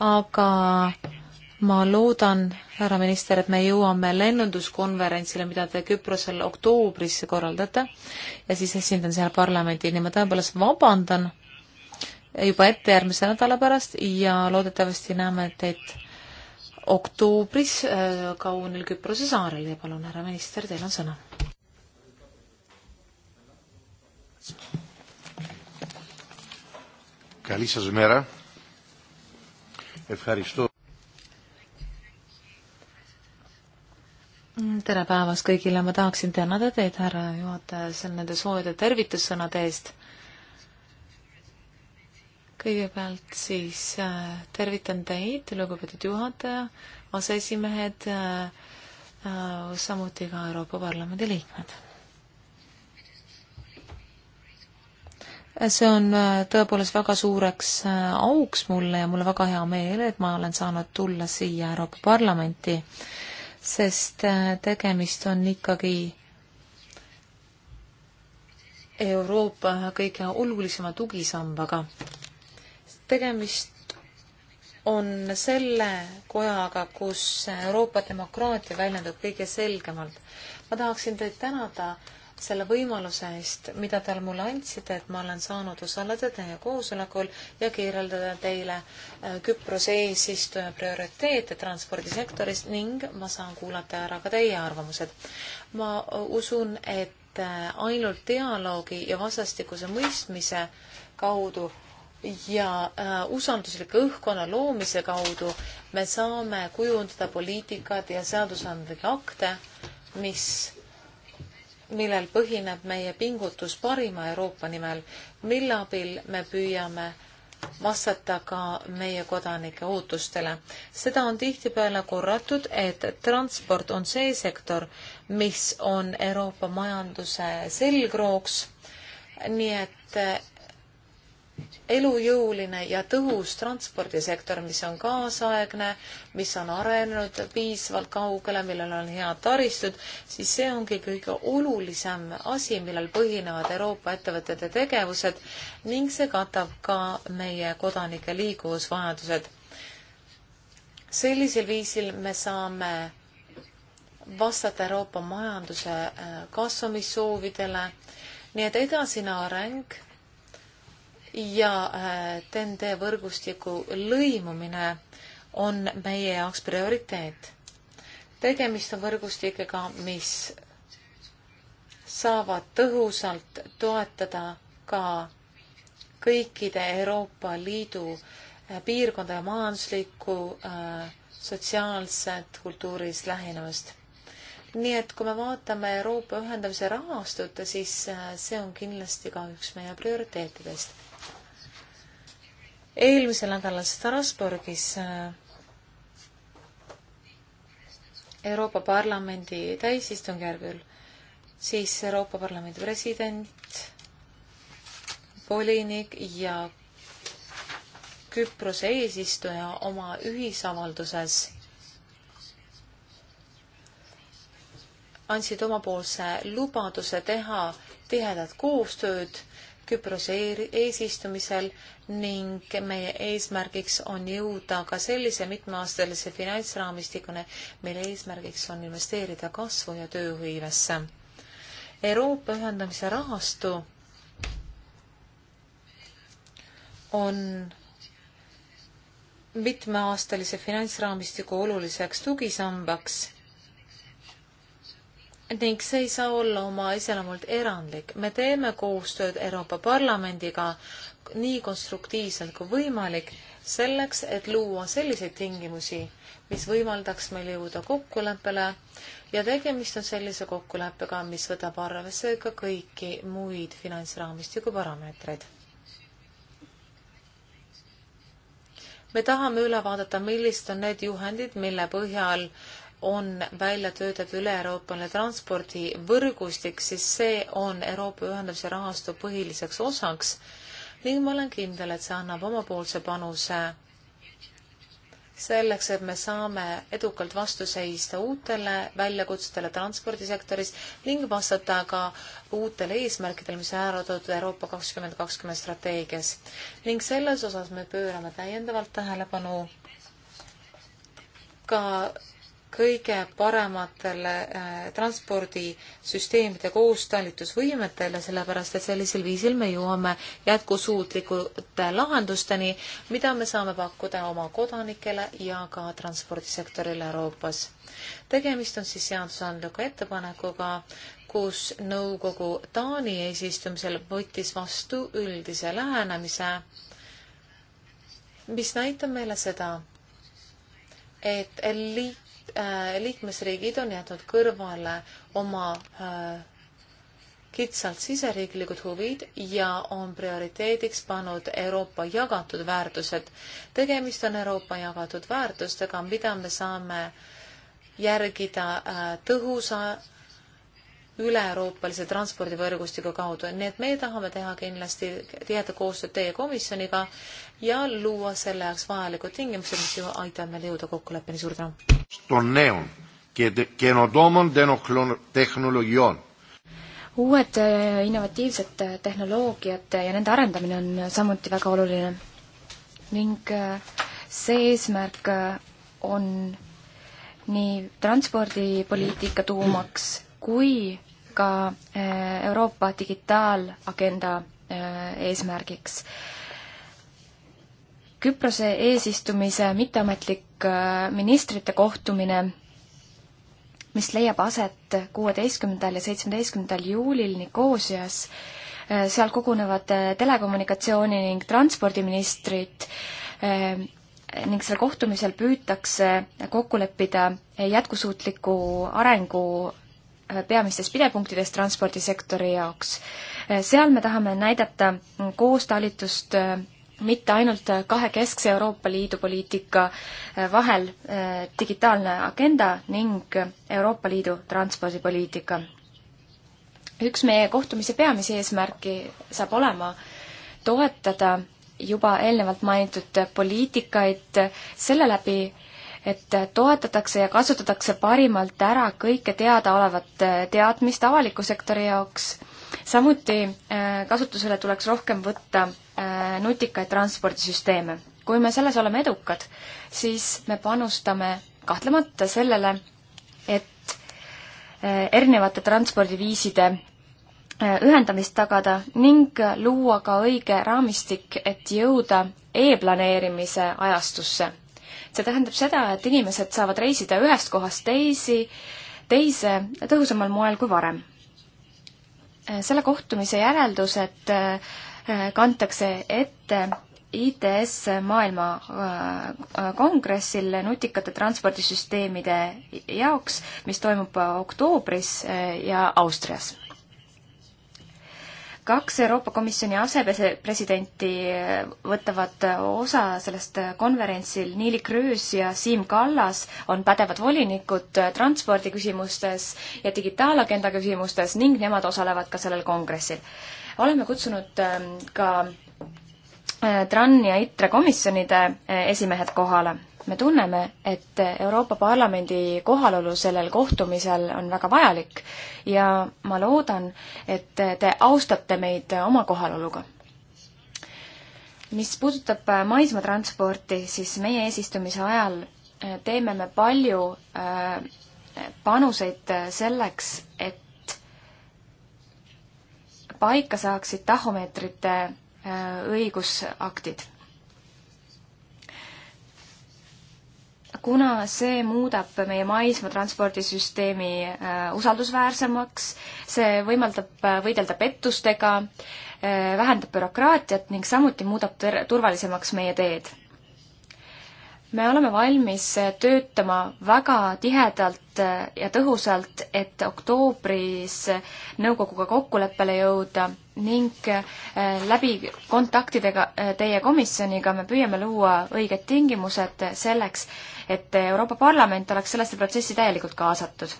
aga ma loodan, härra minister, et me jõuame lennunduskonverentsile, mida te Küprosel oktoobris korraldate ja siis esindan seal parlamendi, nii ma tõepoolest vabandan juba ette järgmise nädala pärast ja loodetavasti näeme teid oktoobris äh, kaunil Küprose saarel ja palun, härra minister, teil on sõna Καλή σας μέρα. Ευχαριστώ. tere päevast kõigile, ma tahaksin tänada teid, härra juhataja, seal nende soojade tervitussõnade eest. kõigepealt siis äh, tervitan teid, lugupeetud juhataja, aseesimehed, äh, äh, samuti ka Euroopa Parlamendi liikmed see on äh, tõepoolest väga suureks äh, auks mulle ja mul on väga hea meel, et ma olen saanud tulla siia Euroopa Parlamenti, sest äh, tegemist on ikkagi Euroopa kõige olulisema tugisambaga. tegemist on selle kojaga, kus Euroopa demokraatia väljendub kõige selgemalt. ma tahaksin teid tänada äh, selle võimaluse eest, mida te mulle andsite, et ma olen saanud osaleda teie koosolekul ja kirjeldada teile äh, Küprose eesistuja prioriteete transpordisektoris ning ma saan kuulata ära ka teie arvamused. ma äh, usun, et äh, ainult dialoogi ja vastastikuse mõistmise kaudu ja äh, usaldusliku õhkkonna loomise kaudu me saame kujundada poliitikat ja seadusandlikke akte, mis millel põhineb meie pingutus parima Euroopa nimel, mille abil me püüame vastata ka meie kodanike ootustele. seda on tihtipeale korratud, et transport on see sektor, mis on Euroopa majanduse selgrooks, nii et elujõuline ja tõhus transpordisektor, mis on kaasaegne, mis on arenenud piisavalt kaugele, millel on head taristud, siis see ongi kõige olulisem asi, millel põhinevad Euroopa ettevõtete tegevused ning see katab ka meie kodanike liikuvusvajadused. sellisel viisil me saame vastata Euroopa majanduse äh, kasvamissoovidele, nii et edasine areng ja TNT äh, võrgustiku lõimumine on meie jaoks prioriteet. tegemist on võrgustikega, mis saavad tõhusalt toetada ka kõikide Euroopa Liidu äh, piirkonda ja majanduslikku, äh, sotsiaalset, kultuurilist lähenemist. nii et kui me vaatame Euroopa ühendamise rahastut, siis see on kindlasti ka üks meie prioriteetidest eelmisel nädalal Strasbourgis äh, Euroopa Parlamendi täisistungjärgul, siis Euroopa Parlamendi president, volinik ja Küprose eesistuja oma ühisavalduses andsid omapoolse lubaduse teha tihedat koostööd Küprose eesistumisel ning meie eesmärgiks on jõuda ka sellise mitmeaastalise finantsraamistikune, mille eesmärgiks on investeerida kasvu ja tööhõivesse. Euroopa ühendamise rahastu on mitmeaastalise finantsraamistiku oluliseks tugisambaks ning see ei saa olla oma iseloomult erandlik. me teeme koostööd Euroopa Parlamendiga nii konstruktiivselt kui võimalik, selleks, et luua selliseid tingimusi, mis võimaldaks meil jõuda kokkuleppele ja tegemist on sellise kokkuleppega, mis võtab arvesse ka kõiki muid finantsraamistiku parameetreid. me tahame üle vaadata, millised on need juhendid, mille põhjal on välja töötatud üle-Euroopaline transpordivõrgustik, siis see on Euroopa ühendamise rahastu põhiliseks osaks ning ma olen kindel, et see annab omapoolse panuse selleks, et me saame edukalt vastu seista uutele väljakutsetele transpordisektoris ning vastata ka uutele eesmärkidele, mis on ära toodud Euroopa kakskümmend kakskümmend strateegias. ning selles osas me pöörame täiendavalt tähelepanu ka kõige parematele äh, transpordisüsteemide koostalitusvõimetele, sellepärast et sellisel viisil me jõuame jätkusuutlikute lahendusteni, mida me saame pakkuda oma kodanikele ja ka transpordisektorile Euroopas. tegemist on siis seadusandliku ettepanekuga, kus nõukogu Taani eesistumisel võttis vastu üldise lähenemise, mis näitab meile seda, et liik Äh, liikmesriigid on jätnud kõrvale oma äh, kitsalt siseriiklikud huvid ja on prioriteediks pannud Euroopa jagatud väärtused. tegemist on Euroopa jagatud väärtustega, mida me saame järgida äh, tõhusa üle-euroopalise transpordivõrgustiku kaudu, nii et me tahame teha kindlasti tihedat koostööd teie komisjoniga ja luua selle jaoks vajalikud tingimused, mis aitavad meil jõuda kokkuleppeni. suur tänu! των νέων και καινοτόμων τεχνολογιών. uued äh, innovatiivsed äh, tehnoloogiad ja nende arendamine on äh, samuti väga oluline ning see eesmärk on nii transpordipoliitika tuumaks kui ka Euroopa digitaalagenda eesmärgiks Küprose eesistumise mitteametlik äh, ministrite kohtumine, mis leiab aset kuueteistkümnendal ja seitsmeteistkümnendal juulil Nikosias, äh, seal kogunevad äh, telekommunikatsiooni ning transpordiministrid ning sellel kohtumisel püütakse kokku leppida jätkusuutliku arengu peamistes pidepunktides transpordisektori jaoks. seal me tahame näidata koostalitust mitte ainult kahe keskse Euroopa Liidu poliitika eh, vahel eh, digitaalne agenda ning Euroopa Liidu transpordipoliitika. üks meie kohtumise peamisi eesmärki saab olema toetada juba eelnevalt mainitud poliitikaid selle läbi, et toetatakse ja kasutatakse parimalt ära kõike teadaolevat eh, teadmist avaliku sektori jaoks samuti äh, kasutusele tuleks rohkem võtta äh, nutikaid transpordisüsteeme. kui me selles oleme edukad, siis me panustame kahtlemata sellele, et äh, erinevate transpordiviiside ühendamist tagada ning luua ka õige raamistik, et jõuda e-planeerimise ajastusse. see tähendab seda, et inimesed saavad reisida ühest kohast teisi, teise tõhusamal moel kui varem selle kohtumise järeldused äh, kantakse ette ITS maailma äh, äh, kongressil nutikate transpordisüsteemide jaoks, mis toimub oktoobris ja Austrias kaks Euroopa Komisjoni asepresidenti võtavad osa sellest konverentsil, Niili Krüüs ja Siim Kallas on pädevad volinikud transpordiküsimustes ja digitaalagenda küsimustes ning nemad osalevad ka sellel kongressil. oleme kutsunud ähm, ka äh, TRAN ja ITRE komisjonide äh, esimehed kohale me tunneme, et Euroopa Parlamendi kohalolu sellel kohtumisel on väga vajalik ja ma loodan, et te austate meid oma kohaloluga. mis puudutab maismaatransporti, siis meie eesistumise ajal äh, teeme me palju äh, panuseid selleks, et paika saaksid tahomeetrite äh, õigusaktid kuna see muudab meie maismaatranspordisüsteemi äh, usaldusväärsemaks, see võimaldab äh, võidelda pettustega, äh, vähendab bürokraatiat ning samuti muudab turvalisemaks meie teed me oleme valmis töötama väga tihedalt ja tõhusalt, et oktoobris nõukoguga kokkuleppele jõuda ning eh, läbi kontaktidega eh, teie komisjoniga me püüame luua õiged tingimused selleks, et Euroopa Parlament oleks sellesse protsessi täielikult kaasatud.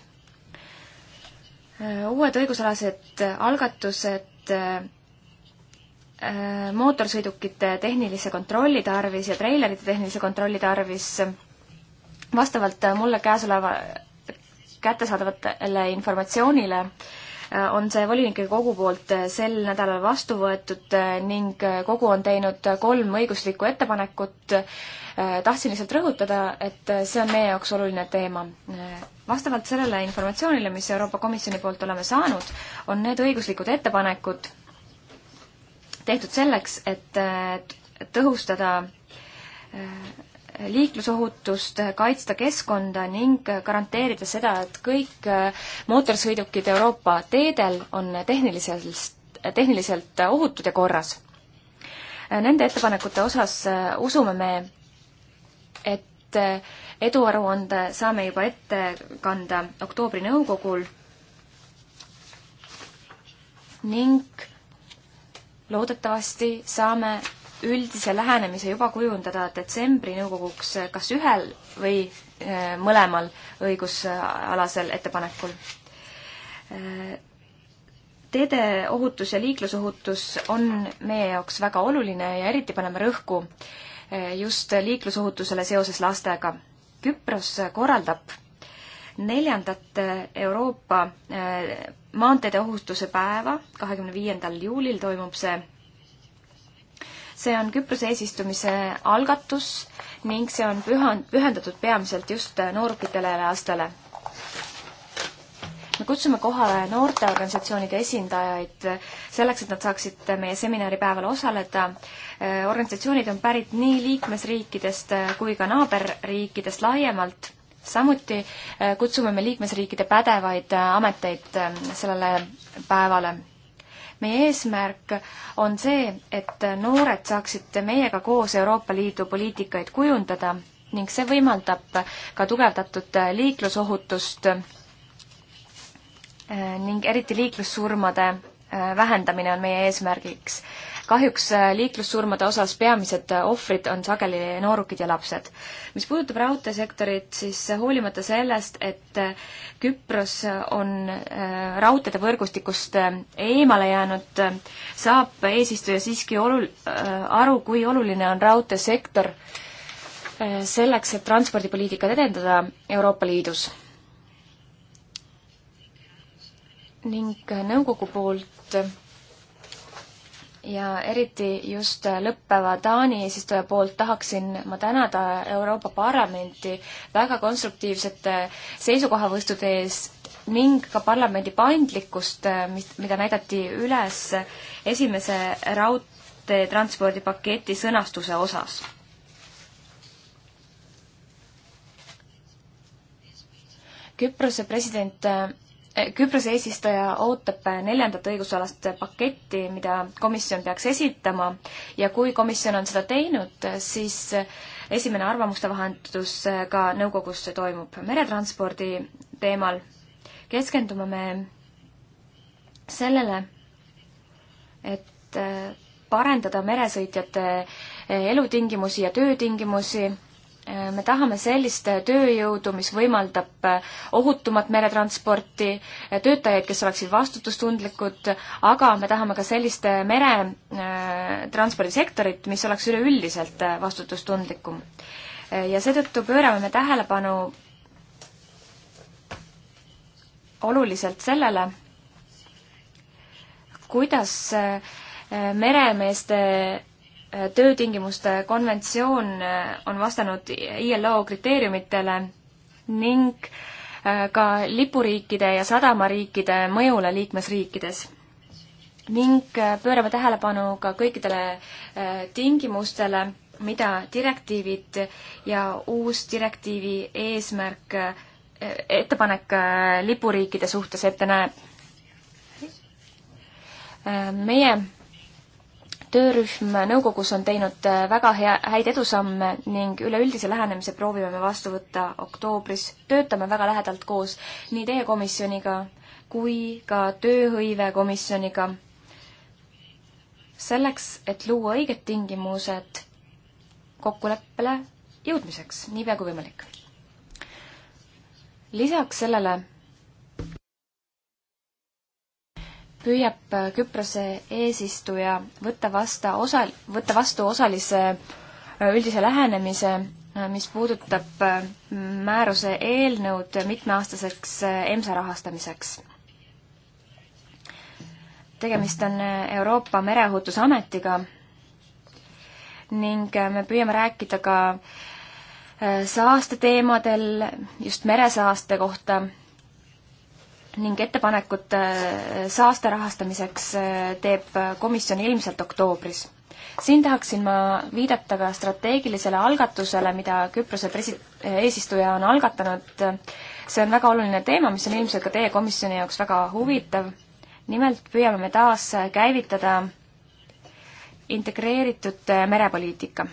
Eh, uued õigusalased algatused Äh, mootorsõidukite tehnilise kontrolli tarvis ja treilerite tehnilise kontrolli tarvis vastavalt äh, mulle käesoleva kättesaadavatele informatsioonile äh, on see volinike kogu poolt sel nädalal vastu võetud ning kogu on teinud kolm õiguslikku ettepanekut. tahtsin lihtsalt rõhutada, et see on meie jaoks oluline teema. vastavalt sellele informatsioonile, mis Euroopa Komisjoni poolt oleme saanud, on need õiguslikud ettepanekud tehtud selleks, et äh, tõhustada äh, liiklusohutust, kaitsta keskkonda ning garanteerida seda, et kõik äh, mootorsõidukid Euroopa teedel on tehniliselt, tehniliselt ohutud ja korras. Nende ettepanekute osas usume me, et eduaruande saame juba ette kanda oktoobri nõukogul ning loodetavasti saame üldise lähenemise juba kujundada detsembri nõukoguks kas ühel või äh, mõlemal õigusalasel ettepanekul. Äh, teede ohutus ja liiklusohutus on meie jaoks väga oluline ja eriti paneme rõhku äh, just liiklusohutusele seoses lastega. Küpros korraldab neljandat äh, Euroopa äh, maanteede ohutuse päeva, kahekümne viiendal juulil toimub see. see on Küprose eesistumise algatus ning see on pühan-, pühendatud peamiselt just äh, noorukitele ja lastele. me kutsume kohale noorteorganisatsioonide esindajaid selleks, et nad saaksid meie seminaripäeval osaleda. organisatsioonid on pärit nii liikmesriikidest kui ka naaberriikidest laiemalt samuti äh, kutsume me liikmesriikide pädevaid äh, ameteid äh, sellele päevale. meie eesmärk on see, et noored saaksid meiega koos Euroopa Liidu poliitikaid kujundada ning see võimaldab ka tugevdatud liiklusohutust ning eriti liiklussurmade vähendamine on meie eesmärgiks kahjuks äh, liiklussurmade osas peamised äh, ohvrid on sageli noorukid ja lapsed. mis puudutab raudteesektorit, siis äh, hoolimata sellest, et Küpros on raudteede võrgustikust eemale jäänud, saab eesistuja siiski olul-, aru, kui oluline on raudteesektor selleks, et transpordipoliitikat edendada Euroopa Liidus ning nõukogu poolt ja eriti just lõppeva Taani eesistuja poolt tahaksin ma tänada Euroopa Parlamenti väga konstruktiivsete seisukohavõistude ees ning ka parlamendi paindlikkust, mida näidati üles esimese raudteetranspordipaketi sõnastuse osas. Küprose president Küprose eesistuja ootab neljandat õigusalast paketti, mida komisjon peaks esitama ja kui komisjon on seda teinud, siis esimene arvamuste vahendus ka nõukogus toimub meretranspordi teemal. keskendume me sellele, et parendada meresõitjate elutingimusi ja töötingimusi me tahame sellist tööjõudu, mis võimaldab ohutumat meretransporti, töötajaid, kes oleksid vastutustundlikud, aga me tahame ka sellist meretranspordisektorit, mis oleks üleüldiselt vastutustundlikum. ja seetõttu pöörame me tähelepanu oluliselt sellele, kuidas meremeeste töötingimuste konventsioon äh, on vastanud ILO kriteeriumitele ning äh, ka lipuriikide ja sadamariikide mõjule liikmesriikides. ning äh, pöörame tähelepanu ka kõikidele tingimustele, mida direktiivid ja uus direktiivi eesmärk, ettepanek lipuriikide suhtes ette näeb. meie töörühm nõukogus on teinud äh, väga hea, häid edusamme ning üleüldise lähenemise proovime me vastu võtta oktoobris. töötame väga lähedalt koos nii teie komisjoniga kui ka tööhõivekomisjoniga selleks, et luua õiged tingimused kokkuleppele jõudmiseks, niipea kui võimalik. lisaks sellele püüab äh, Küprose eesistuja võtta vasta osa, võtta vastu osalise äh, üldise lähenemise, äh, mis puudutab määruse eelnõud mitmeaastaseks EMSA rahastamiseks. tegemist on Euroopa Mereohutusametiga ning me püüame rääkida ka saasteteemadel, just meresaaste kohta ning ettepanekud äh, saaste rahastamiseks äh, teeb komisjon ilmselt oktoobris. siin tahaksin ma viidata ka strateegilisele algatusele, mida Küprose presi-, äh, eesistuja on algatanud. see on väga oluline teema, mis on ilmselt ka teie komisjoni jaoks väga huvitav. nimelt püüame me taas käivitada integreeritud merepoliitika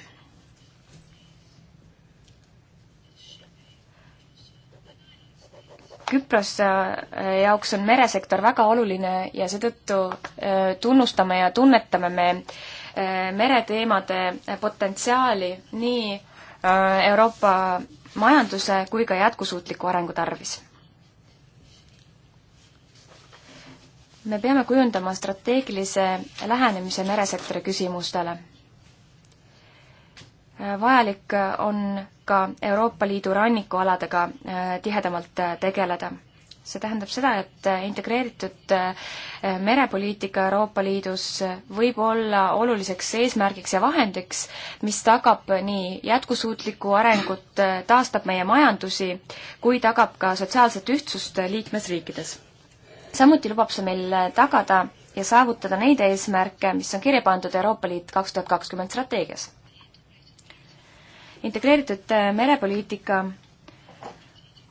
Küprose äh, jaoks on meresektor väga oluline ja seetõttu äh, tunnustame ja tunnetame me äh, mereteemade potentsiaali nii Euroopa majanduse kui ka jätkusuutliku arengu tarvis. me peame kujundama strateegilise lähenemise meresektori küsimustele vajalik on ka Euroopa Liidu rannikualadega äh, tihedamalt äh, tegeleda. see tähendab seda, et äh, integreeritud merepoliitika Euroopa Liidus võib olla oluliseks eesmärgiks ja vahendiks, mis tagab nii jätkusuutlikku arengut, taastab meie majandusi, kui tagab ka sotsiaalset ühtsust liikmesriikides. samuti lubab see meil tagada ja saavutada neid eesmärke, mis on kirja pandud Euroopa Liit kaks tuhat kakskümmend strateegias integreeritud äh, merepoliitika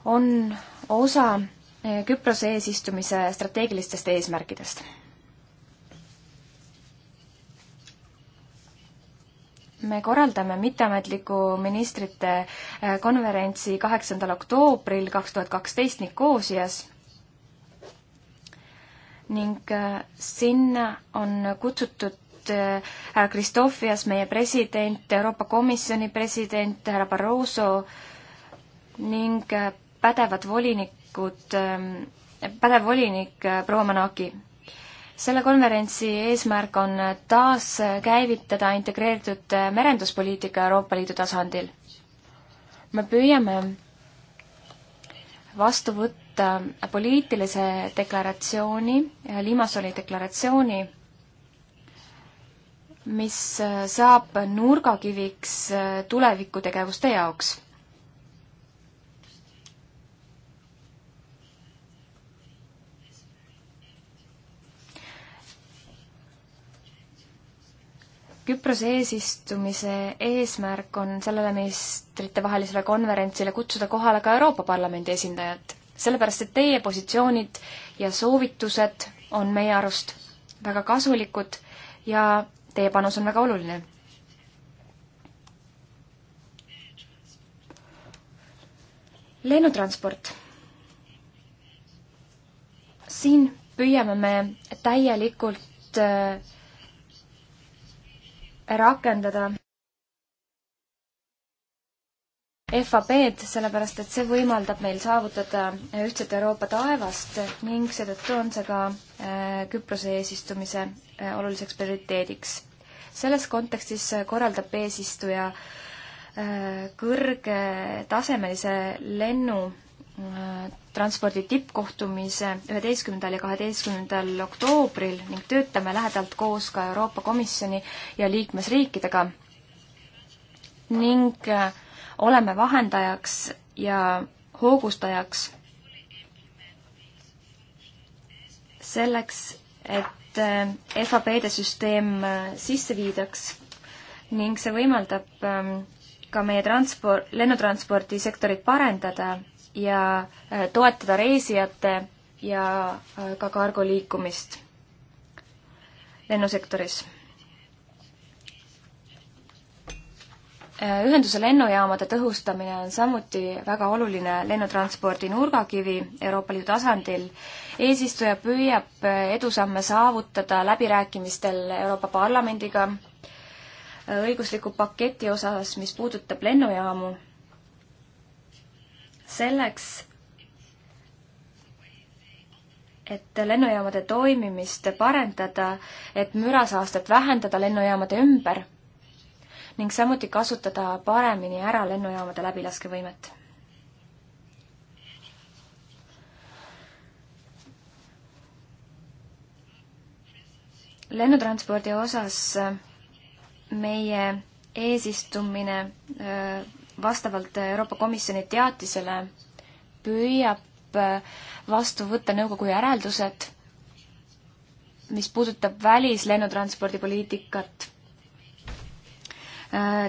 on osa äh, Küprose eesistumise strateegilistest eesmärkidest. me korraldame mitteametliku ministrite äh, konverentsi kaheksandal oktoobril kaks tuhat kaksteist Nikoosias ning sinna on kutsutud Liidut, äh, härra Kristofias, meie president, Euroopa Komisjoni president, härra Barroso ning äh, pädevad volinikud, ähm, pädev volinik äh, proua Manaki. selle konverentsi eesmärk on taaskäivitada integreeritud merenduspoliitika Euroopa Liidu tasandil. me püüame vastu võtta poliitilise deklaratsiooni, Limassoli deklaratsiooni, mis äh, saab nurgakiviks äh, tulevikutegevuste jaoks Küprose eesistumise eesmärk on sellele ministritevahelisele konverentsile kutsuda kohale ka Euroopa Parlamendi esindajad, sellepärast et teie positsioonid ja soovitused on meie arust väga kasulikud ja Teie panus on väga oluline. lennutransport. siin püüame me täielikult äh, rakendada FAB-d, sellepärast et see võimaldab meil saavutada äh, ühtset Euroopa taevast ning seetõttu on see ka äh, Küprose eesistumise äh, oluliseks prioriteediks. selles kontekstis korraldab eesistuja kõrgetasemelise lennu transpordi tippkohtumise üheteistkümnendal ja kaheteistkümnendal oktoobril ning töötame lähedalt koos ka Euroopa Komisjoni ja liikmesriikidega ning äh, oleme vahendajaks ja hoogustajaks selleks, et äh, FAB-de süsteem äh, sisse viidaks ning see võimaldab ähm, ka meie transport, lennutranspordisektorit parendada ja äh, toetada reisijate ja ka kargo liikumist lennusektoris Äh, ühenduse lennujaamade tõhustamine on samuti väga oluline lennutranspordi nurgakivi Euroopa Liidu tasandil. eesistuja püüab äh, edusamme saavutada läbirääkimistel Euroopa Parlamendiga äh, õigusliku paketi osas, mis puudutab lennujaamu. selleks, et lennujaamade toimimist parendada, et mürasaastet vähendada lennujaamade ümber ning samuti kasutada paremini ära lennujaamade läbilaskevõimet. lennutranspordi osas meie eesistumine äh, vastavalt Euroopa Komisjoni teatisele püüab äh, vastu võtta nõukogu järeldused mis puudutab välislennutranspordi poliitikat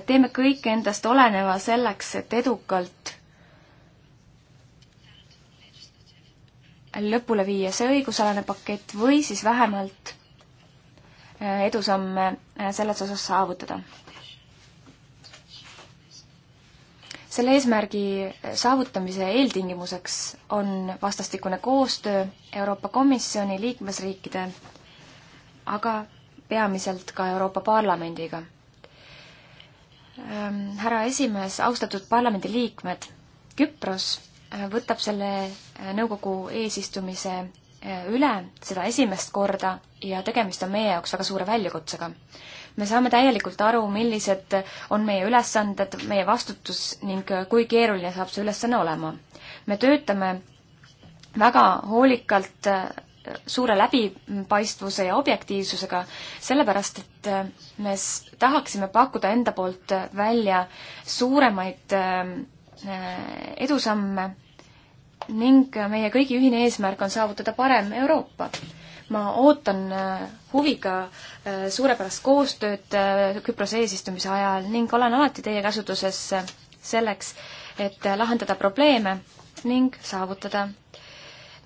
teeme kõik endast oleneva selleks, et edukalt lõpule viia see õigusalane pakett või siis vähemalt äh, edusamme äh, selles osas saavutada. selle eesmärgi äh, saavutamise eeltingimuseks on vastastikune koostöö Euroopa Komisjoni liikmesriikide, aga peamiselt ka Euroopa Parlamendiga Ähm, härra esimees, austatud parlamendiliikmed, Küpros äh, võtab selle äh, nõukogu eesistumise äh, üle, seda esimest korda, ja tegemist on meie jaoks väga suure väljakutsega. me saame täielikult aru, millised on meie ülesanded, meie vastutus ning kui keeruline saab see ülesanne olema. me töötame väga hoolikalt suure läbipaistvuse ja objektiivsusega, sellepärast et äh, me tahaksime pakkuda enda poolt välja suuremaid äh, äh, edusamme ning meie kõigi ühine eesmärk on saavutada parem Euroopa. ma ootan huviga suurepärast koostööd Küprose eesistumise ajal ning olen alati teie käsutuses selleks, et lahendada probleeme ning saavutada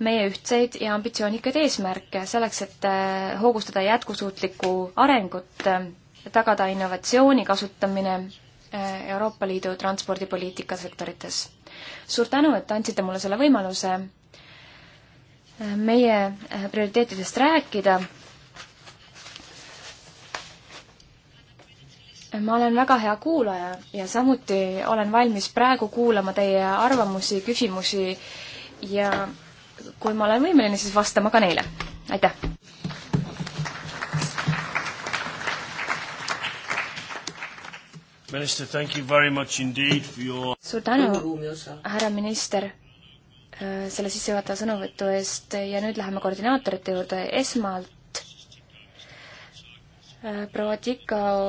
meie ühtseid ja ambitsioonikaid eesmärke selleks, et äh, hoogustada jätkusuutlikku arengut, äh, tagada innovatsiooni kasutamine äh, Euroopa Liidu transpordipoliitika sektorites. suur tänu, et andsite mulle selle võimaluse meie prioriteetidest rääkida ma olen väga hea kuulaja ja samuti olen valmis praegu kuulama teie arvamusi, küsimusi ja kui ma olen võimeline, siis vastama ka neile. aitäh! Minister, thank you very much indeed for your suur tänu, härra minister, äh, selle sissejuhatava sõnavõtu eest ja nüüd läheme koordinaatorite juurde. esmalt äh, proua Tikao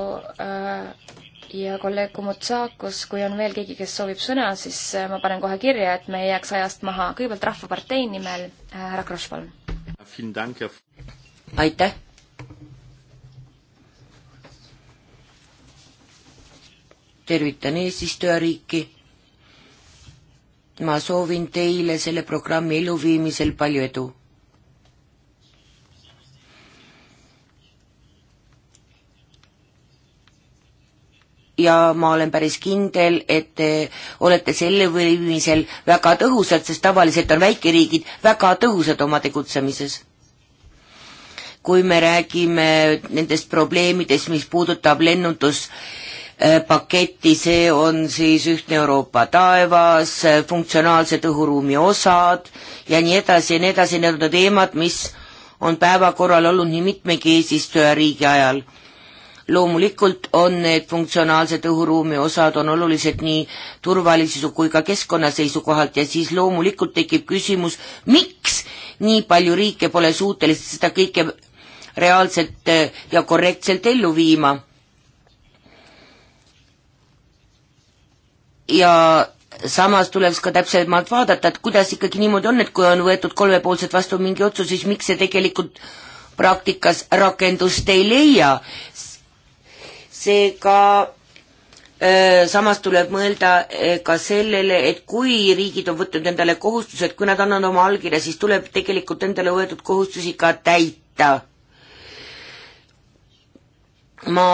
äh, ja kolleeg Kumutsakos, kui on veel keegi, kes soovib sõna, siis äh, ma panen kohe kirja, et me ei jääks ajast maha. kõigepealt Rahvapartei nimel äh, härra Kross, palun. aitäh. tervitan eesistujariiki. ma soovin teile selle programmi elluviimisel palju edu ja ma olen päris kindel, et te olete selle võimisel väga tõhusad, sest tavaliselt on väikeriigid väga tõhusad oma tegutsemises. kui me räägime nendest probleemidest, mis puudutab lennunduspaketti, see on siis ühtne Euroopa taevas, funktsionaalsed õhuruumi osad ja nii edasi ja nii edasi, need on teemad, mis on päevakorral olnud nii mitmegi eesistuja riigi ajal loomulikult on need funktsionaalsed õhuruumi osad, on olulised nii turvalisuse kui ka keskkonna seisukohalt ja siis loomulikult tekib küsimus, miks nii palju riike pole suutelised seda kõike reaalselt eh, ja korrektselt ellu viima. ja samas tuleks ka täpsemalt vaadata, et kuidas ikkagi niimoodi on, et kui on võetud kolmepoolselt vastu mingi otsus, siis miks see tegelikult praktikas rakendust ei leia, seega samas tuleb mõelda ka sellele, et kui riigid on võtnud endale kohustused, kui nad annavad oma allkirja, siis tuleb tegelikult endale võetud kohustusi ka täita. ma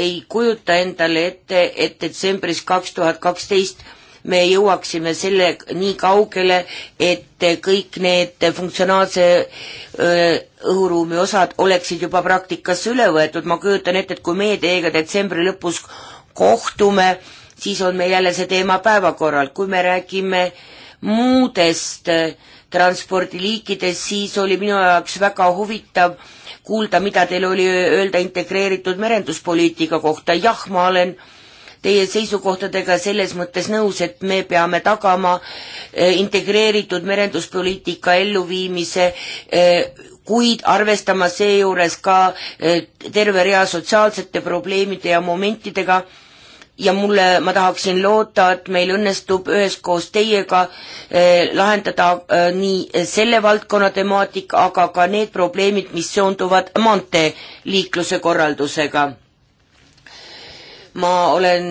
ei kujuta endale ette, et detsembris kaks tuhat kaksteist me jõuaksime selle nii kaugele, et kõik need funktsionaalse õhuruumi osad oleksid juba praktikasse üle võetud, ma kujutan ette, et kui meie teiega detsembri lõpus kohtume, siis on meil jälle see teema päevakorral, kui me räägime muudest transpordiliikidest, siis oli minu jaoks väga huvitav kuulda, mida teil oli öelda integreeritud merenduspoliitika kohta, jah, ma olen äh, teie seisukohtadega selles mõttes nõus, et me peame tagama eh, integreeritud merenduspoliitika elluviimise, eh, kuid arvestama seejuures ka eh, terve rea sotsiaalsete probleemide ja momentidega ja mulle, ma tahaksin loota, et meil õnnestub üheskoos teiega eh, lahendada eh, nii selle valdkonna temaatika, aga ka need probleemid, mis seonduvad maanteeliikluse korraldusega ma olen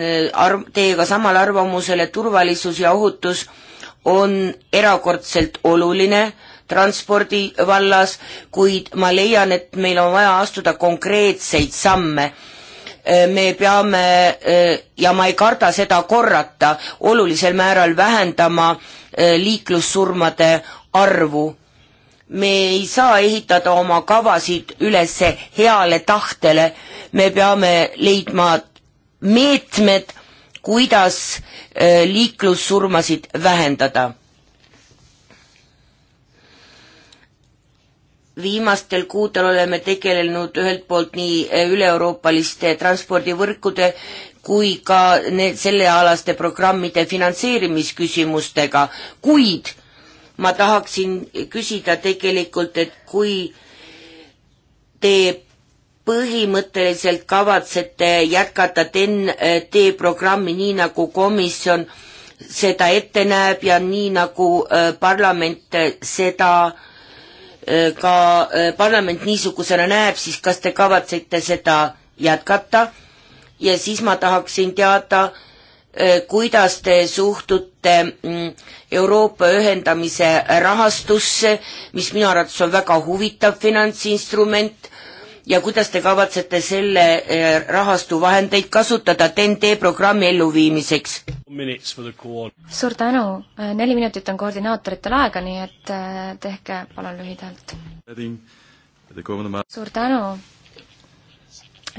äh, arv-, teiega samal arvamusel, et turvalisus ja ohutus on erakordselt oluline transpordi vallas, kuid ma leian, et meil on vaja astuda konkreetseid samme. Äh, me peame äh, ja ma ei karda seda korrata, olulisel määral vähendama liiklussurmade arvu me ei saa ehitada oma kavasid üles heale tahtele, me peame leidma meetmed, kuidas äh, liiklussurmasid vähendada. viimastel kuudel oleme tegelenud ühelt poolt nii äh, üle-euroopaliste transpordivõrkude kui ka need sellealaste programmide finantseerimisküsimustega, kuid ma tahaksin küsida tegelikult, et kui te põhimõtteliselt kavatsete jätkata TEN-T programmi nii, nagu komisjon seda ette näeb ja nii, nagu äh, parlament äh, seda äh, ka parlament niisugusena näeb, siis kas te kavatsete seda jätkata ja siis ma tahaksin teada, Äh, kuidas te suhtute mm, Euroopa ühendamise rahastusse, mis minu arvates on väga huvitav finantsinstrument ja kuidas te kavatsete selle äh, rahastu vahendeid kasutada TNT programmi elluviimiseks? suur tänu, äh, neli minutit on koordinaatoritel aega, nii et tehke palun lühidalt. suur tänu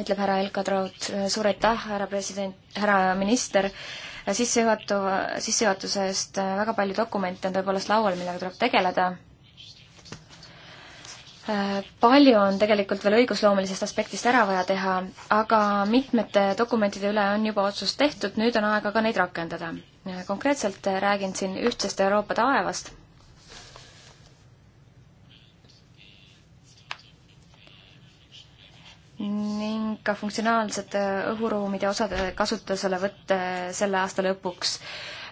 ütleb härra Elka Traut, suur aitäh, härra president, härra minister, sissejuhatava, sissejuhatuse eest väga palju dokumente on tõepoolest laual, millega tuleb tegeleda. palju on tegelikult veel õigusloomelisest aspektist ära vaja teha, aga mitmete dokumentide üle on juba otsus tehtud, nüüd on aega ka neid rakendada. konkreetselt räägin siin ühtsest Euroopa taevast ning ka funktsionaalsete õhuruumide osade äh, kasutuselevõtt selle aasta lõpuks.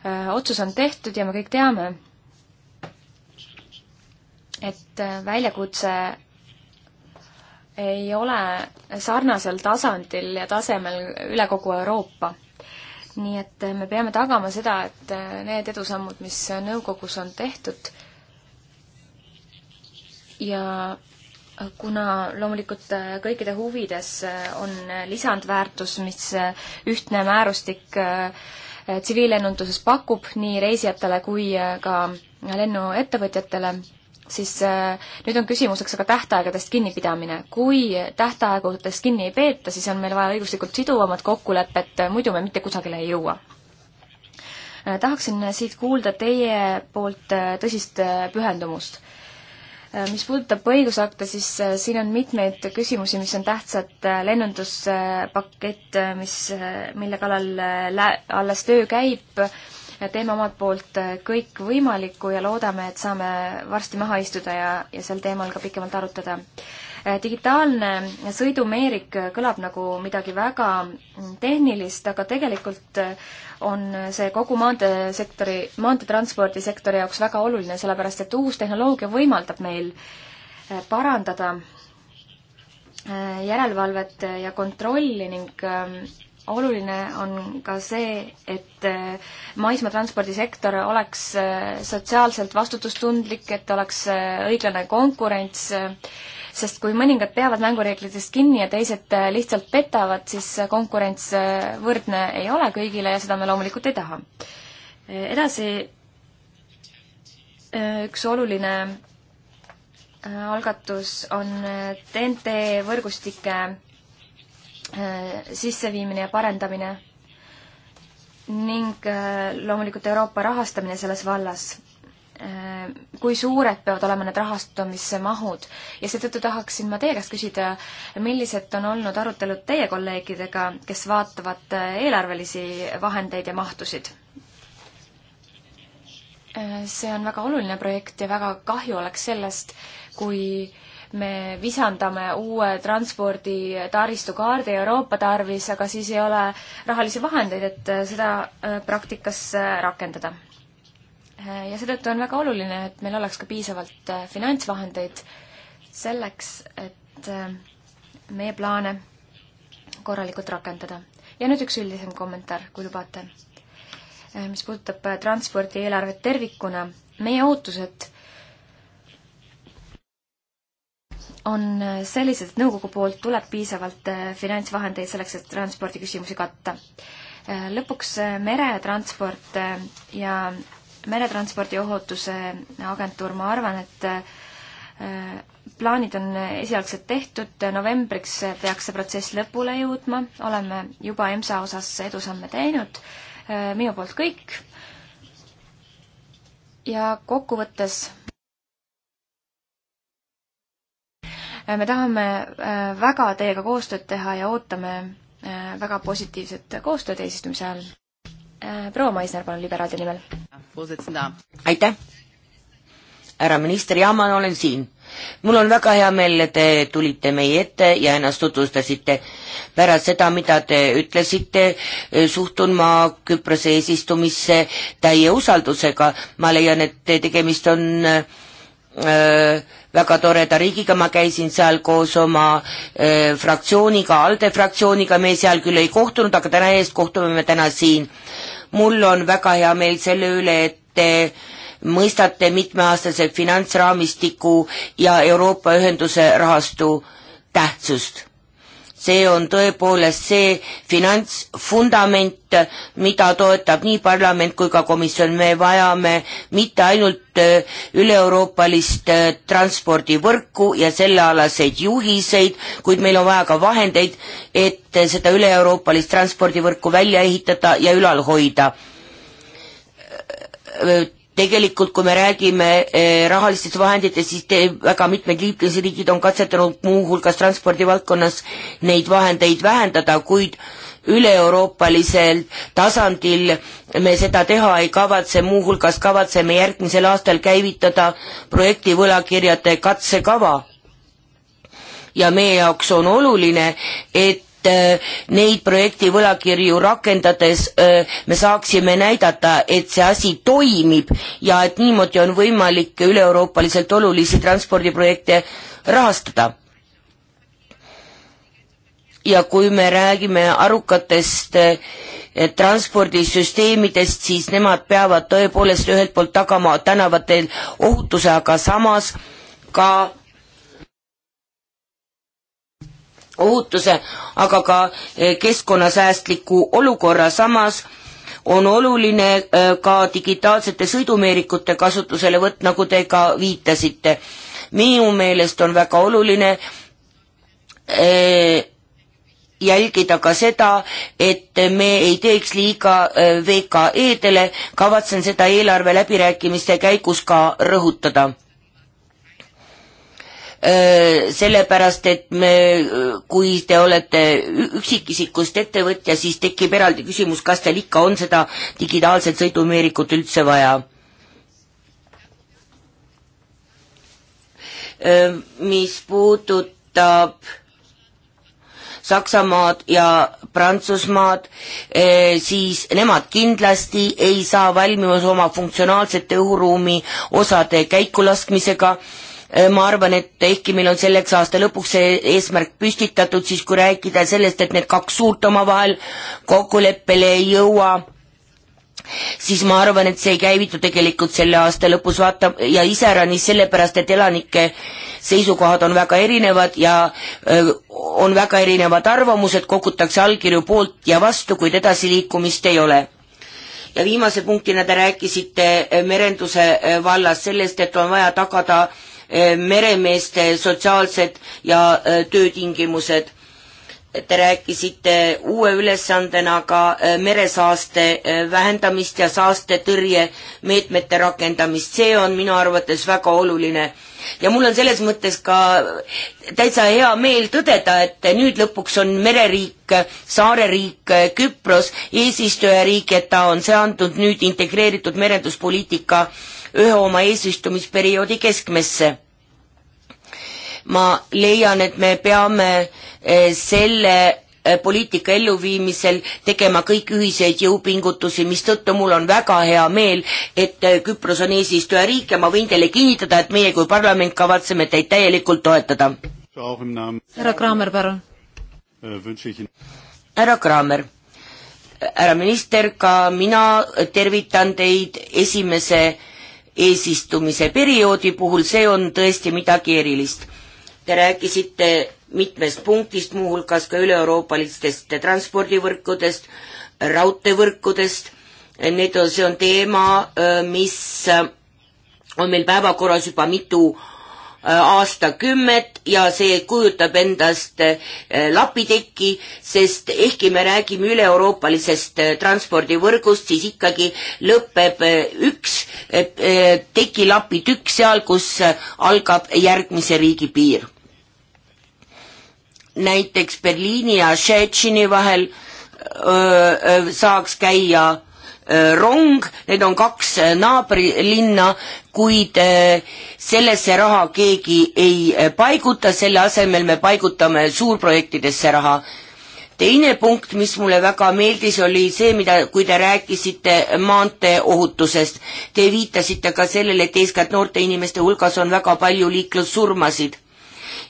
Äh, otsus on tehtud ja me kõik teame, et äh, väljakutse ei ole sarnasel tasandil ja tasemel üle kogu Euroopa. nii et me peame tagama seda, et need edusammud, mis nõukogus on tehtud ja kuna loomulikult äh, kõikide huvides äh, on lisandväärtus, mis äh, ühtne määrustik tsiviillennunduses pakub nii reisijatele kui ka lennuettevõtjatele, siis nüüd on küsimuseks aga tähtaegadest kinnipidamine. kui tähtaegadest kinni ei peeta, siis on meil vaja õiguslikult siduvamat kokkulepet, muidu me mitte kusagile ei jõua. tahaksin siit kuulda teie poolt tõsist pühendumust Äh, mis puudutab õigusakte, siis äh, siin on mitmeid küsimusi, mis on tähtsad, äh, lennunduspakett, mis, mille kallal lä-, alles töö käib, teeme omalt poolt kõik võimalikku ja loodame, et saame varsti maha istuda ja, ja sel teemal ka pikemalt arutada. Äh, digitaalne sõidumeerik kõlab nagu midagi väga tehnilist, aga tegelikult äh, on see kogu maanteesektori, maanteetranspordisektori jaoks väga oluline, sellepärast et uus tehnoloogia võimaldab meil äh, parandada järelevalvet ja kontrolli ning oluline on ka see, et maismaatranspordisektor oleks sotsiaalselt vastutustundlik, et oleks õiglane konkurents sest kui mõningad peavad mängureeglitest kinni ja teised äh, lihtsalt petavad, siis äh, konkurents äh, võrdne ei ole kõigile ja seda me loomulikult ei taha. edasi, üks oluline algatus on TNT võrgustike sisseviimine ja parendamine ning loomulikult Euroopa rahastamine selles vallas Äh, kui suured peavad olema need rahastamise mahud ja seetõttu tahaksin ma teie käest küsida, millised on olnud arutelud teie kolleegidega, kes vaatavad äh, eelarvelisi vahendeid ja mahtusid? Äh, see on väga oluline projekt ja väga kahju oleks sellest, kui me visandame uue transporditaristu kaardi Euroopa tarvis, aga siis ei ole rahalisi vahendeid, et seda praktikas rakendada Äh, ja seetõttu on väga oluline, et meil oleks ka piisavalt äh, finantsvahendeid selleks, et äh, meie plaane korralikult rakendada. ja nüüd üks üldisem kommentaar, kui lubate, mis puudutab transpordi eelarvet tervikuna. meie ootused on sellised, et nõukogu poolt tuleb piisavalt finantsvahendeid selleks, et transpordiküsimusi katta. lõpuks meretransport ja meretranspordi ohutuse agentuur, ma arvan, et äh, plaanid on esialgselt tehtud, novembriks peaks see protsess lõpule jõudma, oleme juba EMSA osas edusamme teinud, äh, minu poolt kõik. ja kokkuvõttes äh, me tahame väga teiega koostööd teha ja ootame väga positiivset koostööd eesistumise ajal. proua Maisner, palun, liberaalide nimel aitäh, härra minister, jah, ma olen siin. mul on väga hea meel, et te tulite meie ette ja ennast tutvustasite. pärast seda, mida te ütlesite, eh, suhtun ma Küprose eesistumisse täie usaldusega, ma leian, et tegemist on öö, eh, väga toreda riigiga, ma käisin seal koos oma äh, fraktsiooniga, ALDE fraktsiooniga, me seal küll ei kohtunud, aga täna eest kohtume me täna siin mul on väga hea meel selle üle, et te mõistate mitmeaastase finantsraamistiku ja Euroopa ühenduse rahastu tähtsust see on tõepoolest see finantsvundament, mida toetab nii parlament kui ka komisjon, me vajame mitte ainult äh, üle-euroopalist äh, transpordivõrku ja sellealaseid juhiseid, kuid meil on vaja ka vahendeid, et äh, seda üle-euroopalist transpordivõrku välja ehitada ja ülal hoida tegelikult kui me räägime eh, rahalistest vahenditest, siis te, väga mitmed liikmesriigid on katsetanud muuhulgas transpordivaldkonnas neid vahendeid vähendada, kuid üle-euroopalisel tasandil me seda teha ei kavatse, muuhulgas kavatseme järgmisel aastal käivitada projekti võlakirjade katsekava. ja meie jaoks on oluline, et Äh, neid projekti võlakirju rakendades äh, me saaksime näidata, et see asi toimib ja et niimoodi on võimalik üle-euroopaliselt olulisi transpordiprojekte rahastada. ja kui me räägime arukatest äh, transpordisüsteemidest, siis nemad peavad tõepoolest ühelt poolt tagama tänavatel ohutuse, aga samas ka ohutuse, aga ka eh, keskkonnasäästliku olukorra, samas on oluline eh, ka digitaalsete sõidumeerikute kasutusele võtt, nagu te ka viitasite. minu meelest on väga oluline eh, jälgida ka seda, et me ei teeks liiga VKE-dele, kavatsen seda eelarve läbirääkimiste käigus ka rõhutada. Äh, sellepärast, et me, äh, kui te olete üksikisikust ettevõtja, siis tekib eraldi küsimus, kas teil ikka on seda digitaalset sõidumeerikut üldse vaja. Äh, mis puudutab Saksamaad ja Prantsusmaad, siis nemad kindlasti ei saa valmimas oma funktsionaalsete õhuruumi osade käikulaskmisega äh, Äh, ma arvan, et ehkki meil on selleks aasta lõpuks see eesmärk püstitatud, siis kui rääkida sellest, et need kaks suurt omavahel kokkuleppele ei jõua, siis ma arvan, et see ei käivitu tegelikult selle aasta lõpus, vaata, ja iseäranis sellepärast, et elanike seisukohad on väga erinevad ja öö, äh, on väga erinevad arvamused, kogutakse allkirju poolt ja vastu, kuid edasiliikumist ei ole ja viimase punktina te rääkisite äh, merenduse vallas sellest, et on vaja tagada äh, E, meremeeste sotsiaalsed ja e, töötingimused. Te rääkisite uue ülesandena ka e, meresaaste vähendamist ja saastetõrje meetmete rakendamist, see on minu arvates väga oluline ja mul on selles mõttes ka täitsa hea meel tõdeda, et nüüd lõpuks on mereriik, saareriik Küpros eesistujariik, et ta on seandunud nüüd integreeritud merenduspoliitika äh, ühe oma eesistumisperioodi keskmesse. ma leian, et me peame eh, selle eh, poliitika elluviimisel tegema kõik ühiseid jõupingutusi, mistõttu mul on väga hea meel, et eh, Küpros on eesistujariik ja ma võin teile kinnitada, et meie kui parlament kavatseme teid täielikult toetada. härra Kraamer, palun. härra Kraamer härra minister, ka mina tervitan teid esimese eesistumise perioodi puhul, see on tõesti midagi erilist. Te rääkisite mitmest punktist, muuhulgas ka üle-euroopalistest transpordivõrkudest, raudteevõrkudest, need on, see on teema, mis on meil päevakorras juba mitu aastakümmet ja see kujutab endast äh, lapitekki, sest ehkki me räägime üle-euroopalisest äh, transpordivõrgust, siis ikkagi lõpeb äh, üks tekilapitükk seal, kus algab järgmise riigi piir. näiteks Berliini ja Šetšini vahel öö, öö, saaks käia öö, Äh, rong, need on kaks äh, naabrilinna, kuid äh, sellesse raha keegi ei paiguta, selle asemel me paigutame suurprojektidesse raha. teine punkt, mis mulle väga meeldis, oli see, mida, kui te rääkisite maanteeohutusest. Te viitasite ka sellele, et eeskätt noorte inimeste hulgas on väga palju liiklussurmasid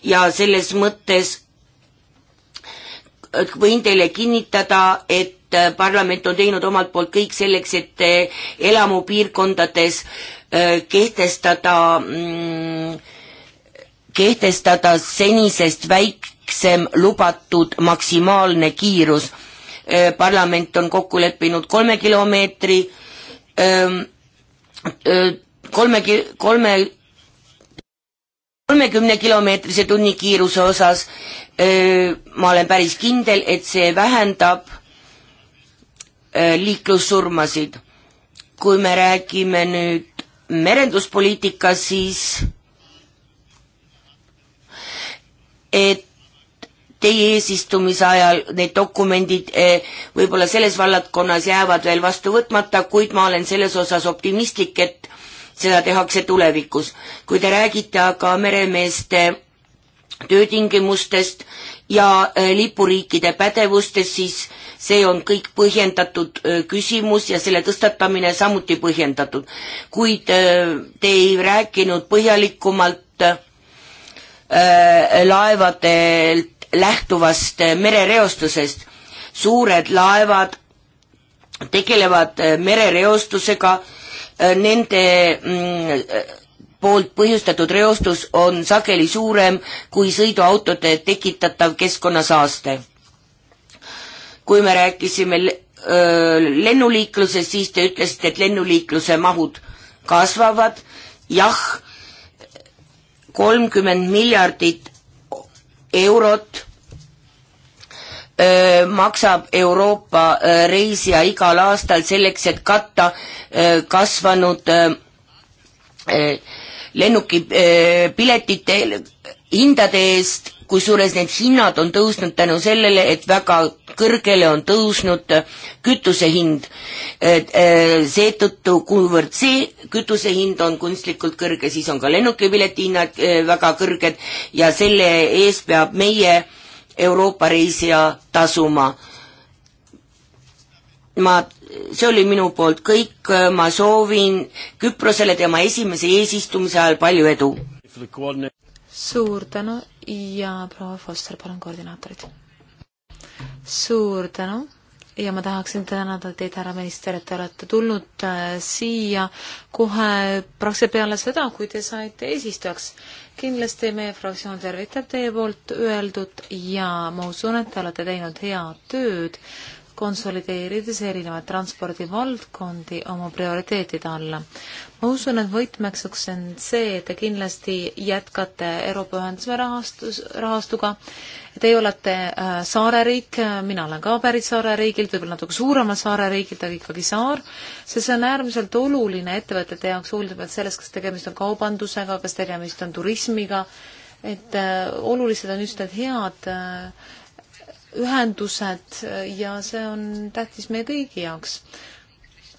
ja selles mõttes võin teile kinnitada, et et äh, parlament on teinud omalt poolt kõik selleks, et äh, elamupiirkondades äh, kehtestada, mm, kehtestada senisest väiksem lubatud maksimaalne kiirus. parlament on kokku leppinud kolme kilomeetri, ähm, kolme, kolme kolmekümne kilomeetrise tunnikiiruse osas öö, ma olen päris kindel, et see vähendab Äh, liiklussurmasid. kui me räägime nüüd merenduspoliitika, siis et teie eesistumise ajal need dokumendid äh, võib-olla selles vallatkonnas jäävad veel vastu võtmata, kuid ma olen selles osas optimistlik, et seda tehakse tulevikus. kui te räägite aga meremeeste töötingimustest ja äh, lipuriikide pädevustest, siis see on kõik põhjendatud küsimus ja selle tõstatamine samuti põhjendatud. kuid te ei rääkinud põhjalikumalt laevadelt lähtuvast merereostusest. suured laevad tegelevad merereostusega, nende mm, poolt põhjustatud reostus on sageli suurem kui sõiduautode tekitatav keskkonnasaaste kui me rääkisime lennuliiklusest, siis te ütlesite, et lennuliikluse mahud kasvavad, jah, kolmkümmend miljardit eurot öö, maksab Euroopa öö, reisija igal aastal selleks, et katta öö, kasvanud lennukipiletite hindade eest, kusjuures need hinnad on tõusnud tänu sellele, et väga kõrgele on tõusnud kütuse hind. E, seetõttu, kuivõrd see kütuse hind on kunstlikult kõrge, siis on ka lennukipileti hinnad e, väga kõrged ja selle eest peab meie Euroopa reisija tasuma. ma see oli minu poolt kõik, ma soovin Küprosele tema esimese eesistumise ajal palju edu suur tänu ja proua Foster, palun koordinaatorid. suur tänu ja ma tahaksin tänada teid, härra minister, et te olete tulnud äh, siia kohe praktiliselt peale seda, kui te saite eesistujaks. kindlasti meie fraktsioon tervitab teie poolt öeldut ja ma usun, et te olete teinud head tööd konsolideerides erinevaid transpordivaldkondi oma prioriteetide alla. ma usun, et võtmeksuks on see, et te kindlasti jätkate Euroopa Ühenduse rahastus, rahastuga. Teie olete äh, saareriik, mina olen ka pärit saareriigilt, võib-olla natuke suuremalt saareriigilt, aga ikkagi saar, sest see on äärmiselt oluline ettevõtete jaoks, hoolimata sellest, kas tegemist on kaubandusega, kas tegemist on turismiga, et äh, olulised on just need head äh, ühendused ja see on tähtis meie kõigi jaoks.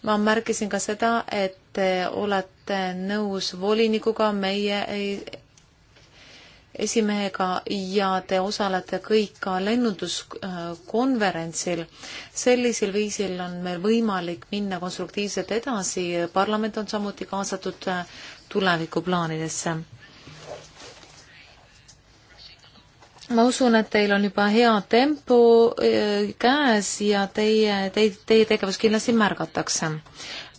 ma märkisin ka seda, et te olete nõus volinikuga, meie esimehega ja te osalete kõik ka lennunduskonverentsil. sellisel viisil on meil võimalik minna konstruktiivselt edasi, parlament on samuti kaasatud tulevikuplaanidesse ma usun, et teil on juba hea tempo äh, käes ja teie, teid, teie tegevus kindlasti märgatakse.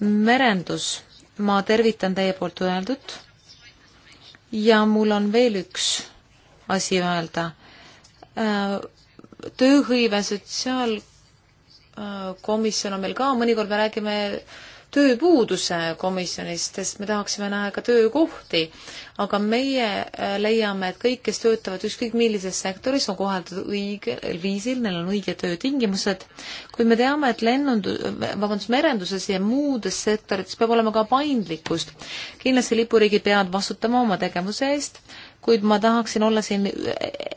merendus, ma tervitan teie poolt öeldut ja mul on veel üks asi öelda. Äh, tööhõive sotsiaalkomisjon on meil ka, mõnikord me räägime äh, tööpuuduse komisjonist, sest me tahaksime näha ka töökohti. aga meie äh, leiame, et kõik, kes töötavad ükskõik millises sektoris, on koheldud õigel viisil, neil on õiged töötingimused, kuid me teame, et lennund-, vabandust, merenduses ja muudes sektorites peab olema ka paindlikkust. kindlasti lipuriigid peavad vastutama oma tegevuse eest, kuid ma tahaksin olla siin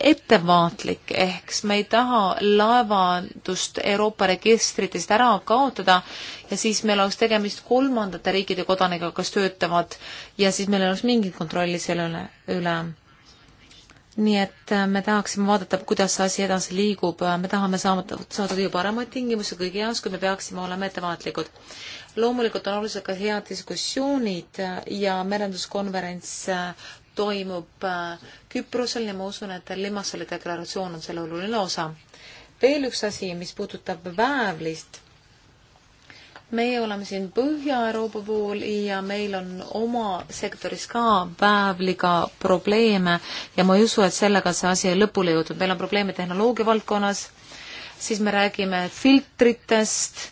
ettevaatlik, ehk siis me ei taha laevandust Euroopa registritest ära kaotada ja siis meil oleks tegemist kolmandate riikide kodanikega, kes töötavad ja siis meil ei oleks mingit kontrolli selle üle, üle. nii et äh, me tahaksime vaadata, kuidas see asi edasi liigub, äh, me tahame saada, saada kõige paremaid tingimusi kõigi jaoks, kui me peaksime olema ettevaatlikud loomulikult on olulised ka head diskussioonid äh, ja merenduskonverents toimub äh, Küprosel ja ma usun, et Limassoli deklaratsioon on selle oluline osa. veel üks asi, mis puudutab väävlist. meie oleme siin Põhja-Euroopa pool ja meil on oma sektoris ka väävliga probleeme ja ma ei usu, et sellega see asi lõpule jõudnud. meil on probleeme tehnoloogia valdkonnas, siis me räägime filtritest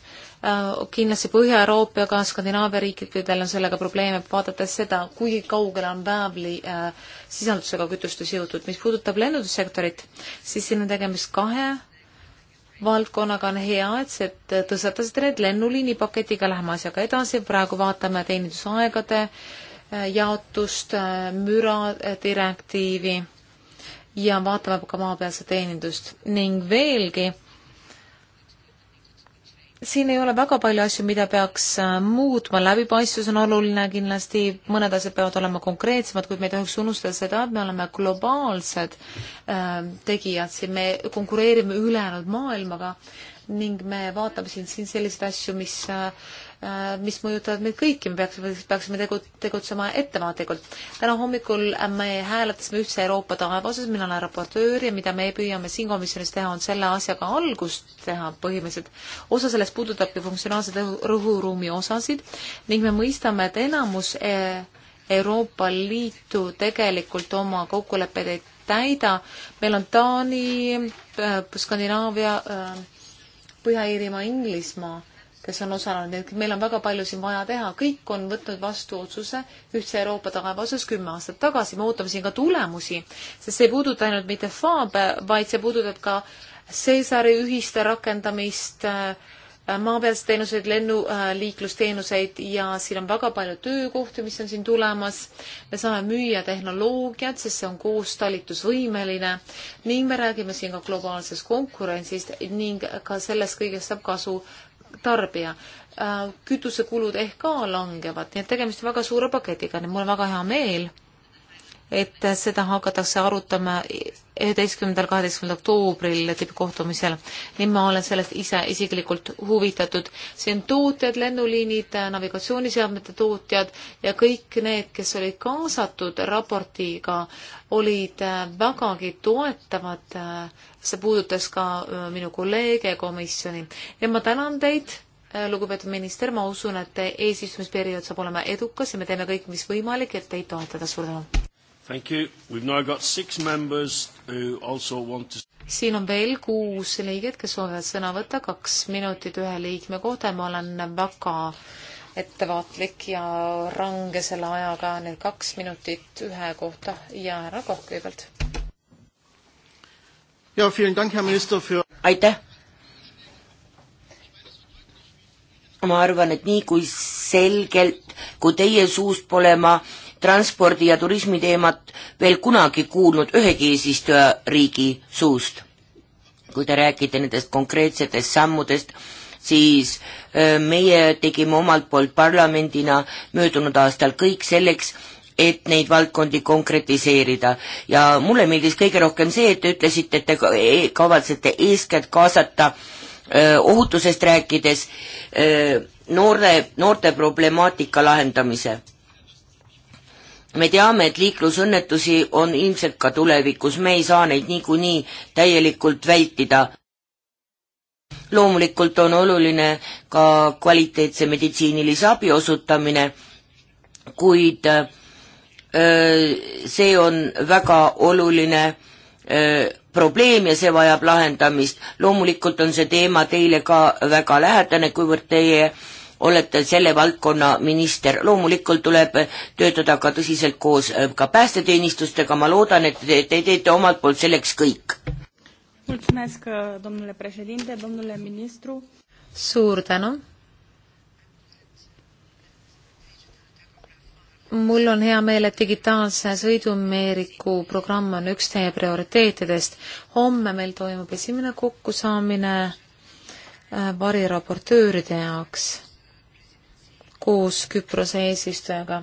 Äh, kindlasti Põhja-Euroopa ja ka Skandinaavia riikidel on sellega probleeme, vaadates seda, kui kaugele on väävli äh, sisaldusega kütustes jõudnud. mis puudutab lennundussektorit, siis siin on tegemist kahe valdkonnaga on hea, et see tõstatasite need lennuliinipaketiga, läheme asjaga edasi, praegu vaatame teenindusaegade äh, jaotust, müradirektiivi ja vaatame ka maapealset teenindust ning veelgi siin ei ole väga palju asju, mida peaks äh, muutma, läbipaistvus on oluline kindlasti, mõned asjad peavad olema konkreetsemad, kuid me ei tohiks unustada seda, et me oleme globaalsed äh, tegijad siin, me konkureerime ülejäänud maailmaga ning me vaatame siin, siin selliseid asju, mis äh, Äh, mis mõjutavad meid kõiki, me peaksime, peaksime tegu, tegutsema ettevaatlikult. täna hommikul me hääletasime ühtse Euroopa taeva osas, mina olen raportöör ja mida me püüame siin komisjonis teha, on selle asjaga algust teha põhimõtteliselt. osa sellest puudutabki funktsionaalse rõhuruumi osasid ning me mõistame, et enamus e-, Euroopa Liitu tegelikult oma kokkuleppeid ei täida. meil on Taani, Skandinaavia, Põhja-Iirimaa, Inglismaa kes on osalenud, nii et meil on väga palju siin vaja teha, kõik on võtnud vastu otsuse ühtse Euroopa tagavasus kümme aastat tagasi, me ootame siin ka tulemusi, sest see ei puuduta ainult mitte FAB-e, vaid see puudutab ka Cäsari ühiste rakendamist äh,, maapealseid teenuseid, lennuliiklusteenuseid äh, ja siin on väga palju töökohti, mis on siin tulemas. me saame müüa tehnoloogiat, sest see on koostalitusvõimeline ning me räägime siin ka globaalsest konkurentsist ning ka sellest kõigest saab kasu tarbija. Äh, kütusekulud ehk ka langevad, nii et tegemist on väga suure paketiga, nii et mul on väga hea meel et seda hakatakse arutama üheteistkümnendal, kaheteistkümnendal oktoobril tippkohtumisel ning ma olen sellest ise isiklikult huvitatud. siin tootjad, lennuliinid, navigatsiooniseadmete tootjad ja kõik need, kes olid kaasatud raportiga, olid äh, vägagi toetavad. Äh, see puudutas ka äh, minu kolleege ja komisjoni ja ma tänan teid lugupeetud minister, ma usun, et eesistumisperiood saab olema edukas ja me teeme kõik, mis võimalik, et teid toetada. suur tänu! Thank you. We've now got six members who also want to siin on veel kuus liiget, kes soovivad sõna võtta, kaks minutit ühe liikme kohta ja ma olen väga ettevaatlik ja range selle ajaga, need kaks minutit ühe kohta ja härra Koh kõigepealt. aitäh. ma arvan, et nii kui selgelt, kui teie suust pole ma transpordi ja turismi teemat veel kunagi kuulnud ühegi eesistujariigi suust. kui te räägite nendest konkreetsetest sammudest, siis meie tegime omalt poolt parlamendina möödunud aastal kõik selleks, et neid valdkondi konkretiseerida ja mulle meeldis kõige rohkem see, et te ütlesite, et te e, kavatsete eeskätt kaasata öö, ohutusest rääkides öö, noorte, noorte problemaatika lahendamise me teame, et liiklusõnnetusi on ilmselt ka tulevikus, me ei saa neid niikuinii täielikult vältida. loomulikult on oluline ka kvaliteetse meditsiinilise abi osutamine, kuid see on väga oluline probleem ja see vajab lahendamist. loomulikult on see teema teile ka väga lähedane, kuivõrd teie äh, olete selle valdkonna minister. loomulikult tuleb töötada ka tõsiselt koos äh, ka päästeteenistustega, ma loodan, et te, te teete omalt poolt selleks kõik. suur tänu. mul on hea meel, et digitaalse sõidumeeriku programm on üks teie prioriteetidest. homme meil toimub esimene kokkusaamine äh, variraportööride jaoks koos Küprose eesistujaga.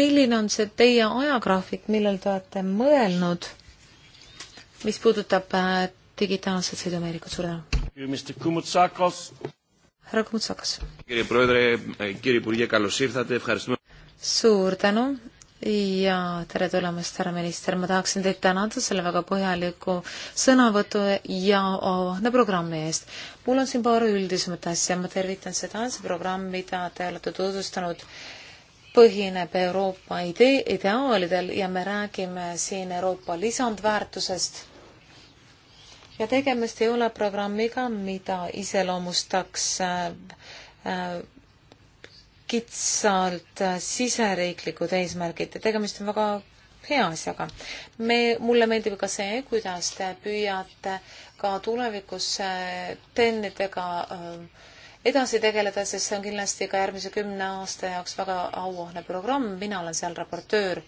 milline on see teie ajagraafik, millal te olete mõelnud, mis puudutab äh, digitaalset sõidumeerikut, suur tänu! härra Kumutsakas. Äh, suur tänu, ja tere tulemast, härra minister, ma tahaksin teid tänada selle väga põhjaliku sõnavõtu ja avaahne programmi eest. mul on siin paar üldisemat asja, ma tervitan seda, see programm, mida te olete tutvustanud, põhineb Euroopa idee, ideaalidel ja me räägime siin Euroopa lisandväärtusest. ja tegemist ei ole programmiga, mida iseloomustaks äh, äh, kitsalt äh, siseriiklikud eesmärgid ja tegemist on väga hea asjaga. me, mulle meeldib ka see, kuidas te püüate ka tulevikus äh, TEN-idega äh, edasi tegeleda, sest see on kindlasti ka järgmise kümne aasta jaoks väga auahne programm, mina olen seal raportöör.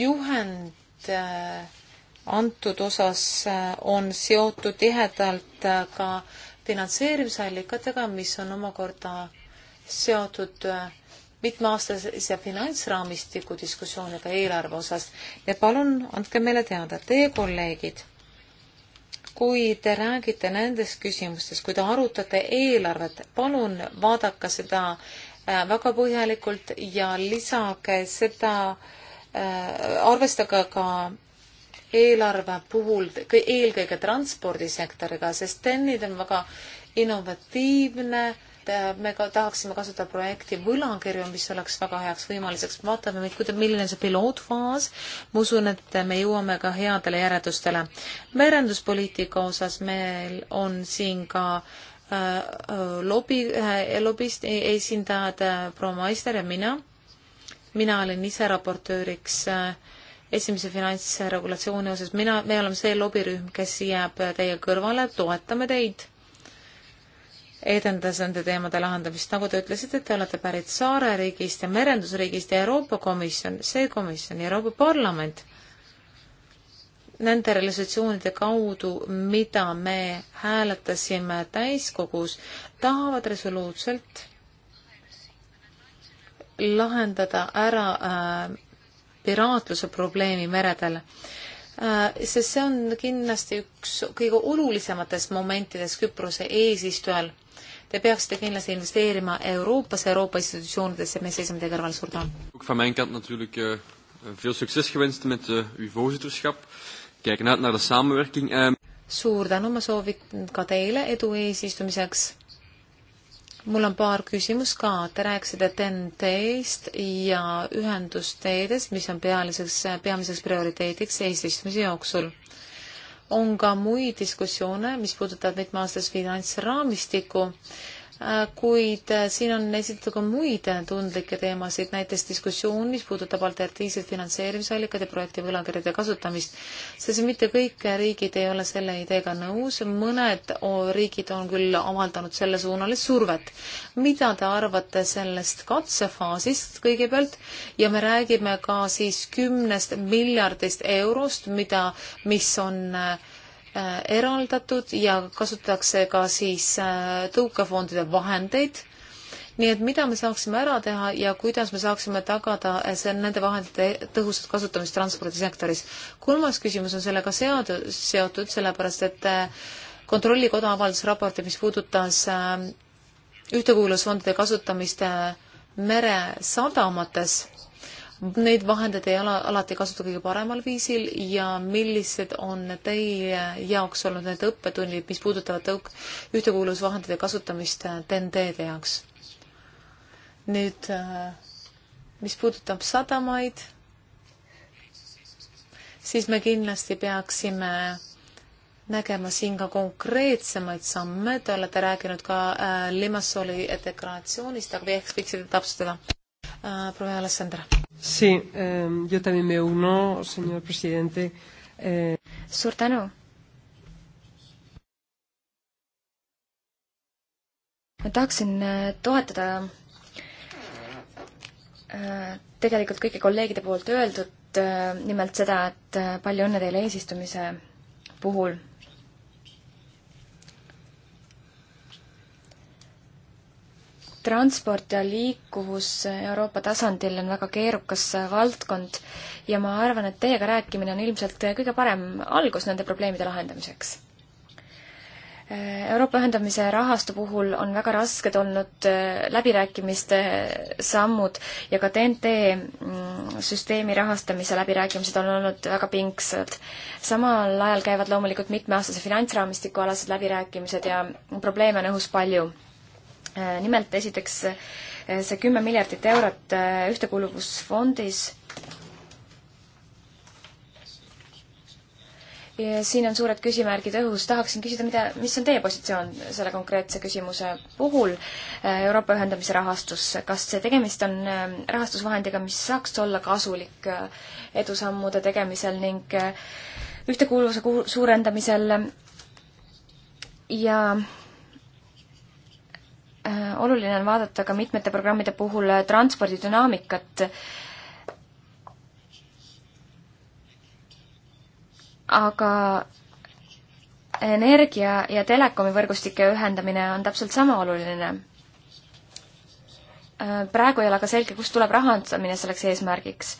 juhend antud osas on seotud tihedalt ka finantseerimisallikatega, mis on omakorda seotud äh, mitmeaastase finantsraamistiku diskussiooniga eelarve osas ja palun andke meile teada, teie kolleegid, kui te räägite nendes küsimustes, kui te arutate eelarvet, palun vaadake seda äh, väga põhjalikult ja lisage seda, äh, arvestage ka eelarve puhul eelkõige transpordisektoriga, sest TEN-id on väga innovatiivne äh, Äh, me ka tahaksime kasutada projekti võlakirju, mis oleks väga heaks võimaluseks. vaatame, milline on see pilootfaas. ma usun, et me jõuame ka headele järeldustele. merenduspoliitika osas meil on siin ka äh, äh, lobi, lobisti esindajad proua Maister ja mina. mina olin ise raportööriks esimese finantsregulatsiooni osas, mina, me oleme see lobirühm, kes jääb teie kõrvale, toetame teid edendas nende teemade lahendamist. nagu te ütlesite, te olete pärit saareriigist ja merendusriigist ja Euroopa Komisjon, see komisjon ja Euroopa Parlament nende realisatsioonide kaudu, mida me hääletasime täiskogus, tahavad resoluutselt lahendada ära äh, piraatluse probleemi meredel äh,. sest see on kindlasti üks kõige olulisematest momentidest Küprose eesistujal Te peaksite kindlasti investeerima Euroopasse, Euroopa institutsioonidesse, me seisame teie kõrval, suur tänu! Eh, eh, veel succes gewenst met uh, uw voorzitterschap. Kijk uit naar de samenwerking. Um... Suur tänu, ma soovin ka teile edu eesistumiseks. mul on paar küsimust ka, te rääkisite TEN-T-st ja ühendusteedest, mis on pealiseks, peamiseks prioriteediks eesistumise jooksul on ka muid diskussioone, mis puudutavad mitmeaastast finantsraamistikku Äh, kuid äh, siin on esitatud ka muid tundlikke teemasid, näiteks diskussioon, mis puudutab alternatiivseid finantseerimisallikad ja projekti võlakirjade kasutamist, sest mitte kõik riigid ei ole selle ideega nõus, mõned riigid on küll avaldanud sellesuunalist survet. mida te arvate sellest katsefaasist kõigepealt ja me räägime ka siis kümnest miljardist eurost, mida, mis on äh, Äh, eraldatud ja kasutatakse ka siis äh, tõukefondide vahendeid. nii et mida me saaksime ära teha ja kuidas me saaksime tagada äh, see, nende vahendite tõhusat kasutamist transpordisektoris. kolmas küsimus on sellega seadu-, seotud, sellepärast et kontrollikoda avaldas raporti, mis puudutas ühtekuuluvusfondide kasutamist meresadamates neid vahendeid ei ala, alati kasuta kõige paremal viisil ja millised on teie jaoks olnud need õppetunnid, mis puudutavad tõuk-, ühtekuuluvusvahendite kasutamist äh, TEN-T-de jaoks? nüüd, äh, mis puudutab sadamaid, siis me kindlasti peaksime nägema siin ka konkreetsemaid samme, te olete rääkinud ka äh, Limassooli deklaratsioonist, aga ehk võiksite täpsustada äh,. proua Alessandra Sí, eh, yo también me uno, señor presidente. Eh... Suur tänu. ma tahaksin eh, toetada eh, tegelikult kõigi kolleegide poolt öeldud, eh, nimelt seda, et palju õnne teile eesistumise puhul transport ja liikuvus Euroopa tasandil on väga keerukas valdkond ja ma arvan, et teiega rääkimine on ilmselt kõige parem algus nende probleemide lahendamiseks. Euroopa ühendamise rahastu puhul on väga rasked olnud läbirääkimiste sammud ja ka TNT mm, süsteemi rahastamise läbirääkimised on olnud väga pingsad. samal ajal käivad loomulikult mitmeaastase finantsraamistiku alased läbirääkimised ja probleeme on õhus palju Äh, nimelt esiteks äh, see kümme miljardit eurot äh, ühtekuuluvusfondis. siin on suured küsimärgid õhus, tahaksin küsida, mida, mis on teie positsioon selle konkreetse küsimuse puhul Euroopa ühendamise rahastus, kas tegemist on rahastusvahendiga, mis saaks olla kasulik edusammude tegemisel ning ühtekuuluvuse suurendamisel ja äh, Äh, oluline on vaadata ka mitmete programmide puhul äh, transpordi dünaamikat. aga energia ja telekomi võrgustike ühendamine on täpselt sama oluline. Äh, praegu ei ole ka selge, kust tuleb rahandamine selleks eesmärgiks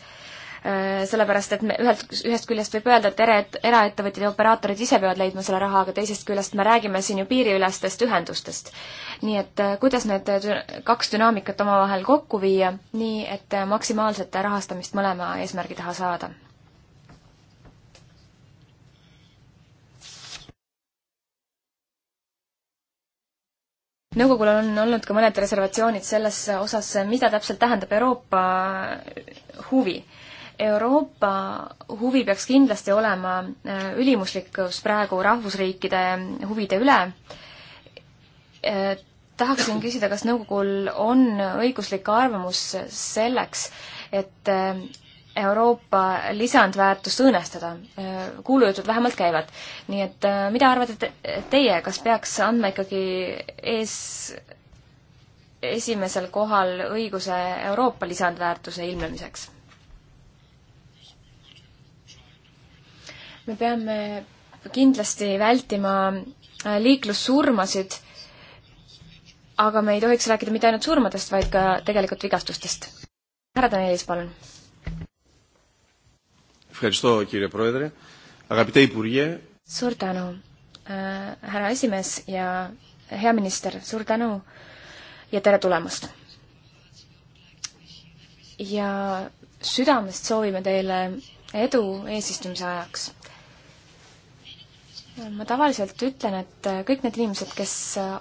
Äh, sellepärast et me ühelt, ühest küljest võib öelda, et ere, eraettevõtjad ja operaatorid ise peavad leidma selle raha, aga teisest küljest me räägime siin ju piiriülestest ühendustest. nii et äh, kuidas need kaks dünaamikat omavahel kokku viia, nii et äh, maksimaalset rahastamist mõlema eesmärgi taha saada? nõukogul on olnud ka mõned reservatsioonid selles osas, mida täpselt tähendab Euroopa huvi. Euroopa huvi peaks kindlasti olema äh, ülimuslikkus praegu rahvusriikide huvide üle. Äh, tahaksin küsida, kas nõukogul on õiguslik arvamus selleks, et äh, Euroopa lisandväärtust õõnestada. kuulujutud vähemalt käivad. nii et mida arvate te teie, kas peaks andma ikkagi ees, esimesel kohal õiguse Euroopa lisandväärtuse ilmnemiseks? me peame kindlasti vältima äh, liiklussurmasid, aga me ei tohiks rääkida mitte ainult surmadest, vaid ka tegelikult vigastustest. härra Danelis, palun. suur tänu äh,, härra esimees ja hea minister, suur tänu ja tere tulemast! ja südamest soovime teile edu eesistumise ajaks ma tavaliselt ütlen, et kõik need inimesed, kes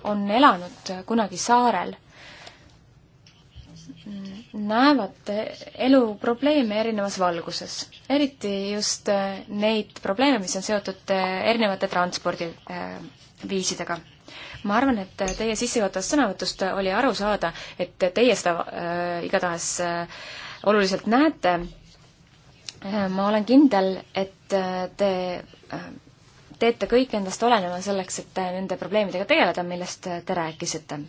on elanud kunagi saarel, näevad elu probleeme erinevas valguses. eriti just neid probleeme, mis on seotud erinevate transpordiviisidega. ma arvan, et teie sissejuhatavast sõnavõtust oli aru saada, et teie seda äh, igatahes äh, oluliselt näete. Äh, ma olen kindel, et äh, te äh, teete kõik endast oleneva selleks, et äh, nende probleemidega tegeleda, millest äh, te rääkisite.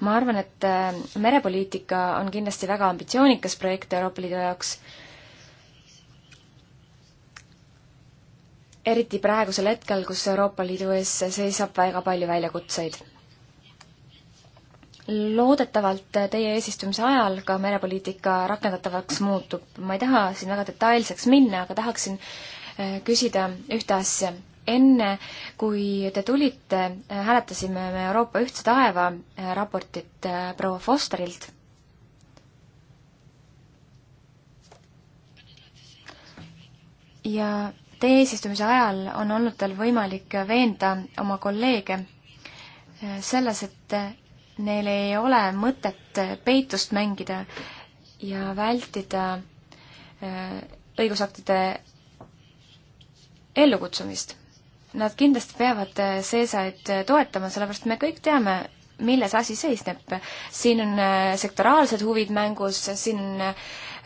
ma arvan, et äh, merepoliitika on kindlasti väga ambitsioonikas projekt Euroopa Liidu jaoks eriti praegusel hetkel, kus Euroopa Liidu ees seisab väga palju väljakutseid. loodetavalt teie eesistumise ajal ka merepoliitika rakendatavaks muutub. ma ei taha siin väga detailseks minna, aga tahaksin küsida ühte asja enne kui te tulite, äh, hääletasime me Euroopa Ühtse Taeva äh, raportit äh, proua Fosterilt. ja teie eesistumise ajal on olnud teil võimalik veenda oma kolleege selles, et neil ei ole mõtet peitust mängida ja vältida õigusaktide ellukutsumist nad kindlasti peavad äh, seesaid äh, toetama, sellepärast me kõik teame, milles asi seisneb. siin on äh, sektoraalsed huvid mängus, siin on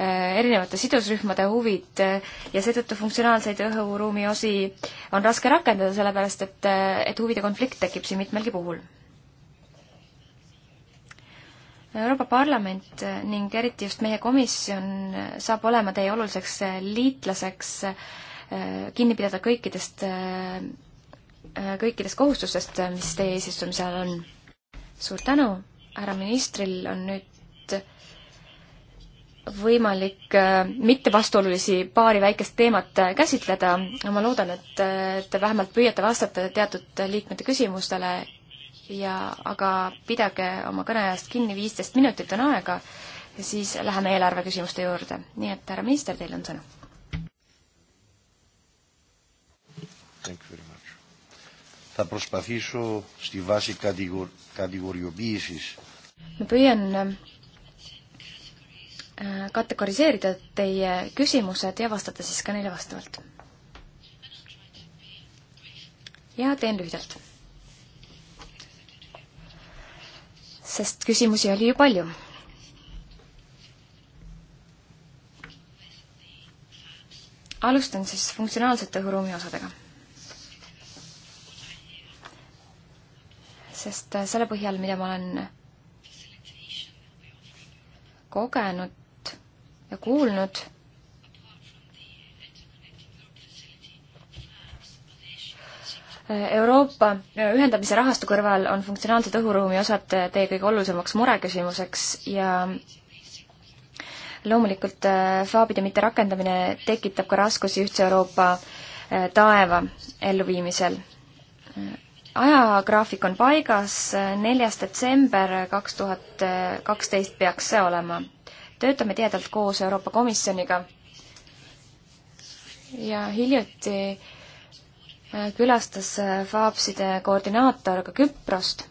erinevate sidusrühmade huvid ja seetõttu funktsionaalseid õhuruumi osi on raske rakendada, sellepärast et, et huvide konflikt tekib siin mitmelgi puhul. Euroopa Parlament ning eriti just meie komisjon saab olema teie oluliseks liitlaseks äh, Äh, kinni pidada kõikidest, äh, äh, kõikidest kohustustest, mis teie eesistumise ajal on. suur tänu, härra ministril on nüüd võimalik mitte vastuolulisi paari väikest teemat käsitleda. ma loodan, et te vähemalt püüate vastata teatud liikmete küsimustele ja, aga pidage oma kõneajast kinni, viisteist minutit on aega ja siis läheme eelarve küsimuste juurde. nii et härra minister, teil on sõna Thank you very much. Θα προσπαθήσω στη βάση κατηγορ... κατηγοριοποίησης. Ma püüan ähm, äh, kategoriseerida teie küsimused ja vastata siis ka neile vastavalt. ja teen lühidalt. sest küsimusi oli ju palju. alustan siis funktsionaalsete õhuruumi osadega sest selle põhjal, mida ma olen kogenud ja kuulnud, Euroopa ühendamise rahastu kõrval on funktsionaalsed õhuruumi osad teie kõige olulisemaks mureküsimuseks ja loomulikult äh, faabide mitterakendamine tekitab ka raskusi ühtse Euroopa äh, taeva elluviimisel ajagraafik on paigas, neljas detsember kaks tuhat kaksteist peaks see olema. töötame tihedalt koos Euroopa Komisjoniga. ja hiljuti äh, külastas äh, Faabside koordinaator ka Küprost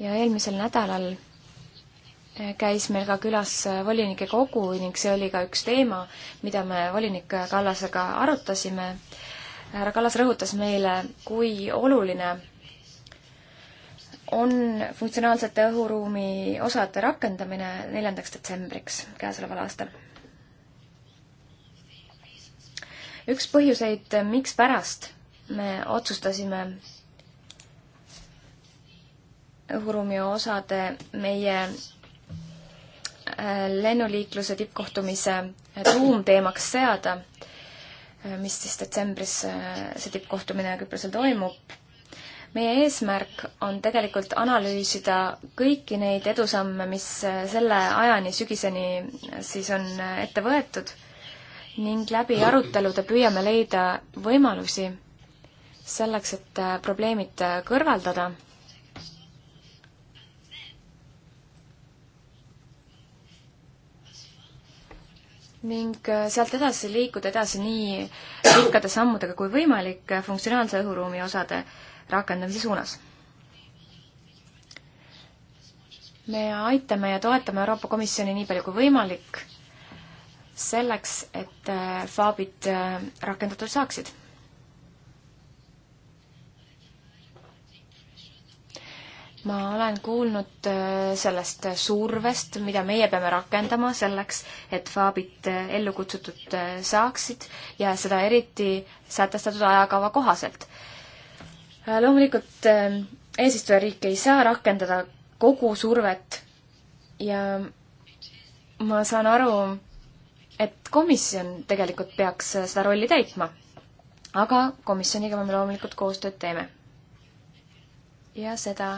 ja eelmisel nädalal äh, käis meil ka külas volinike kogu ning see oli ka üks teema, mida me volinik Kallasega arutasime härra Kallas rõhutas meile, kui oluline on funktsionaalsete õhuruumi osade rakendamine neljandaks detsembriks käesoleval aastal. üks põhjuseid, mikspärast me otsustasime õhuruumi osade meie äh, lennuliikluse tippkohtumise tuumteemaks seada, Äh, mis siis detsembris äh, see tippkohtumine Küprosel toimub. meie eesmärk on tegelikult analüüsida kõiki neid edusamme, mis äh, selle ajani, sügiseni siis on ette võetud ning läbi arutelude püüame leida võimalusi selleks, et probleemid kõrvaldada ning äh, sealt edasi liikuda edasi nii pikkade sammudega kui võimalik äh, funktsionaalse õhuruumi osade rakendamise suunas. me aitame ja toetame Euroopa Komisjoni nii palju kui võimalik selleks, et äh, FAB-id rakendatud saaksid ma olen kuulnud äh, sellest survest, mida meie peame rakendama selleks, et FAB-it äh, ellu kutsutud äh, saaksid ja seda eriti sätestatud ajakava kohaselt. loomulikult eesistujariik ei saa rakendada kogu survet ja ma saan aru, et komisjon tegelikult peaks seda rolli täitma. aga komisjoniga me loomulikult koostööd teeme. ja seda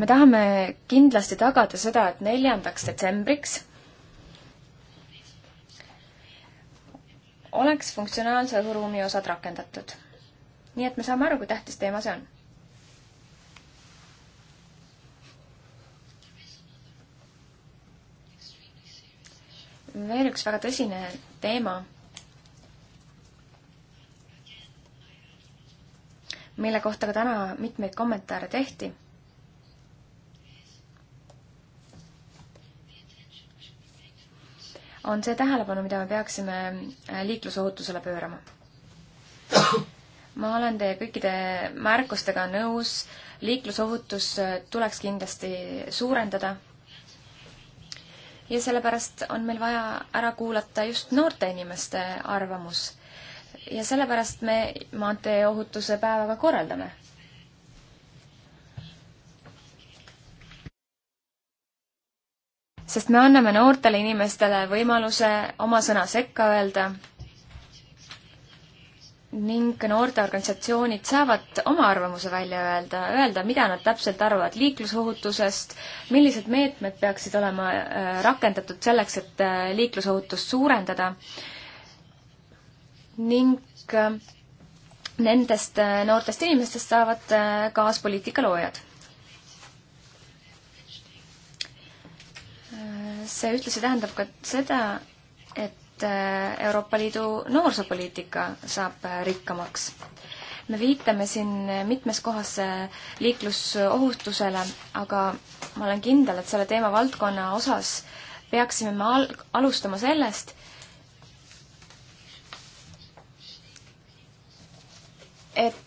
me tahame kindlasti tagada seda, et neljandaks detsembriks oleks funktsionaalse õhuruumi osad rakendatud. nii et me saame aru, kui tähtis teema see on. veel üks väga tõsine teema, mille kohta ka täna mitmeid kommentaare tehti on see tähelepanu, mida me peaksime äh, liiklusohutusele pöörama. ma olen teie kõikide märkustega nõus, liiklusohutus äh, tuleks kindlasti suurendada. ja sellepärast on meil vaja ära kuulata just noorte inimeste arvamus. ja sellepärast me maanteeohutuse päeva ka korraldame sest me anname noortele inimestele võimaluse oma sõna sekka öelda ning noorteorganisatsioonid saavad oma arvamuse välja öelda, öelda, mida nad täpselt arvavad liiklusohutusest, millised meetmed peaksid olema äh, rakendatud selleks, et äh, liiklusohutust suurendada ning äh, nendest noortest inimestest saavad kaaspoliitika loojad see ühtlasi tähendab ka seda, et äh, Euroopa Liidu noorsoopoliitika saab äh, rikkamaks. me viitame siin mitmes kohas äh, liiklusohutusele, aga ma olen kindel, et selle teemavaldkonna osas peaksime me al-, alustama sellest, et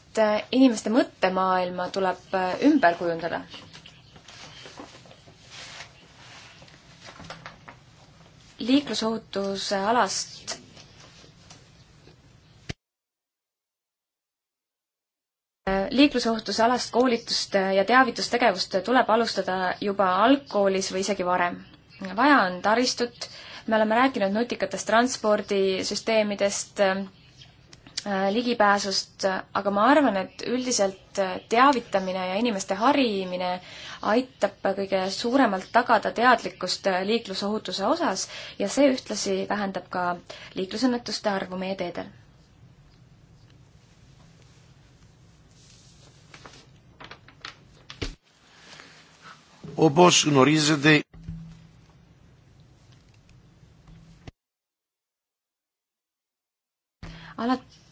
inimeste mõttemaailma tuleb ümber kujundada liiklusohutuse alast liiklusohutuse alast koolitust ja teavitustegevust tuleb alustada juba algkoolis või isegi varem. vaja on taristut, me oleme rääkinud nutikatest transpordisüsteemidest, Äh, ligipääsust, aga ma arvan, et üldiselt äh, teavitamine ja inimeste harimine aitab kõige suuremalt tagada teadlikkust äh, liiklusohutuse osas ja see ühtlasi vähendab ka liiklusõnnetuste arvu meie teedel. όπως γνωρίζετε alati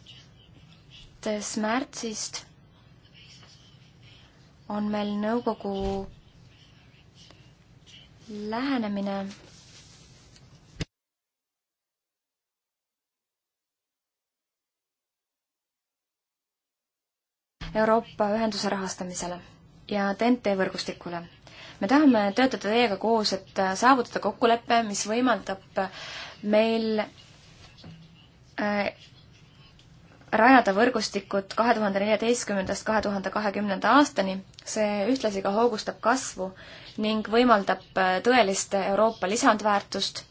alates märtsist on meil nõukogu lähenemine Euroopa ühenduse rahastamisele ja TNT võrgustikule. me tahame töötada teiega koos, et saavutada kokkulepe, mis võimaldab meil äh, rajada võrgustikud kahe tuhande neljateistkümnendast kahe tuhande kahekümnenda aastani. see ühtlasi ka hoogustab kasvu ning võimaldab äh, tõelist Euroopa lisandväärtust.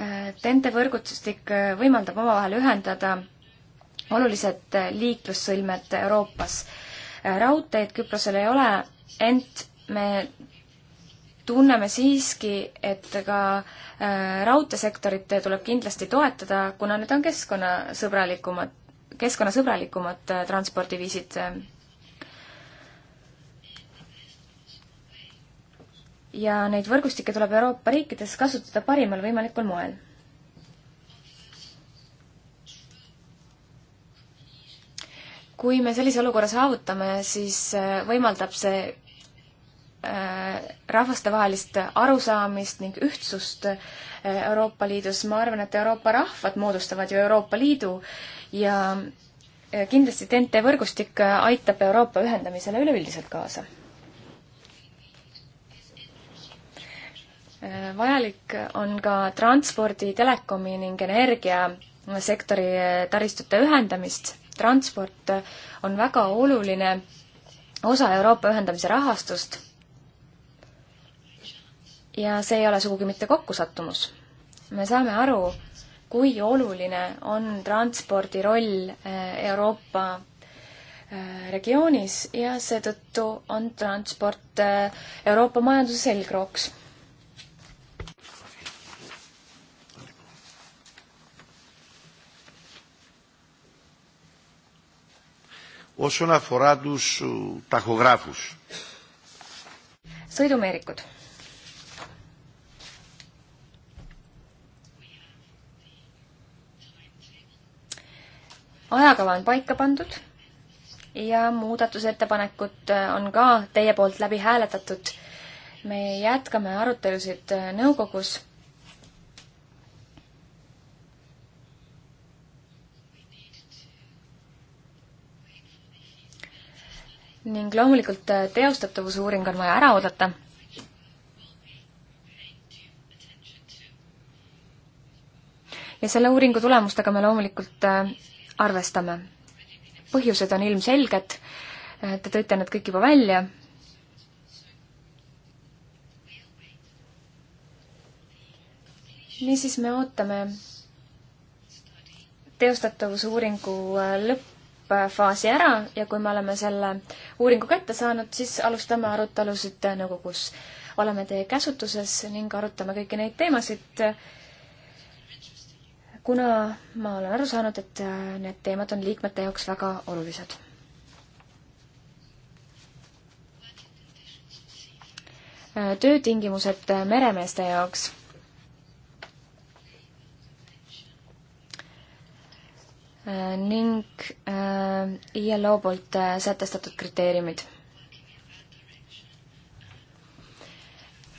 Äh, TENTE võrgustik äh, võimaldab omavahel ühendada olulised liiklussõlmed Euroopas. raudteed Küprosel ei ole, ent me tunneme siiski, et ka raudteesektorit tuleb kindlasti toetada, kuna need on keskkonnasõbralikumad keskkonnasõbralikumad äh, transpordiviisid. Äh. ja neid võrgustikke tuleb Euroopa riikides kasutada parimal võimalikul moel. kui me sellise olukorra saavutame, siis äh, võimaldab see Äh, rahvastevahelist arusaamist ning ühtsust äh, Euroopa Liidus. ma arvan, et Euroopa rahvad moodustavad ju Euroopa Liidu ja äh, kindlasti TNT võrgustik aitab Euroopa ühendamisele üleüldiselt kaasa. vajalik on ka transpordi, telekomi ning energiasektori taristute ühendamist. transport on väga oluline osa Euroopa ühendamise rahastust ja see ei ole sugugi mitte kokkusattumus. me saame aru, kui oluline on transpordi roll eh, Euroopa eh, regioonis ja seetõttu on transport eh, Euroopa majanduse selgrooks όσον αφορά τους ταχογράφους. Sõidumeerikud. ajakava on paika pandud ja muudatusettepanekud äh, on ka teie poolt läbi hääletatud. me jätkame arutelusid äh, nõukogus. ning loomulikult äh, teostatavusuuring on vaja ära oodata ja selle uuringu tulemustega me loomulikult arvestame. põhjused on ilmselged, te tõite nad kõik juba välja. niisiis me ootame teostatavusuuringu lõppfaasi ära ja kui me oleme selle uuringu kätte saanud, siis alustame arutelusid nõukogus. oleme teie käsutuses ning arutame kõiki neid teemasid, kuna ma olen aru saanud, et äh, need teemad on liikmete jaoks väga olulised. Äh, töötingimused äh, meremeeste jaoks. ning ILO poolt sätestatud kriteeriumid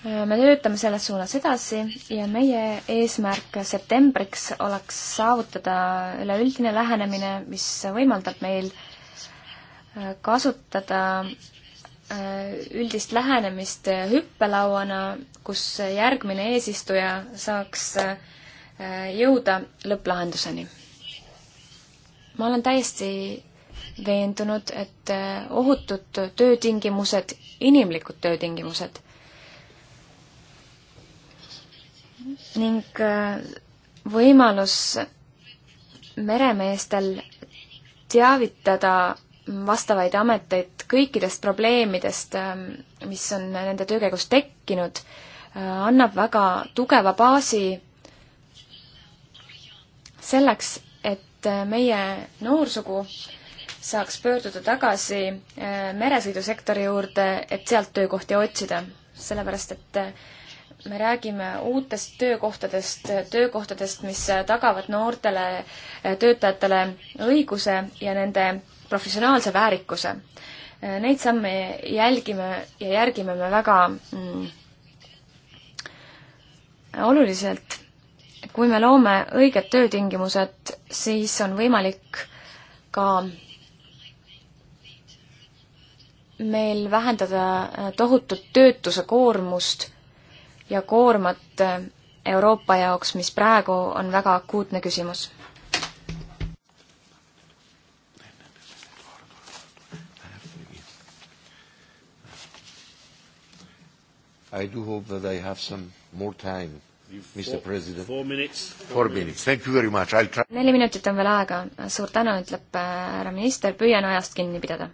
me töötame selles suunas edasi ja meie eesmärk septembriks oleks saavutada üleüldine lähenemine, mis võimaldab meil äh, kasutada äh, üldist lähenemist äh, hüppelauana, kus järgmine eesistuja saaks jõuda lõpplahenduseni. ma olen täiesti veendunud, et ohutud töötingimused, inimlikud töötingimused ning äh, võimalus meremeestel teavitada vastavaid ameteid kõikidest probleemidest, äh, mis on nende töö käigus tekkinud, äh, annab väga tugeva baasi selleks, et meie noorsugu saaks pöörduda tagasi meresõidusektori juurde, et sealt töökohti otsida. sellepärast, et me räägime uutest töökohtadest, töökohtadest, mis tagavad noortele eh, töötajatele õiguse ja nende professionaalse väärikuse. Eh, neid samme jälgime ja järgime me väga mm, oluliselt. kui me loome õiged töötingimused, siis on võimalik ka meil vähendada eh, tohutut töötuse koormust ja koormat Euroopa jaoks, mis praegu on väga akuutne küsimus. I do hope that I have some more time, Mr President. Four minutes. Four minutes, thank you very much, I will try. neli minutit on veel aega, suur tänu, ütleb äh, härra minister, püüan ajast kinni pidada.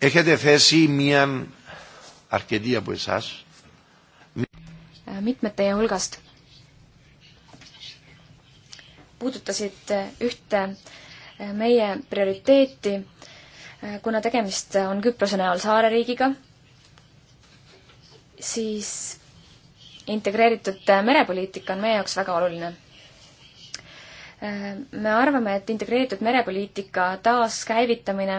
Έχετε θέσει μια αρκετοί από εσάς. Mitmed teie hulgast puudutasid ühte meie prioriteeti, kuna tegemist on Küprose näol saareriigiga, siis integreeritud merepoliitika on meie jaoks väga oluline. me arvame, et integreeritud merepoliitika taaskäivitamine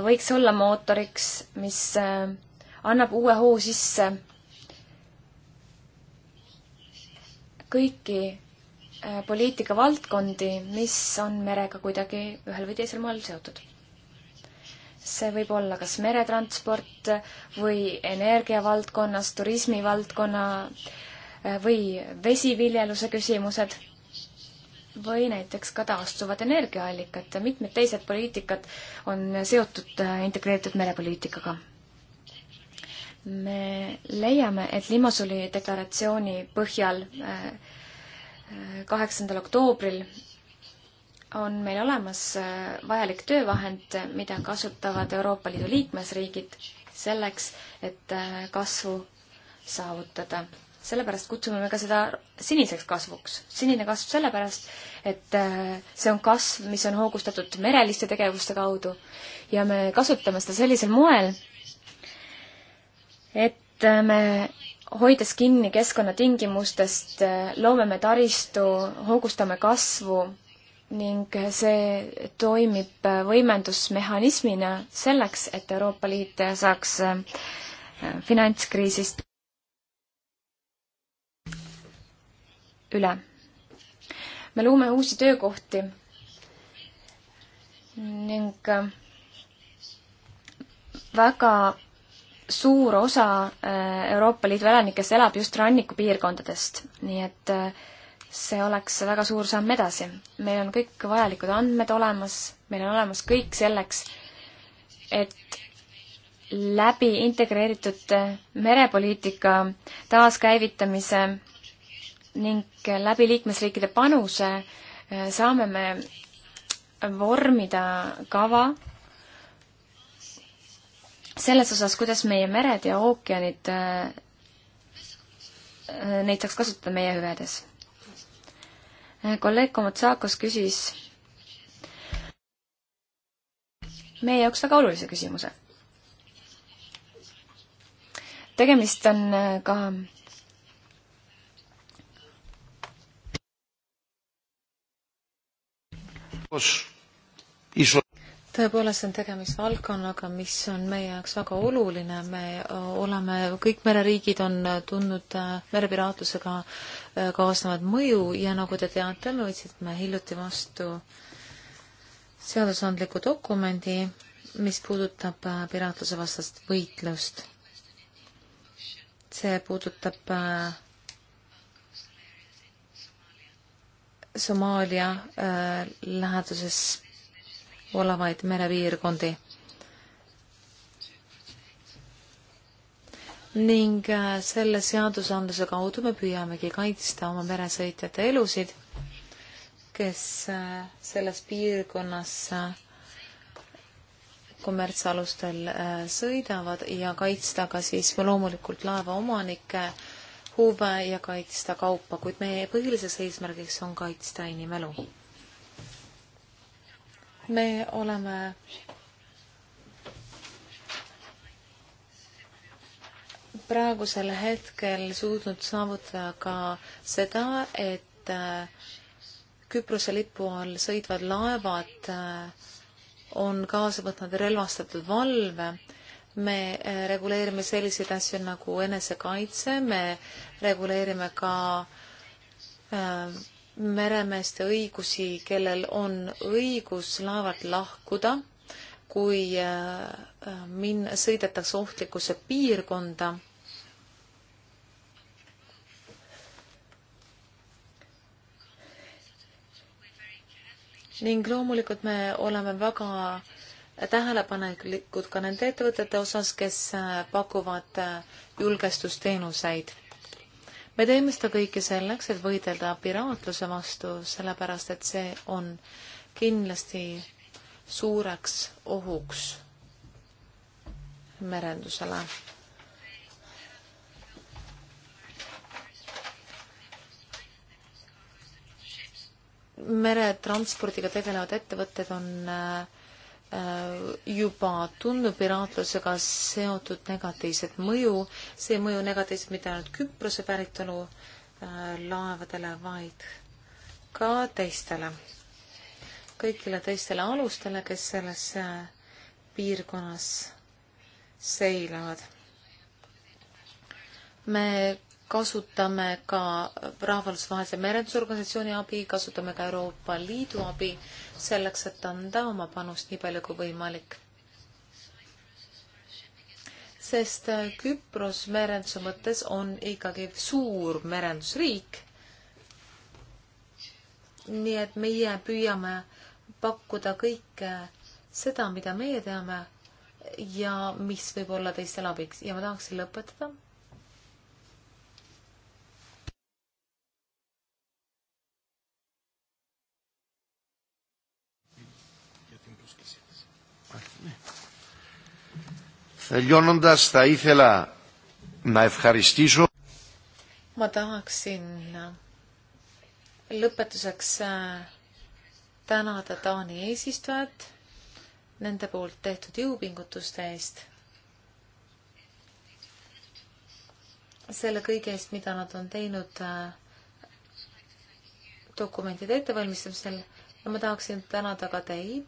võiks olla mootoriks, mis äh, annab uue hoo sisse kõiki äh, poliitikavaldkondi, mis on merega kuidagi ühel või teisel moel seotud. see võib olla kas meretransport või energiavaldkonnas, turismivaldkonna äh, või vesiviljeluse küsimused või näiteks ka taastuvad energiaallikad, mitmed teised poliitikad on seotud äh, integreeritud merepoliitikaga. me leiame, et Limassoli deklaratsiooni põhjal äh, äh, kaheksandal oktoobril on meil olemas vajalik töövahend, mida kasutavad Euroopa Liidu liikmesriigid selleks, et kasvu saavutada sellepärast kutsume me ka seda siniseks kasvuks. sinine kasv sellepärast, et äh, see on kasv, mis on hoogustatud mereliste tegevuste kaudu ja me kasutame seda sellisel moel, et äh, me hoides kinni keskkonnatingimustest, äh, loome me taristu, hoogustame kasvu ning see toimib võimendusmehhanismina selleks, et Euroopa Liit saaks finantskriisist üle. me loome uusi töökohti ning äh, väga suur osa äh, Euroopa Liidu elanikest elab just rannikupiirkondadest, nii et äh, see oleks väga suur samm edasi. meil on kõik vajalikud andmed olemas, meil on olemas kõik selleks, et läbi integreeritud merepoliitika taaskäivitamise ning läbi liikmesriikide panuse eh, saame me vormida kava selles osas, kuidas meie mered ja ookeanid, eh, neid saaks kasutada meie hüvedes. Eh, kolleeg Komotsakos küsis meie jaoks väga olulise küsimuse. tegemist on ka tõepoolest on tegemist valdkonnaga, mis on meie jaoks väga oluline, me äh, oleme, kõik mereriigid on äh, tundnud äh, merepiraatlusega kaasnevat mõju ja nagu te teate, me võtsime hiljuti vastu seadusandliku dokumendi, mis puudutab piraatluse vastast võitlust. see puudutab Somaalia äh, läheduses olevaid merepiirkondi. ning äh, selle seadusandluse kaudu me püüamegi kaitsta oma meresõitjate elusid, kes äh, selles piirkonnas äh, kommertsalustel äh, sõidavad ja kaitsta ka siis loomulikult laeva omanikke äh, huve ja kaitsta kaupa, kuid meie põhiliseks eesmärgiks on kaitsta inimelu. me oleme praegusel hetkel suutnud saavutada ka seda, et äh, Küprose lipu all sõitvad laevad äh, on kaasa võtnud relvastatud valve me eh, reguleerime selliseid asju nagu enesekaitse, me reguleerime ka äh, meremeeste õigusi, kellel on õigus laevalt lahkuda, kui äh, min-, sõidetakse ohtlikusse piirkonda. ning loomulikult me oleme väga äh, tähelepanelikud ka nende ettevõtete osas, kes äh, pakuvad äh, julgestusteenuseid. me teeme seda kõike selleks, et võidelda piraatluse vastu, sellepärast et see on kindlasti suureks ohuks merendusele. meretranspordiga tegelevad ettevõtted on äh, Äh, juba tundnud piraatlusega seotud negatiivset mõju, see mõju negatiivselt mitte ainult Küprose päritolu äh, laevadele, vaid ka teistele, kõigile teistele alustele, kes selles äh, piirkonnas seilavad. me kasutame ka Rahvusvahelise Merendusorganisatsiooni abi, kasutame ka Euroopa Liidu abi selleks, et anda oma panust nii palju kui võimalik. sest äh, Küpros merenduse mõttes on ikkagi suur merendusriik. nii et meie püüame pakkuda kõike seda, mida meie teame ja mis võib olla teistel abiks ja ma tahaksin lõpetada Τελειώνοντας θα ήθελα να ευχαριστήσω. Ma tahaksin lõpetuseks tänada Taani eesistujat nende poolt tehtud jõupingutuste eest. selle kõige eest, mida nad on teinud dokumentide ettevalmistamisel ja ma tahaksin tänada ka teid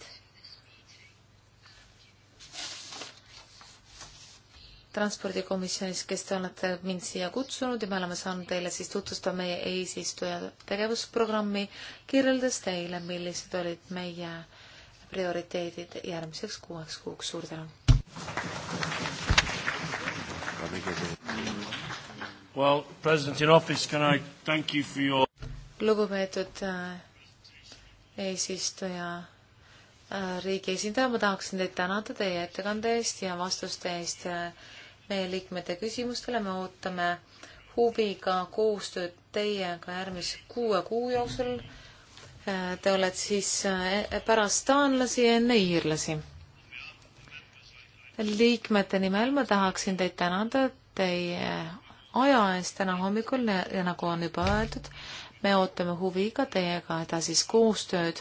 transpordikomisjonis, kes te olete mind siia kutsunud ja me oleme saanud teile siis tutvustada meie eesistuja tegevusprogrammi, kirjeldas teile, millised olid meie prioriteedid järgmiseks kuueks kuuks. suur tänu! Well, president in office, can I thank you for your lugupeetud äh, eesistuja äh, riigi esindaja, ma tahaksin teid tänada teie ettekande eest ja vastuste eest äh, meie liikmete küsimustele, me ootame huviga koostööd teiega järgmise kuue kuu jooksul. Te olete siis eh, pärast taanlasi ja enne iirlasi. liikmete nimel ma tahaksin teid tänada teie aja eest täna hommikul ja nagu on juba öeldud, me ootame huviga teiega edasist koostööd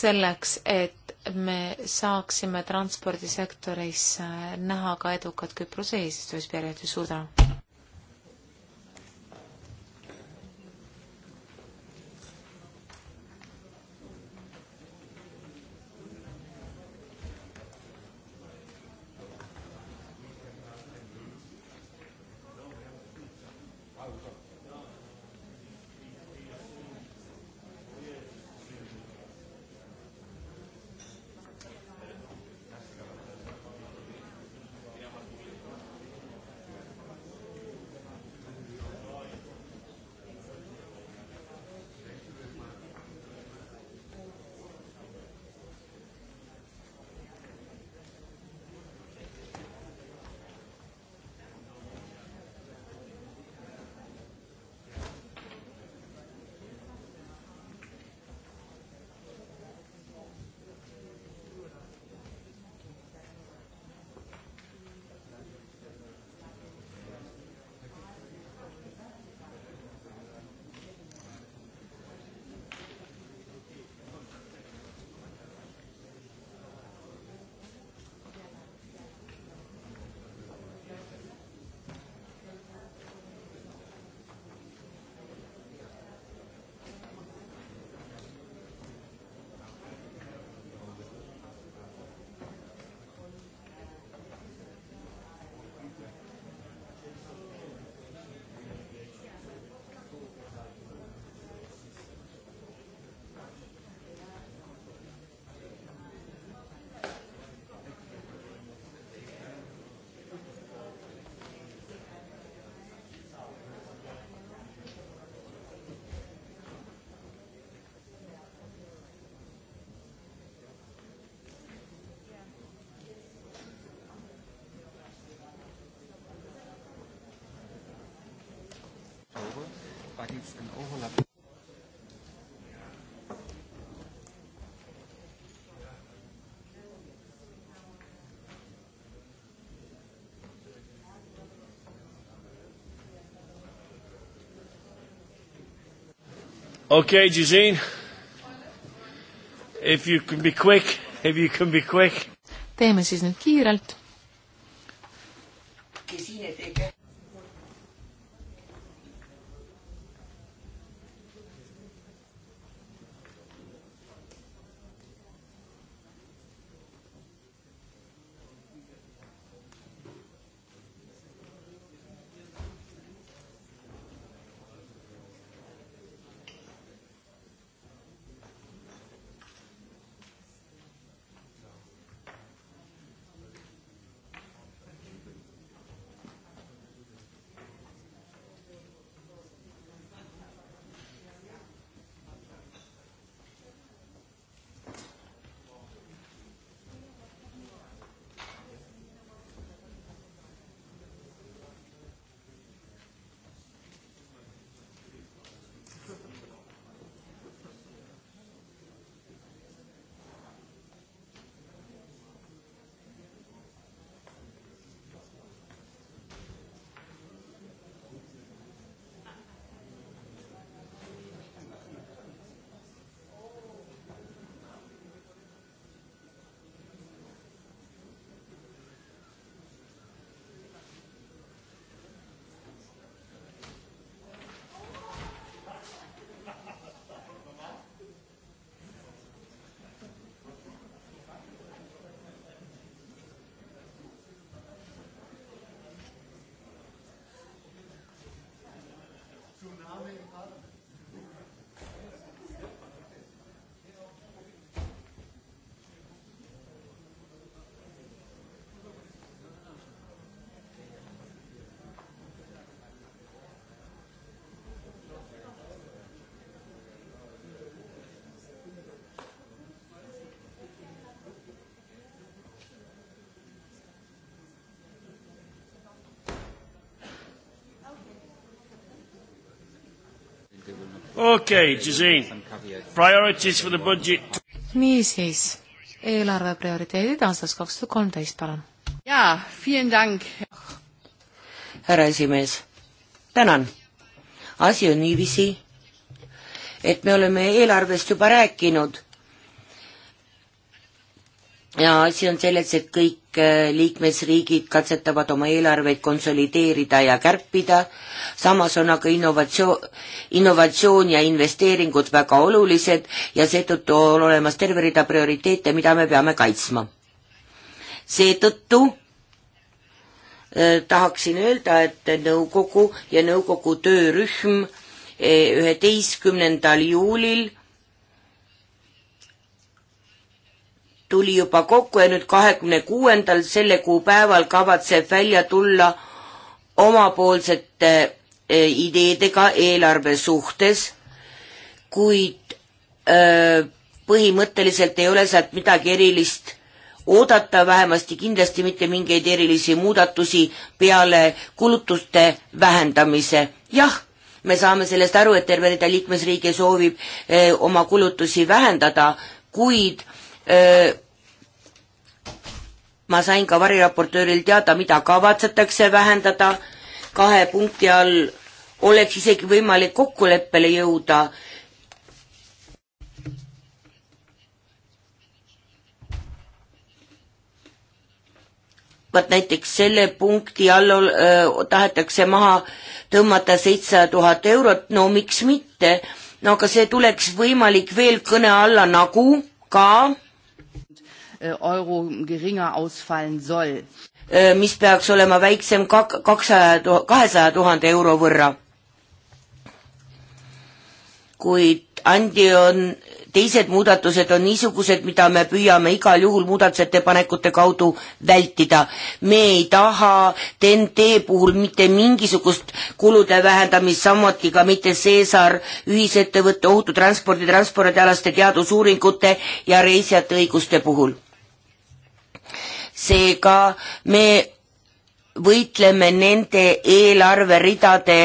selleks, et me saaksime transpordisektoris äh, näha ka edukat Küprose eesistujusperioodi. suur tänu! but it's an overlap. Okay, Jazine, if you can be quick, if you can be quick. teeme siis nüüd kiirelt okei okay,, Jüsein, priorities for the budget. niisiis, eelarve prioriteedid aastast kaks tuhat kolmteist, palun. jaa, vielen dank. härra esimees, tänan. asi on niiviisi, et me oleme eelarvest juba rääkinud ja asi on selles, et kõik äh, liikmesriigid katsetavad oma eelarveid konsolideerida ja kärpida, samas on aga innovatsioon, innovatsioon ja investeeringud väga olulised ja seetõttu on olemas terve rida prioriteete, mida me peame kaitsma. seetõttu äh, tahaksin öelda, et nõukogu ja nõukogu töörühm äh, üheteistkümnendal juulil tuli juba kokku ja nüüd kahekümne kuuendal selle kuu päeval kavatseb välja tulla omapoolsete eh, ideedega eelarve suhtes, kuid öö, eh, põhimõtteliselt ei ole sealt midagi erilist oodata, vähemasti kindlasti mitte mingeid erilisi muudatusi peale kulutuste vähendamise. jah, me saame sellest aru, et terve rida liikmesriike soovib öö, eh, oma kulutusi vähendada, kuid öö, ma sain ka variraportööril teada, mida kavatsetakse vähendada, kahe punkti all oleks isegi võimalik kokkuleppele jõuda. vaat näiteks selle punkti all öö, tahetakse maha tõmmata seitsesada tuhat eurot, no miks mitte, no aga see tuleks võimalik veel kõne alla nagu ka Äh, euro geringer ausfallen soll. Äh, mis peaks olema väiksem kak-, kaksaja, kahesaja tuhande euro võrra. kuid Andi on, teised muudatused on niisugused, mida me püüame igal juhul muudatusettepanekute kaudu vältida. me ei taha TNT puhul mitte mingisugust kulude vähendamist, samuti ka mitte Cesar ühisettevõtte ohutu transpordi, transpordialaste teadusuuringute ja reisijate õiguste puhul seega me võitleme nende eelarveridade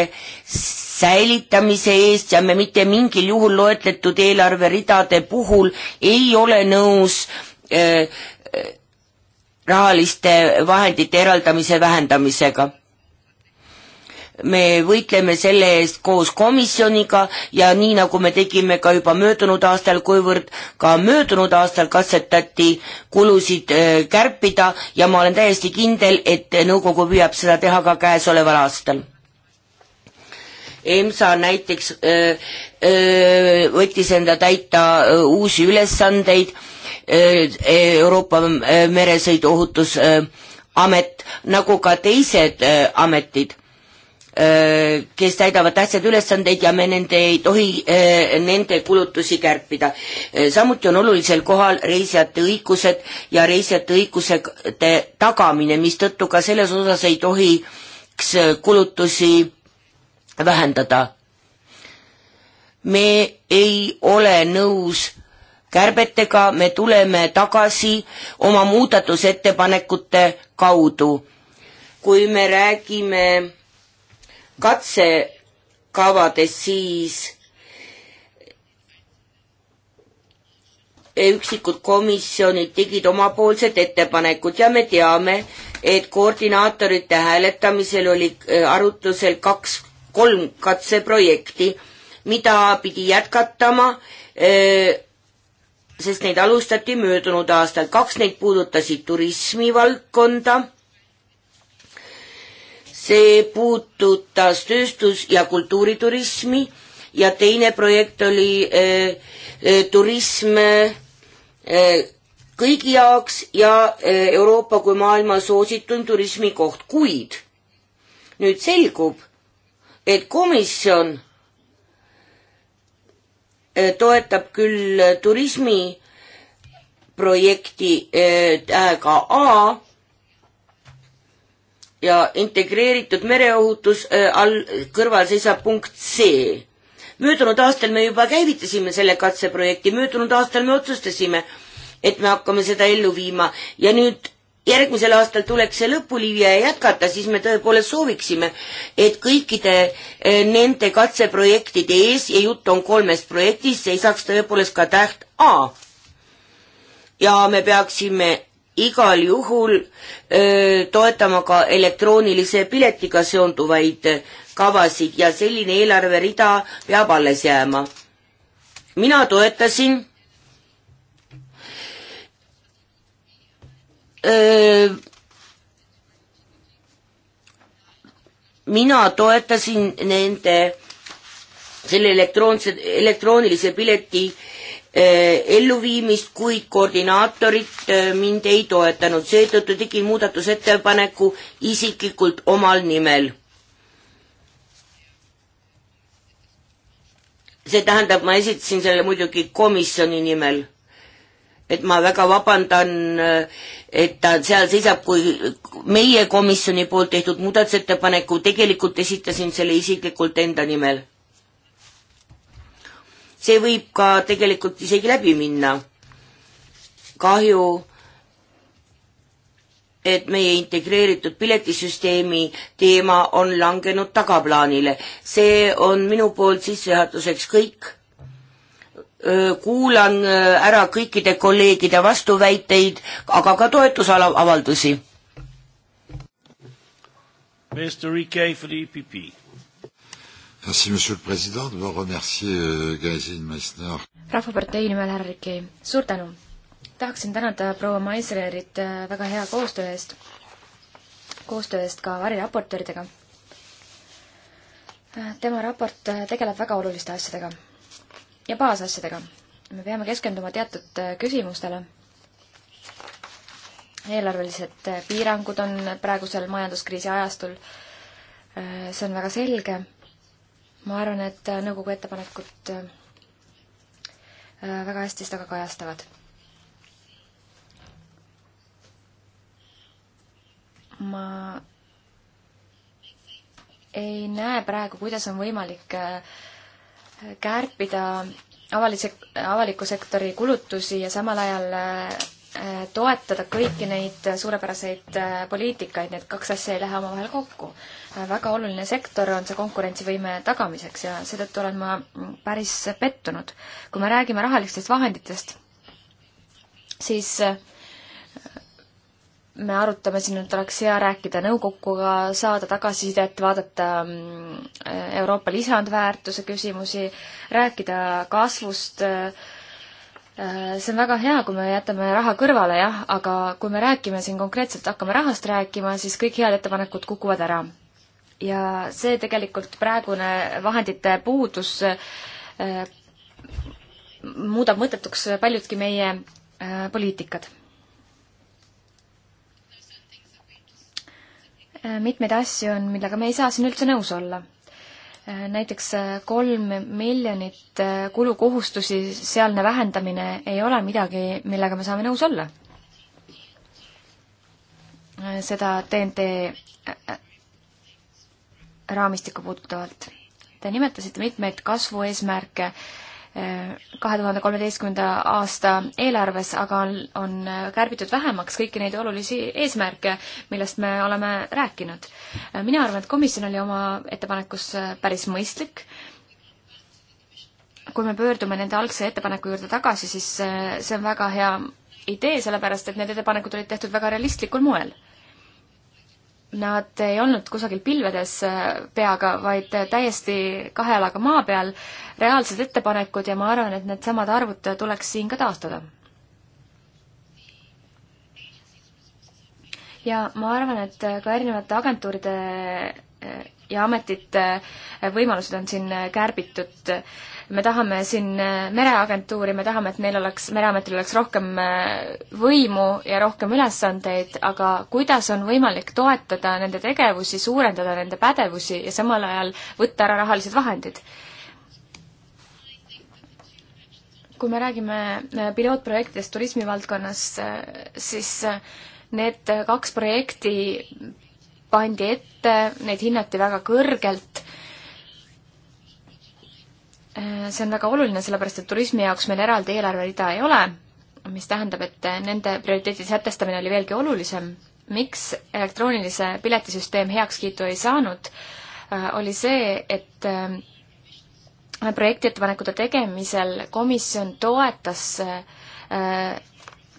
säilitamise eest ja me mitte mingil juhul loetletud eelarveridade puhul ei ole nõus äh, äh rahaliste vahendite eraldamise vähendamisega me võitleme selle eest koos komisjoniga ja nii, nagu me tegime ka juba möödunud aastal, kuivõrd ka möödunud aastal katsetati kulusid äh, kärpida ja ma olen täiesti kindel, et nõukogu püüab seda teha ka käesoleval aastal. EMSA näiteks öö, äh, öö, äh, võttis enda täita öö, uusi ülesandeid, Euroopa meresõiduohutusamet, nagu ka teised öö, ametid Äh, kes täidavad tähtsaid ülesandeid ja me nende ei tohi äh, nende kulutusi kärpida. Äh, samuti on olulisel kohal reisijate õigused ja reisijate õigusete tagamine, mistõttu ka selles osas ei tohiks kulutusi vähendada. me ei ole nõus kärbetega, me tuleme tagasi oma muudatusettepanekute kaudu. kui me räägime katsekavades, siis üksikud komisjonid tegid omapoolsed ettepanekud ja me teame, et koordinaatorite hääletamisel oli äh, arutlusel kaks, kolm katseprojekti, mida pidi jätkatama, äh, sest neid alustati möödunud aastal. kaks neid puudutasid turismivaldkonda see puudutas tööstus- ja kultuuriturismi ja teine projekt oli eh, eh, turism eh, kõigi jaoks ja eh, Euroopa kui maailma soosituim turismikoht, kuid nüüd selgub, et komisjon eh, toetab küll turismiprojekti eh, tähega A, ja integreeritud mereohutus äh, all kõrval seisab punkt C. möödunud aastal me juba käivitasime selle katseprojekti, möödunud aastal me otsustasime, et me hakkame seda ellu viima ja nüüd järgmisel aastal tuleks see lõpuni viia ja jätkata, siis me tõepoolest sooviksime, et kõikide äh, nende katseprojektide ees ja jutt on kolmest projektist, seisaks tõepoolest ka täht A. ja me peaksime igal juhul öö, toetama ka elektroonilise piletiga seonduvaid äh, kavasid ja selline eelarverida peab alles jääma. mina toetasin öö, mina toetasin nende selle elektroonse, elektroonilise pileti öö, Eh, elluviimist, kuid koordinaatorid eh, mind ei toetanud, seetõttu tegin muudatusettepaneku isiklikult omal nimel. see tähendab, ma esitasin selle muidugi komisjoni nimel. et ma väga vabandan, eh, et ta seal seisab, kui meie komisjoni poolt tehtud muudatusettepaneku tegelikult esitasin selle isiklikult enda nimel see võib ka tegelikult isegi läbi minna. kahju, et meie integreeritud piletisüsteemi teema on langenud tagaplaanile. see on minu poolt sissejuhatuseks kõik. kuulan ära kõikide kolleegide vastuväiteid, aga ka toetusavaldusi. Mr. Rike for the EPP. Merci, monsieur le president, ma remercier äh, euh, Gaisin Meissner. rahvapartei nimel härra Riki, suur tänu! tahaksin tänada proua Maislerit äh, väga hea koostöö eest, koostöö eest ka variraportööridega. Äh, tema raport äh, tegeleb väga oluliste asjadega ja baasasjadega. me peame keskenduma teatud küsimustele. eelarvelised piirangud on praegusel majanduskriisi ajastul, see on väga selge ma arvan, et äh, nõukogu ettepanekud äh, väga hästi seda ka kajastavad. ma ei näe praegu, kuidas on võimalik äh, kärpida avalise, avaliku sektori kulutusi ja samal ajal Äh, toetada kõiki neid suurepäraseid äh, poliitikaid, need kaks asja ei lähe omavahel kokku. Äh, väga oluline sektor on see konkurentsivõime tagamiseks ja seetõttu olen ma mm, päris pettunud. kui me räägime rahalistest vahenditest, siis me arutame siin, et oleks hea rääkida nõukoguga, saada tagasisidet, vaadata mm, Euroopa lisandväärtuse küsimusi, rääkida kasvust äh,, Äh, see on väga hea, kui me jätame raha kõrvale, jah, aga kui me räägime siin konkreetselt, hakkame rahast rääkima, siis kõik head ettepanekud kukuvad ära. ja see tegelikult praegune vahendite puudus äh, muudab mõttetuks paljudki meie äh, poliitikad äh,. mitmeid asju on, millega me ei saa siin üldse nõus olla näiteks äh, kolm miljonit äh, kulukohustusi, sealne vähendamine ei ole midagi, millega me saame nõus olla. Äh, seda TNT raamistikku puudutavalt. Te nimetasite mitmeid kasvueesmärke äh, kahe tuhande kolmeteistkümnenda aasta eelarves, aga on, on kärbitud vähemaks kõiki neid olulisi eesmärke, millest me oleme rääkinud. mina arvan, et komisjon oli oma ettepanekus päris mõistlik kui me pöördume nende algse ettepaneku juurde tagasi, siis see on väga hea idee, sellepärast et need ettepanekud olid tehtud väga realistlikul moel nad ei olnud kusagil pilvedes äh, peaga, vaid äh, täiesti kahe jalaga maa peal, reaalsed ettepanekud ja ma arvan, et needsamad arvud tuleks siin ka taastada. ja ma arvan, et äh, ka erinevate agentuuride ja ametite võimalused on siin kärbitud me tahame siin äh, mereagentuuri, me tahame, et neil oleks, Mereametil oleks rohkem äh, võimu ja rohkem ülesandeid, aga kuidas on võimalik toetada nende tegevusi, suurendada nende pädevusi ja samal ajal võtta ära rahalised vahendid? kui me räägime äh, pilootprojektidest turismivaldkonnas, siis need kaks projekti pandi ette, neid hinnati väga kõrgelt Äh, see on väga oluline, sellepärast et turismi jaoks meil eraldi eelarverida ei ole, mis tähendab, et äh, nende prioriteedi sätestamine oli veelgi olulisem. miks elektroonilise piletisüsteem heakskiitu ei saanud, äh, oli see, et projektiettepanekute tegemisel komisjon toetas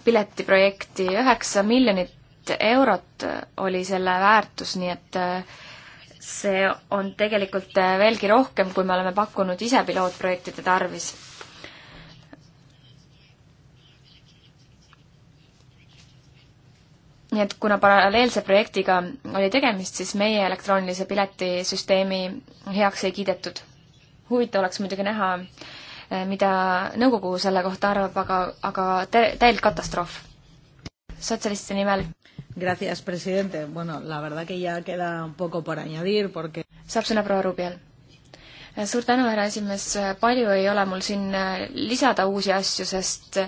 piletiprojekti üheksa miljonit eurot oli selle väärtus, nii et äh, see on tegelikult äh, veelgi rohkem, kui me oleme pakkunud ise pilootprojektide tarvis. nii et kuna paralleelse projektiga oli tegemist, siis meie elektroonilise piletisüsteemi heaks ei kiidetud. huvitav oleks muidugi näha, äh, mida nõukogu selle kohta arvab, aga, aga täielik katastroof. sotsialistide nimel Gracias, presidente. Bueno, la verdad que ya queda un poco por añadir porque... saab sõna proua Rubial. Eh, suur tänu, härra esimees, eh, palju ei ole mul siin eh, lisada uusi asju, sest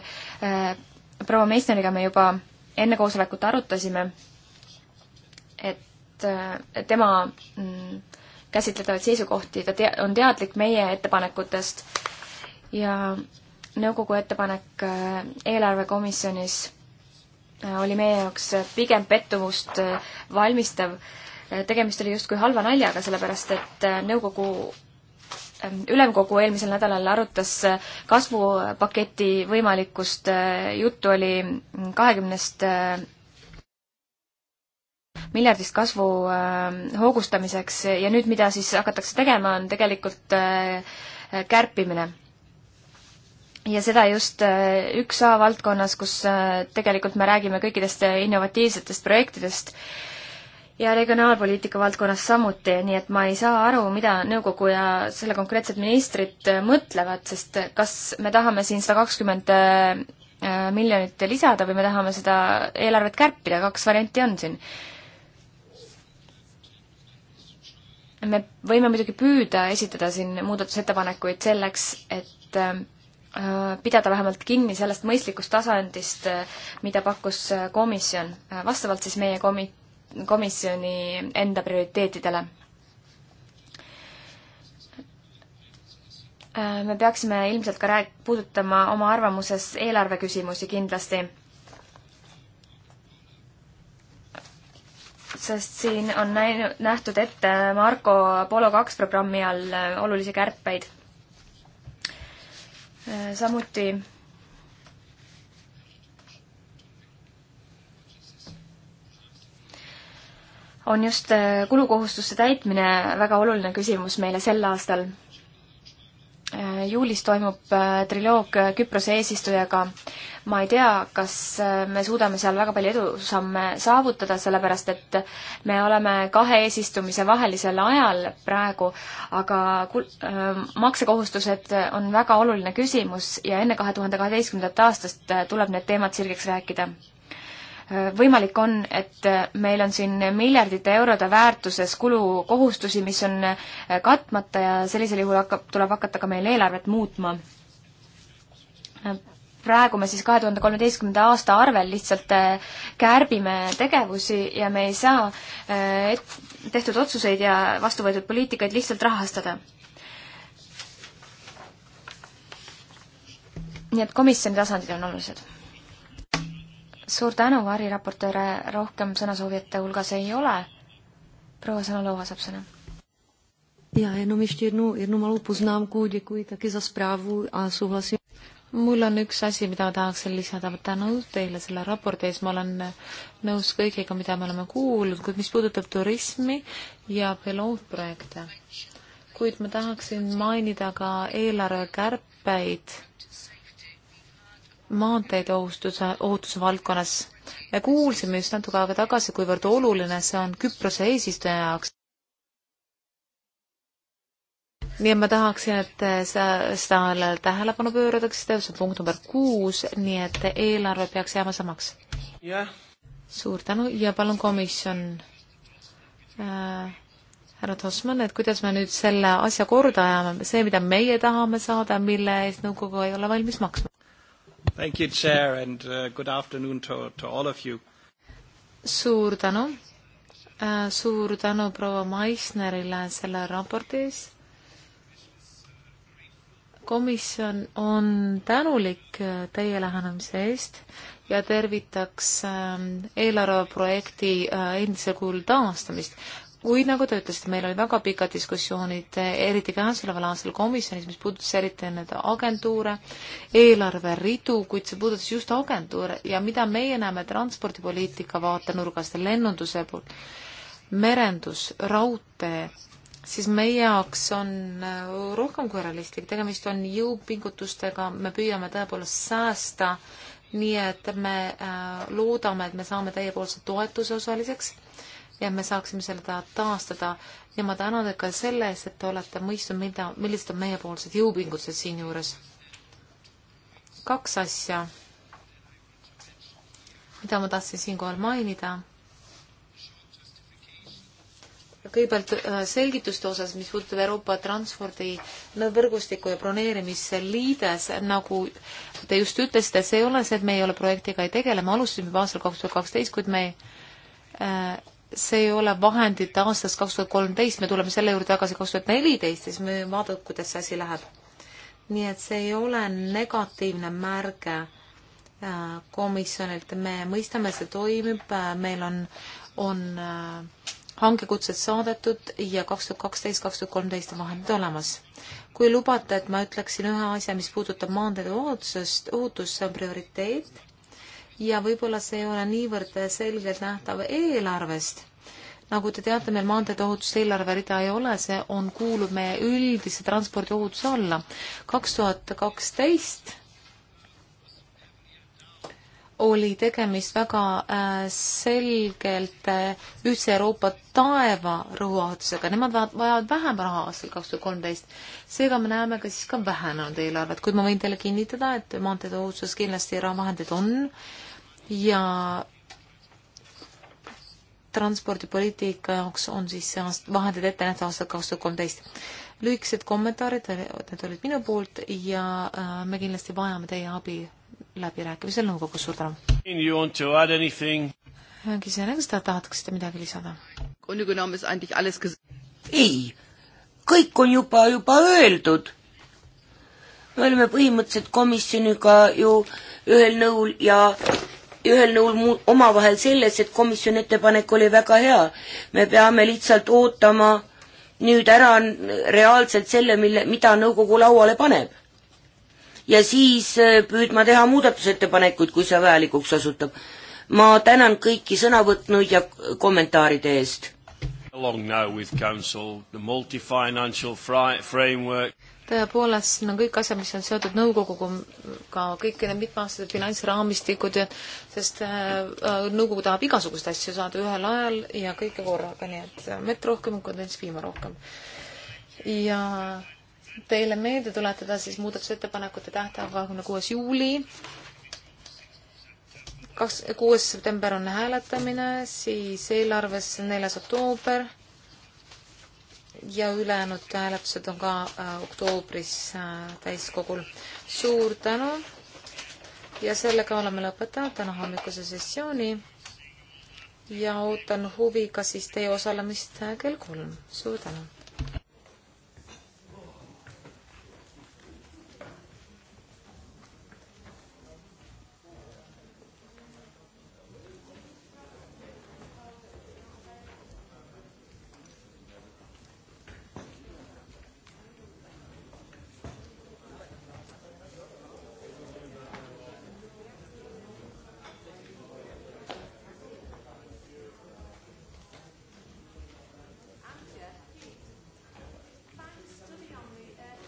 proua Meissneriga me juba enne koosolekut arutasime, et tema mm, käsitletavaid seisukohti, ta te-, on teadlik meie ettepanekutest ja nõukogu ettepanek eelarvekomisjonis Äh, oli meie jaoks äh, pigem pettumust äh, valmistav. tegemist oli justkui halva naljaga, sellepärast et nõukogu ähm, ülemkogu eelmisel nädalal arutas kasvupaketi võimalikkust, juttu oli mm, kahekümnest miljardist kasvu hoogustamiseks ja nüüd, mida siis hakatakse tegema, on tegelikult kärpimine ja seda just äh, üks A valdkonnas, kus äh, tegelikult me räägime kõikidest äh, innovatiivsetest projektidest ja regionaalpoliitika valdkonnas samuti, nii et ma ei saa aru, mida nõukogu ja selle konkreetsed ministrid mõtlevad, sest kas me tahame siin sada kakskümmend miljonit lisada või me tahame seda eelarvet kärpida, kaks varianti on siin me võime muidugi püüda esitada siin muudatusettepanekuid selleks, et Äh, pidada vähemalt kinni sellest mõistlikust tasandist, äh, mida pakkus äh, komisjon, vastavalt siis meie komi-, komisjoni enda prioriteetidele. me peaksime ilmselt ka rääk-, puudutama oma arvamuses eelarve küsimusi kindlasti. sest siin on näinud, nähtud ette Marko Polo kaks programmi all olulisi kärpeid Äh, samuti on just äh, kulukohustuste täitmine väga oluline küsimus meile sel aastal Äh, juulis toimub äh, triloog äh, Küprose eesistujaga. ma ei tea, kas me suudame seal väga palju edusamme saavutada, sellepärast et me oleme kahe eesistumise vahelisel ajal praegu, aga kul-, maksekohustused on väga oluline küsimus ja enne kahe tuhande kaheteistkümnendat aastast tuleb need teemad sirgeks rääkida võimalik on, et meil on siin miljardite eurode väärtuses kulukohustusi, mis on katmata ja sellisel juhul hakkab, tuleb hakata ka meil eelarvet muutma. praegu me siis kahe tuhande kolmeteistkümnenda aasta arvel lihtsalt äh, kärbime tegevusi ja me ei saa äh, tehtud otsuseid ja vastu võetud poliitikaid lihtsalt rahastada nii et komisjoni tasandid on olulised suur tänu, variraportööre rohkem sõnasoovijate hulgas ei ole. proua Sõnalova saab sõna. Já jenom ještě jednu, jednu malou poznámku. Děkuji taky za zprávu a souhlasím. mul on üks asi, mida ma tahaksin lisada. ma tänan teile selle raporti eest, ma olen nõus kõigega, mida me oleme kuulnud, kuid mis puudutab turismi ja pilootprojekte. kuid ma tahaksin mainida ka eelarvekärpeid maanteede ohustuse, ohutuse valdkonnas. me kuulsime just natuke aega tagasi, kuivõrd oluline see on Küprose eesistuja jaoks. nii et ma tahaksin, et sa seda tähelepanu pööratakse, see on punkt number kuus, nii et eelarve peaks jääma samaks. jah. suur tänu ja palun komisjon äh, härra Tosman, et kuidas me nüüd selle asja korda ajame, see, mida meie tahame saada, mille eest nõukogu ei ole valmis maksma? Thank you, Chair, and uh, good afternoon to, to all of you. suur tänu uh,, suur tänu proua Maisnerile selle raporti eest. komisjon on tänulik äh, teie lähenemise eest ja tervitaks ähm, eelarveprojekti äh, endisel kujul taastamist kuid nagu te ütlesite, meil oli väga pikad diskussioonid, eh, eriti käesoleval aastal komisjonis, mis puudutas eriti neid agentuure, eelarveridu, kuid see puudutas just agentuure ja mida meie näeme transpordipoliitika vaatenurgast ja lennunduse poolt, merendus, raudtee, siis meie jaoks on eh, rohkem kui realistlik, tegemist on jõupingutustega, me püüame tõepoolest säästa, nii et me eh, loodame, et me saame teiepoolse toetuse osaliseks ja me saaksime seda taastada ja ma tänan teid ka selle eest, et te olete mõistnud, mida, millised on meiepoolsed jõupingutused siinjuures. kaks asja, mida ma tahtsin siinkohal mainida. kõigepealt äh, selgituste osas, mis puudutab Euroopa transpordivõrgustiku ja broneerimisliides, nagu te just ütlesite, see ei ole see, et me ei ole projektiga ei tegele, me alustasime juba aastal kaks tuhat kaksteist, kuid me äh, see ei ole vahendite aastast kaks tuhat kolmteist, me tuleme selle juurde tagasi kaks tuhat neliteist ja siis me vaatame, kuidas see asi läheb. nii et see ei ole negatiivne märge äh, komisjonilt, me mõistame, see toimib, äh, meil on, on äh, hangekutsed saadetud ja kaks tuhat kaksteist, kaks tuhat kolmteist on vahendid olemas. kui lubate, et ma ütleksin ühe asja, mis puudutab maanteede ohutusest, ohutus, see on prioriteet ja võib-olla see ei ole niivõrd selgelt nähtav eelarvest. nagu te teate, meil maanteede ohutuse eelarverida ei ole, see on, kuulub meie üldise transpordiohutuse alla. kaks tuhat kaksteist oli tegemist väga äh, selgelt äh, ühtse Euroopa taeva rõhuasetusega, nemad vajavad vähem raha aastal kaks tuhat kolmteist. seega me näeme ka siis ka vähenenud eelarvet, kuid ma võin teile kinnitada, et maanteede ohutuses kindlasti rahavahendeid on ja transpordipoliitika jaoks on siis see aast-, vahendid ette nähtud aastal kaks tuhat kolmteist lühikesed kommentaarid, need olid minu poolt ja äh, me kindlasti vajame teie abi läbirääkimisel nõukogus, suur tänu! ma küsin, kas te tahaksite midagi lisada? ei, kõik on juba, juba öeldud. me oleme põhimõtteliselt komisjoniga ju ühel nõul ja ühel nõul omavahel selles, et komisjoni ettepanek oli väga hea. me peame lihtsalt ootama nüüd ära reaalselt selle, mille, mida nõukogu lauale paneb ja siis äh, püüdma teha muudatusettepanekuid, kui see vajalikuks osutub. ma tänan kõiki sõna võtnuid ja kommentaaride eest. tõepoolest, siin on kõik asjad, mis on seotud nõukoguga, kõik need mitmeaastased finantsraamistikud, sest äh, äh, nõukogu tahab igasuguseid asju saada ühel ajal ja kõike korraga, nii et mett rohkem, kondents piima rohkem. ja teile meelde tuletada, siis muudatusettepanekute tähtaeg kahekümne kuues juuli. kaks, kuues september on hääletamine, siis eelarves neljas oktoober ja ülejäänud hääletused on ka äh, oktoobris äh, täiskogul. suur tänu ja sellega oleme lõpetanud täna hommikuse sessiooni ja ootan huviga siis teie osalemist äh, kell kolm. suur tänu!